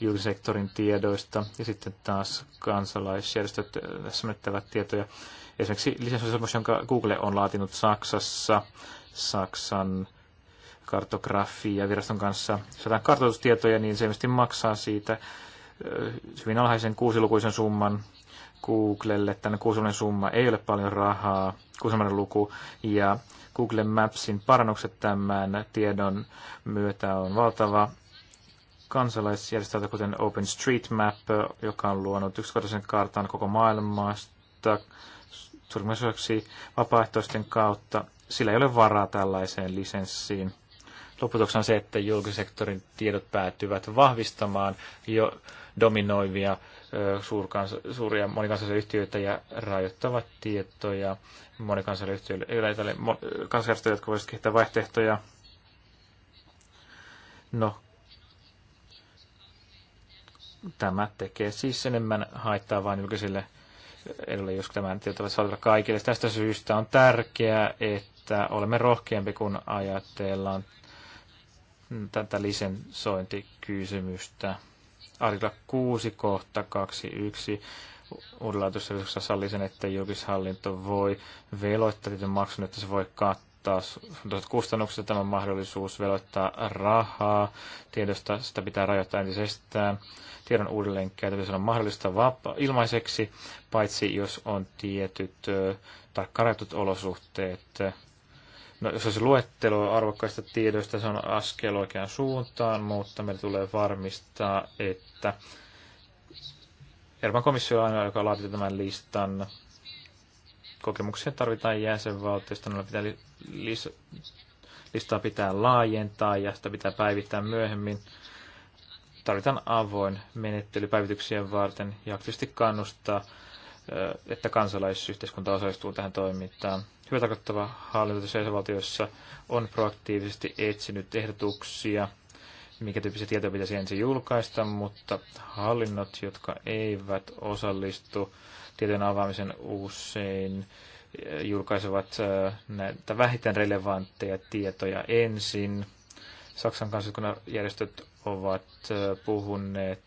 julkisektorin tiedoista ja sitten taas kansalaisjärjestöt menettävät tietoja. Esimerkiksi lisäsopimus, jonka Google on laatinut Saksassa, Saksan kartografia viraston kanssa saadaan kartoitustietoja, niin se maksaa siitä hyvin alhaisen kuusilukuisen summan Googlelle. että kuusimainen summa ei ole paljon rahaa, kuusimainen luku, ja Google Mapsin parannukset tämän tiedon myötä on valtava kansalaisjärjestöltä, kuten OpenStreetMap, joka on luonut yksikohtaisen kartan koko maailmasta suurimmaksi osaksi vapaaehtoisten kautta. Sillä ei ole varaa tällaiseen lisenssiin. Lopputuloksena on se, että julkisektorin tiedot päätyvät vahvistamaan jo dominoivia suurkans- suuria monikansallisia yhtiöitä ja rajoittavat tietoja monikansallisille yhtiöille, yleisille kansallisille, jotka voisivat kehittää vaihtoehtoja. No, tämä tekee siis enemmän haittaa vain julkisille edulle, jos tämä tieto saada kaikille. Tästä syystä on tärkeää, että olemme rohkeampi, kun ajatellaan tätä lisensointikysymystä artikla 6 kohta 21 uudenlaatuisessa sallii sen, että julkishallinto voi veloittaa tietyn maksun, että se voi kattaa kustannuksista tämä mahdollisuus veloittaa rahaa. Tiedosta sitä pitää rajoittaa entisestään. Tiedon uudelleen käytävissä on mahdollista vapa- ilmaiseksi, paitsi jos on tietyt tarkkaan olosuhteet. No, jos se luettelo arvokkaista tiedoista, se on askel oikeaan suuntaan, mutta meidän tulee varmistaa, että Euroopan komissio on ainoa, joka laatii tämän listan. Kokemuksia tarvitaan jäsenvaltioista, niin pitää lis- listaa pitää laajentaa ja sitä pitää päivittää myöhemmin. Tarvitaan avoin menettely päivityksien varten ja aktiivisesti kannustaa että kansalaisyhteiskunta osallistuu tähän toimintaan. Hyvä tarkoittava hallitus jäsenvaltioissa on proaktiivisesti etsinyt ehdotuksia, minkä tyyppisiä tietoja pitäisi ensin julkaista, mutta hallinnot, jotka eivät osallistu tietojen avaamisen usein, julkaisevat näitä vähiten relevantteja tietoja ensin. Saksan kansakunnan järjestöt ovat puhuneet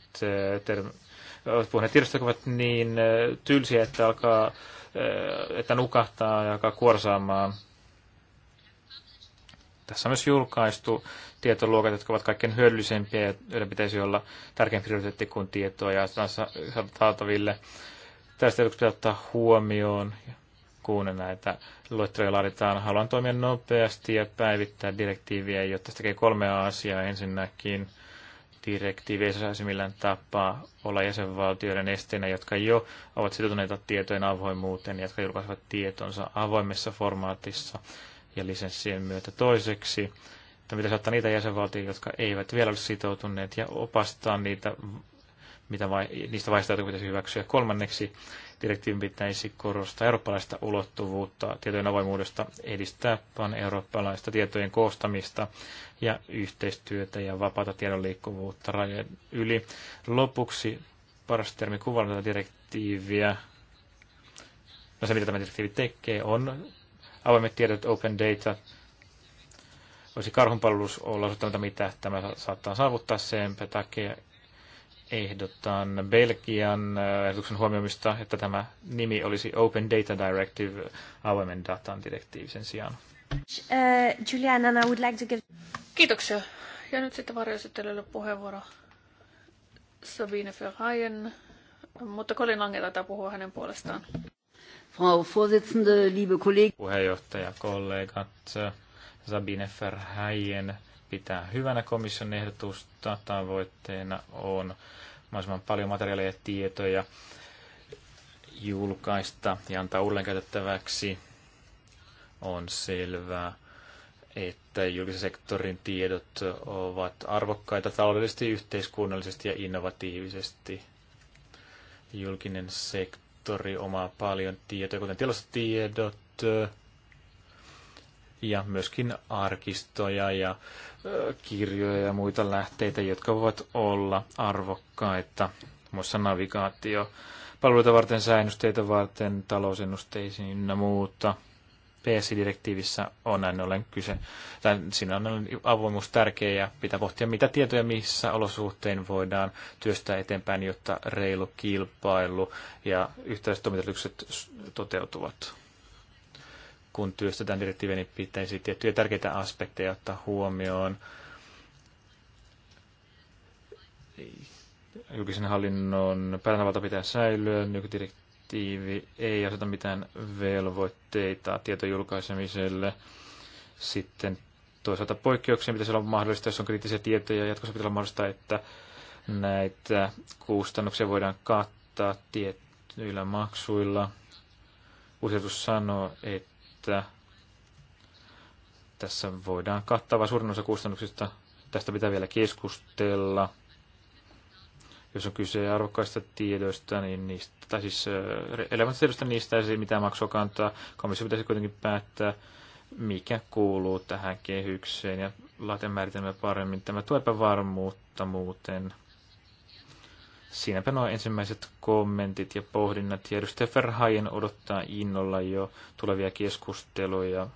term- ovat puhuneet tiedosta, ovat niin tylsiä, että alkaa että nukahtaa ja alkaa kuorsaamaan. Tässä on myös julkaistu tietoluokat, jotka ovat kaikkein hyödyllisempiä ja joiden pitäisi olla tärkein prioriteetti kuin tietoa ja saataville. Tästä pitää ottaa huomioon, kun näitä luetteloja laaditaan. Haluan toimia nopeasti ja päivittää direktiiviä, jotta se tekee kolmea asiaa. Ensinnäkin direktiivi ei saisi millään tapaa olla jäsenvaltioiden esteenä, jotka jo ovat sitoutuneita tietojen avoimuuteen, jotka julkaisevat tietonsa avoimessa formaatissa ja lisenssien myötä toiseksi. Että pitäisi ottaa niitä jäsenvaltioita, jotka eivät vielä ole sitoutuneet ja opastaa niitä, mitä vai, niistä vaiheista, jotka pitäisi hyväksyä. Kolmanneksi direktiivin pitäisi korostaa eurooppalaista ulottuvuutta tietojen avoimuudesta, edistää pan-eurooppalaista tietojen koostamista ja yhteistyötä ja vapaata tiedon liikkuvuutta rajojen yli. Lopuksi paras termi kuvaa tätä direktiiviä, no se mitä tämä direktiivi tekee, on avoimet tiedot, open data, Voisi karhunpalvelus olla osoittamatta, mitä tämä saattaa saavuttaa sen takia ehdotan Belgian äh, ehdotuksen huomioimista, että tämä nimi olisi Open Data Directive avoimen datan direktiivisen sijaan. Uh, Juliana, I would like to give... Kiitoksia. Ja nyt sitten varjoesittelylle puheenvuoro Sabine Verheyen, mutta Colin Lange taitaa puhua hänen puolestaan. Frau Vorsitzende, liebe Kollegen. Puheenjohtaja, kollegat, äh, Sabine Verheyen pitää hyvänä komission ehdotusta. Tavoitteena on mahdollisimman paljon materiaaleja ja tietoja julkaista ja antaa uudelleen käytettäväksi. On selvää, että julkisen sektorin tiedot ovat arvokkaita taloudellisesti, yhteiskunnallisesti ja innovatiivisesti. Julkinen sektori omaa paljon tietoja, kuten tilastotiedot, ja myöskin arkistoja ja kirjoja ja muita lähteitä, jotka voivat olla arvokkaita, muissa navigaatio, palveluita varten, säännösteitä varten, talousennusteisiin ynnä muuta. PSI-direktiivissä on näin ollen kyse, tai siinä on avoimuus tärkeä ja pitää pohtia, mitä tietoja missä olosuhtein voidaan työstää eteenpäin, jotta reilu kilpailu ja yhteiset toteutuvat kun työstetään direktiiviä, niin pitäisi tiettyjä tärkeitä aspekteja ottaa huomioon. Julkisen hallinnon päätäntävalta pitää säilyä, nykydirektiivi ei aseta mitään velvoitteita tietojulkaisemiselle. Sitten toisaalta poikkeuksia pitäisi olla mahdollista, jos on kriittisiä tietoja. Jatkossa pitää olla mahdollista, että näitä kustannuksia voidaan kattaa tiettyillä maksuilla. Usetus sanoo, että että tässä voidaan kattava suurin osa kustannuksista. Tästä pitää vielä keskustella. Jos on kyse arvokkaista tiedoista, niin niistä, tai siis äh, relevantista tiedoista niistä ei mitään maksua kantaa. Komissio pitäisi kuitenkin päättää, mikä kuuluu tähän kehykseen ja laten määritelmä paremmin. Tämä tuo epävarmuutta muuten. Siinäpä nuo ensimmäiset kommentit ja pohdinnat. Ja edustaja Ferhaien odottaa innolla jo tulevia keskusteluja,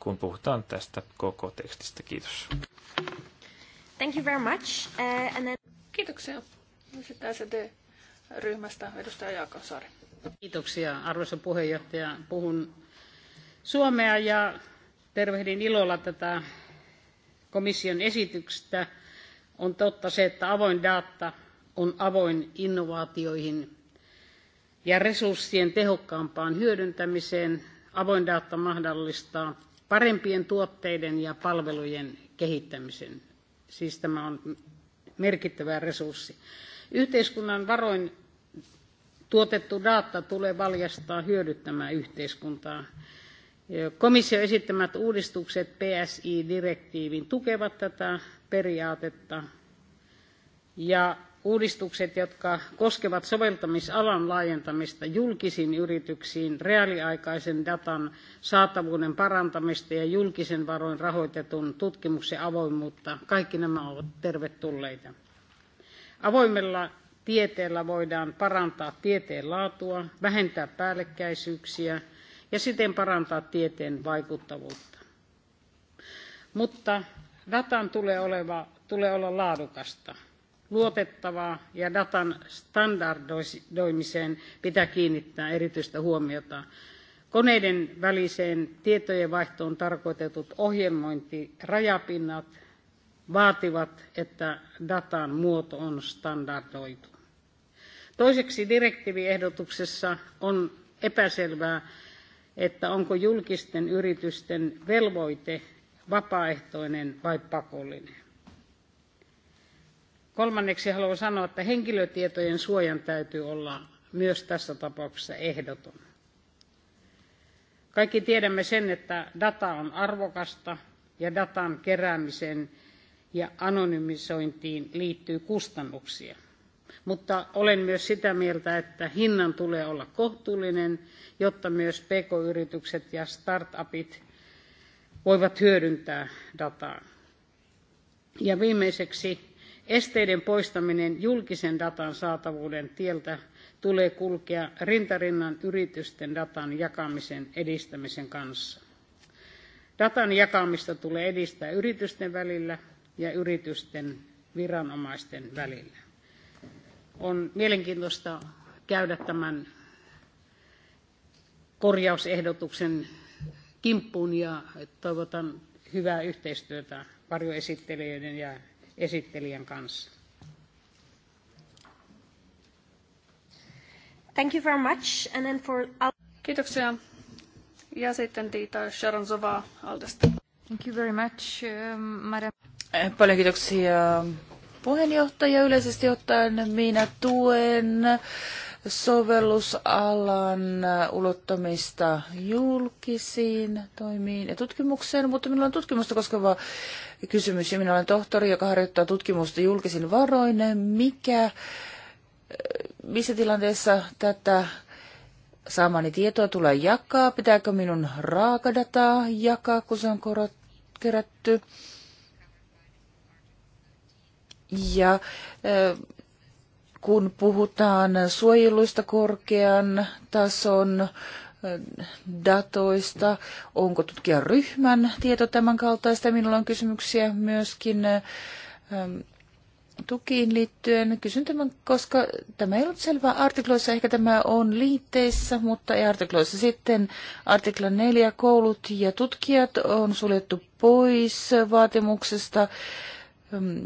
kun puhutaan tästä koko tekstistä. Kiitos. Thank you very much. Uh, and then... Kiitoksia. Sitten SD-ryhmästä edustaja Saari. Kiitoksia arvoisa puheenjohtaja. Puhun suomea ja tervehdin ilolla tätä komission esityksestä. On totta se, että avoin data on avoin innovaatioihin ja resurssien tehokkaampaan hyödyntämiseen. Avoin data mahdollistaa parempien tuotteiden ja palvelujen kehittämisen. Siis tämä on merkittävä resurssi. Yhteiskunnan varoin tuotettu data tulee valjastaa hyödyttämään yhteiskuntaa. Komission esittämät uudistukset PSI-direktiivin tukevat tätä periaatetta ja uudistukset, jotka koskevat soveltamisalan laajentamista julkisiin yrityksiin, reaaliaikaisen datan saatavuuden parantamista ja julkisen varoin rahoitetun tutkimuksen avoimuutta, kaikki nämä ovat tervetulleita. Avoimella tieteellä voidaan parantaa tieteen laatua, vähentää päällekkäisyyksiä ja siten parantaa tieteen vaikuttavuutta. Mutta datan tulee, oleva, tulee olla laadukasta luotettavaa ja datan standardoimiseen pitää kiinnittää erityistä huomiota. Koneiden väliseen tietojenvaihtoon tarkoitetut ohjelmointirajapinnat vaativat, että datan muoto on standardoitu. Toiseksi direktiiviehdotuksessa on epäselvää, että onko julkisten yritysten velvoite vapaaehtoinen vai pakollinen. Kolmanneksi haluan sanoa, että henkilötietojen suojan täytyy olla myös tässä tapauksessa ehdoton. Kaikki tiedämme sen, että data on arvokasta ja datan keräämisen ja anonymisointiin liittyy kustannuksia. Mutta olen myös sitä mieltä, että hinnan tulee olla kohtuullinen, jotta myös pk-yritykset ja startupit voivat hyödyntää dataa. Ja viimeiseksi Esteiden poistaminen julkisen datan saatavuuden tieltä tulee kulkea rintarinnan yritysten datan jakamisen edistämisen kanssa. Datan jakamista tulee edistää yritysten välillä ja yritysten viranomaisten välillä. On mielenkiintoista käydä tämän korjausehdotuksen kimppuun ja toivotan hyvää yhteistyötä varjoesittelijöiden ja esittelijän kanssa. Thank you very much. And then for... Kiitoksia. Ja sitten Tiita Sharanzova Aldesta. Thank you very much, um, madam. Paljon kiitoksia puheenjohtaja. Yleisesti ottaen minä tuen sovellusalan ulottamista julkisiin toimiin ja tutkimukseen, mutta minulla on tutkimusta koskeva kysymys. Ja minä olen tohtori, joka harjoittaa tutkimusta julkisin varoin. Mikä, missä tilanteessa tätä saamani tietoa tulee jakaa? Pitääkö minun raakadataa jakaa, kun se on korot, kerätty? Ja kun puhutaan suojeluista korkean tason datoista, onko tutkijaryhmän tieto tämän kaltaista. Minulla on kysymyksiä myöskin ähm, tukiin liittyen. Kysyn tämän, koska tämä ei ollut selvää artikloissa, ehkä tämä on liitteissä, mutta ei artikloissa. Sitten artikla 4, koulut ja tutkijat on suljettu pois vaatimuksesta ähm,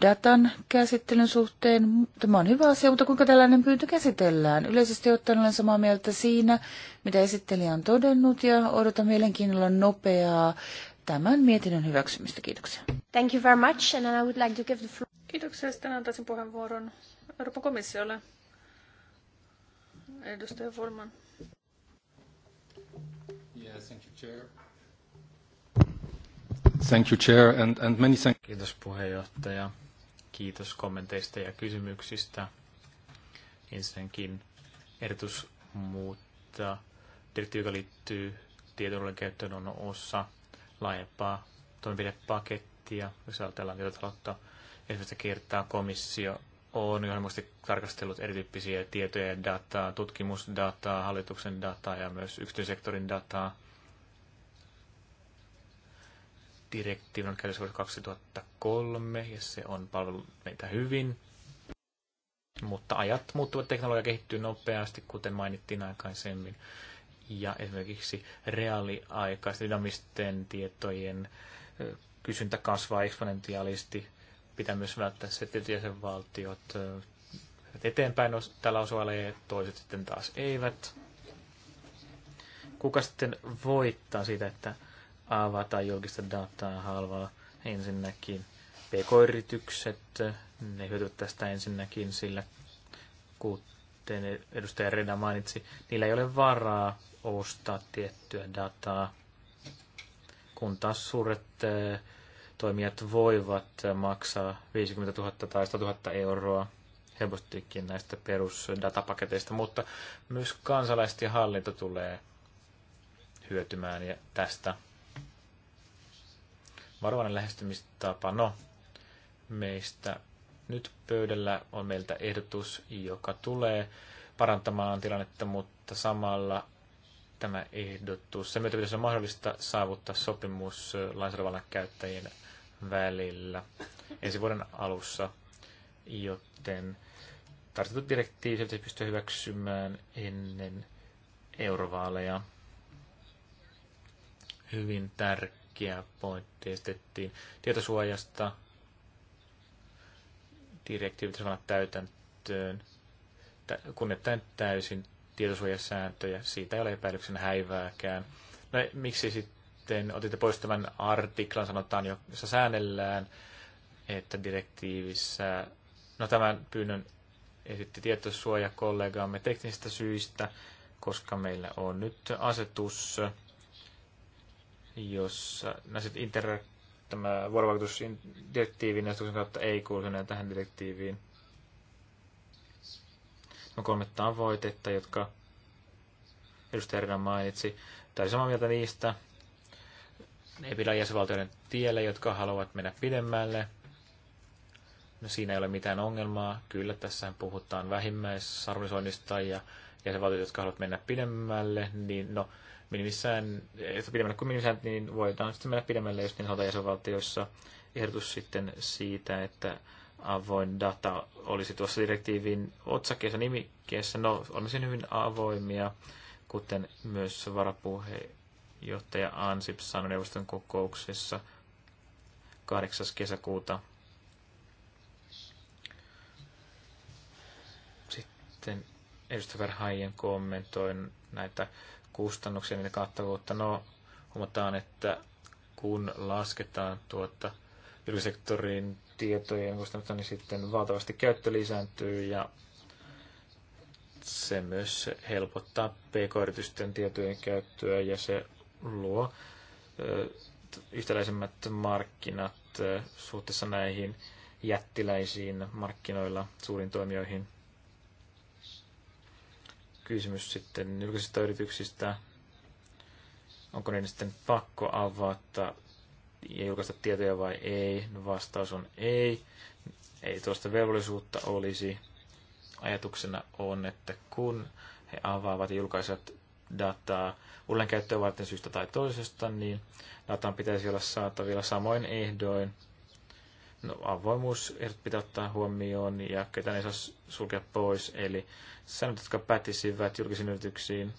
datan käsittelyn suhteen. Tämä on hyvä asia, mutta kuinka tällainen pyyntö käsitellään? Yleisesti ottaen olen samaa mieltä siinä, mitä esittelijä on todennut ja odotan mielenkiinnolla nopeaa tämän mietinnön hyväksymistä. Kiitoksia. Thank you very much and I would like to give the floor. Kiitoksia. Sitten antaisin puheenvuoron Euroopan komissiolle. Edustaja Forman. Yes, thank you, Chair. Thank you, Chair, and, and many thank... Kiitos puheenjohtaja. Kiitos kommenteista ja kysymyksistä. Ensinnäkin ehdotus muuttaa direktiivi, joka liittyy tietoturvan käyttöön, on osa laajempaa toimenpidepakettia, jos ajatellaan tietotaloutta. Ensimmäistä kertaa komissio on johdonmukaisesti tarkastellut erityyppisiä tietoja ja dataa, tutkimusdataa, hallituksen dataa ja myös yksityissektorin dataa. direktiivin on käytössä vuosi 2003 ja se on palvellut meitä hyvin. Mutta ajat muuttuvat, teknologia kehittyy nopeasti, kuten mainittiin aikaisemmin. Ja esimerkiksi reaaliaikaisten dynamisten tietojen kysyntä kasvaa eksponentiaalisti. Pitää myös välttää se, että jäsenvaltiot eteenpäin tällä osualla ja toiset sitten taas eivät. Kuka sitten voittaa siitä, että avata julkista dataa halvalla. Ensinnäkin pk-yritykset, ne hyötyvät tästä ensinnäkin sillä, kuten edustaja Reda mainitsi, niillä ei ole varaa ostaa tiettyä dataa, kun taas suuret toimijat voivat maksaa 50 000 tai 100 000 euroa helpostikin näistä perusdatapaketeista, mutta myös kansalaiset ja hallinto tulee hyötymään tästä varovainen lähestymistapa. No, meistä nyt pöydällä on meiltä ehdotus, joka tulee parantamaan tilannetta, mutta samalla tämä ehdotus. Se myötä pitäisi olla mahdollista saavuttaa sopimus lainsäädännön käyttäjien välillä ensi vuoden alussa, joten tarkoitettu direktiivi pitäisi pystyä hyväksymään ennen eurovaaleja. Hyvin tärkeä kaikkia pointti esitettiin tietosuojasta. Direktiivit saavat täytäntöön kunnettaen täysin tietosuojasääntöjä. Siitä ei ole epäilyksen häivääkään. No miksi sitten otitte pois tämän artiklan, sanotaan, jossa säännellään, että direktiivissä, no tämän pyynnön esitti tietosuojakollegaamme teknisistä syistä, koska meillä on nyt asetus jossa näiset no inter, tämä vuorovaikutusdirektiivin asetuksen kautta ei kuulu enää tähän direktiiviin. No kolme tavoitetta, jotka edustaja Erina mainitsi. Tai samaa mieltä niistä. Ne ei pidä jäsenvaltioiden tielle, jotka haluavat mennä pidemmälle. No siinä ei ole mitään ongelmaa. Kyllä, tässä puhutaan vähimmäisarvonisoinnista ja jäsenvaltiot, jotka haluavat mennä pidemmälle, niin no, minimissään, että pidemmälle kuin minimissään, niin voidaan sitten mennä pidemmälle, just niin halutaan jäsenvaltioissa. Ehdotus sitten siitä, että avoin data olisi tuossa direktiivin otsakkeessa, nimikkeessä. No, on siinä hyvin avoimia, kuten myös varapuheenjohtaja Ansip sanoi neuvoston kokouksessa 8. kesäkuuta. Sitten edustaja Verhaajan kommentoin näitä kustannuksia niiden kattavuutta. No, huomataan, että kun lasketaan tuota julkisektorin tietojen kustannusta, niin sitten valtavasti käyttö lisääntyy ja se myös helpottaa pk-yritysten tietojen käyttöä ja se luo yhtäläisemmät markkinat suhteessa näihin jättiläisiin markkinoilla suurin toimijoihin – kysymys sitten julkisista yrityksistä. Onko niiden sitten pakko avata ja julkaista tietoja vai ei? No vastaus on ei. Ei tuosta velvollisuutta olisi. Ajatuksena on, että kun he avaavat ja julkaisevat dataa uudelleenkäyttöön varten syystä tai toisesta, niin datan pitäisi olla saatavilla samoin ehdoin no, avoimuusehdot pitää ottaa huomioon ja ketään ei saa sulkea pois. Eli säännöt, jotka pätisivät julkisiin yrityksiin,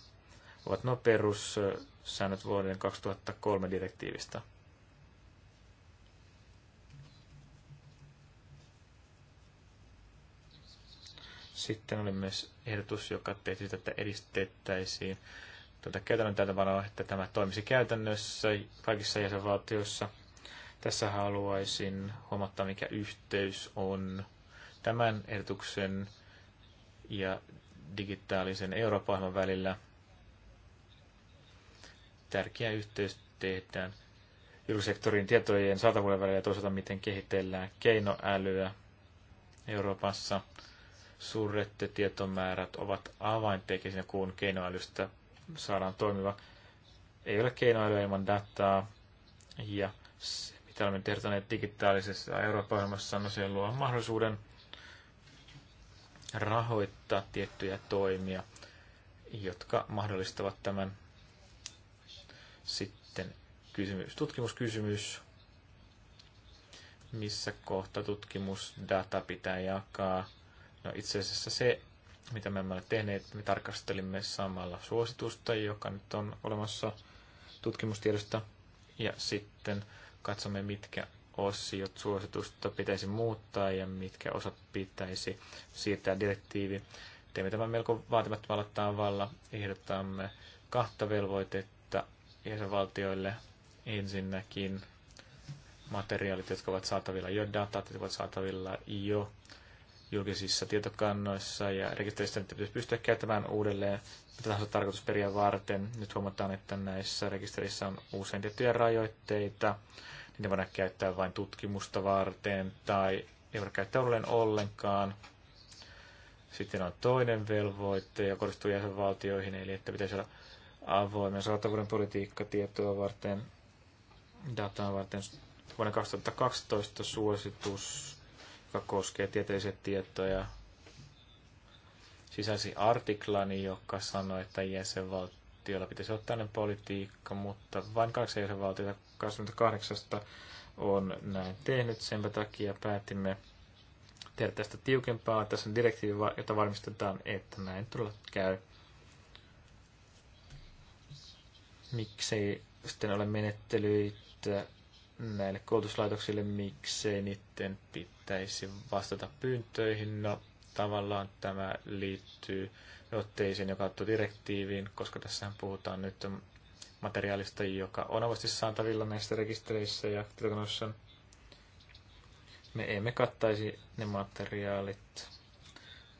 ovat nuo perussäännöt vuoden 2003 direktiivistä. Sitten oli myös ehdotus, joka tehtiin sitä, että edistettäisiin tuota käytännön täytäntöönpanoa, että tämä toimisi käytännössä kaikissa jäsenvaltioissa – tässä haluaisin huomattaa, mikä yhteys on tämän ehdotuksen ja digitaalisen Euroopan välillä. Tärkeä yhteys tehdään julkisektorin tietojen saatavuuden välillä ja toisaalta miten kehitellään keinoälyä Euroopassa. Suuret tietomäärät ovat avaintekijä kun keinoälystä saadaan toimiva. Ei ole keinoälyä ilman dataa ja mitä olemme tehneet digitaalisessa Euroopan ohjelmassa no se luo mahdollisuuden rahoittaa tiettyjä toimia, jotka mahdollistavat tämän sitten kysymys, tutkimuskysymys, missä kohta tutkimusdata pitää jakaa. No itse asiassa se, mitä me olemme tehneet, me tarkastelimme samalla suositusta, joka nyt on olemassa tutkimustiedosta, ja sitten katsomme, mitkä osiot suositusta pitäisi muuttaa ja mitkä osat pitäisi siirtää direktiivi. Teemme tämän melko vaatimattomalla tavalla. Ehdotamme kahta velvoitetta jäsenvaltioille. Ensinnäkin materiaalit, jotka ovat saatavilla jo, datat, jotka ovat saatavilla jo julkisissa tietokannoissa ja rekisteristä nyt pitäisi pystyä käyttämään uudelleen mitä tahansa tarkoitusperiä varten. Nyt huomataan, että näissä rekisterissä on usein tiettyjä rajoitteita. Niitä voidaan käyttää vain tutkimusta varten tai ei voida käyttää uudelleen ollenkaan. Sitten on toinen velvoite, joka kohdistuu jäsenvaltioihin, eli että pitäisi olla avoimen saatavuuden politiikka tietoa varten, dataa varten. Vuonna 2012 suositus joka koskee tieteellisiä tietoja, sisälsi artiklani, joka sanoi, että jäsenvaltiolla pitäisi olla tällainen politiikka, mutta vain kaksi jäsenvaltiota 28 on näin tehnyt. Senpä takia päätimme tehdä tästä tiukempaa. Tässä on direktiivi, jota varmistetaan, että näin tulla käy. Miksei sitten ole menettelyitä näille koulutuslaitoksille, miksei niiden pit pitäisi vastata pyyntöihin. No, tavallaan tämä liittyy otteisiin, joka on direktiiviin, koska tässä puhutaan nyt materiaalista, joka on avasti saatavilla näissä rekistereissä ja tietokoneissa. Me emme kattaisi ne materiaalit,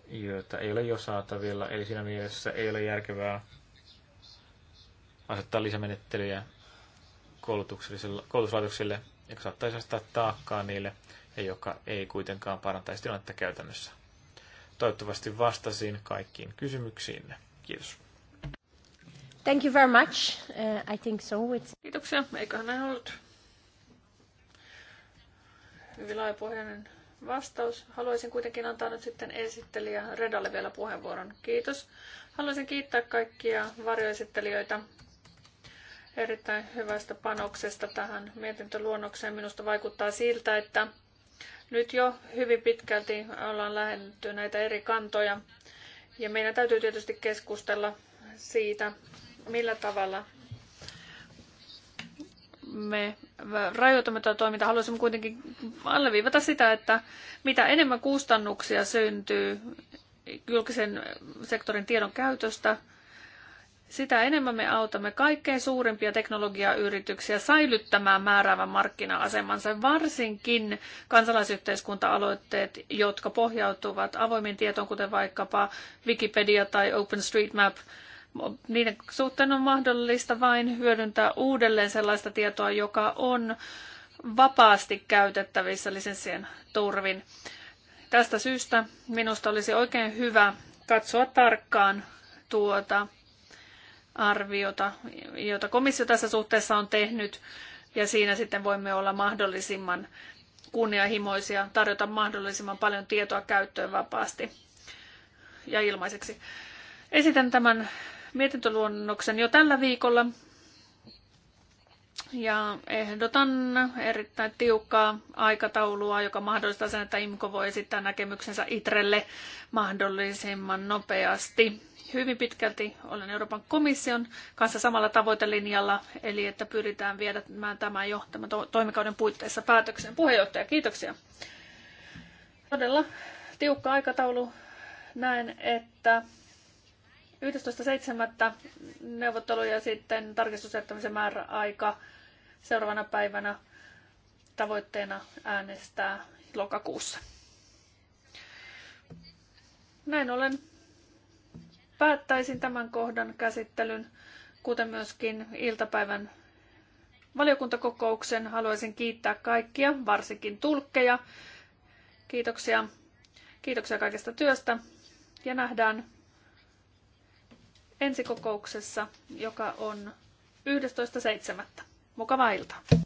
joita ei ole jo saatavilla, eli siinä mielessä ei ole järkevää asettaa lisämenettelyjä koulutuslaitoksille, joka saattaisi asettaa taakkaa niille joka ei kuitenkaan parantaisi tilannetta käytännössä. Toivottavasti vastasin kaikkiin kysymyksiinne. Kiitos. Thank you very much. Uh, I think so. It's... Kiitoksia. Eiköhän näin ollut hyvin laajapohjainen vastaus. Haluaisin kuitenkin antaa nyt sitten esittelijä Redalle vielä puheenvuoron. Kiitos. Haluaisin kiittää kaikkia varjoesittelijöitä erittäin hyvästä panoksesta tähän mietintöluonnokseen. Minusta vaikuttaa siltä, että nyt jo hyvin pitkälti ollaan lähennetty näitä eri kantoja ja meidän täytyy tietysti keskustella siitä, millä tavalla me rajoitamme tätä toimintaa, haluaisimme kuitenkin alleviivata sitä, että mitä enemmän kustannuksia syntyy julkisen sektorin tiedon käytöstä, sitä enemmän me autamme kaikkein suurimpia teknologiayrityksiä säilyttämään määräävän markkina-asemansa, varsinkin kansalaisyhteiskunta-aloitteet, jotka pohjautuvat avoimiin tietoon, kuten vaikkapa Wikipedia tai OpenStreetMap. Niiden suhteen on mahdollista vain hyödyntää uudelleen sellaista tietoa, joka on vapaasti käytettävissä lisenssien turvin. Tästä syystä minusta olisi oikein hyvä katsoa tarkkaan tuota arviota, jota komissio tässä suhteessa on tehnyt, ja siinä sitten voimme olla mahdollisimman kunnianhimoisia, tarjota mahdollisimman paljon tietoa käyttöön vapaasti ja ilmaiseksi. Esitän tämän mietintöluonnoksen jo tällä viikolla ja ehdotan erittäin tiukkaa aikataulua, joka mahdollistaa sen, että IMKO voi esittää näkemyksensä ITRElle mahdollisimman nopeasti. Hyvin pitkälti olen Euroopan komission kanssa samalla tavoitelinjalla, eli että pyritään viedämään tämä jo tämän toimikauden puitteissa päätöksen. Puheenjohtaja, kiitoksia. Todella tiukka aikataulu. Näen, että 11.7. neuvottelu ja sitten tarkistusjättämisen määräaika seuraavana päivänä tavoitteena äänestää lokakuussa. Näin ollen päättäisin tämän kohdan käsittelyn, kuten myöskin iltapäivän valiokuntakokouksen. Haluaisin kiittää kaikkia, varsinkin tulkkeja. Kiitoksia. Kiitoksia kaikesta työstä ja nähdään ensi kokouksessa, joka on 11.7. Mukavaa iltaa.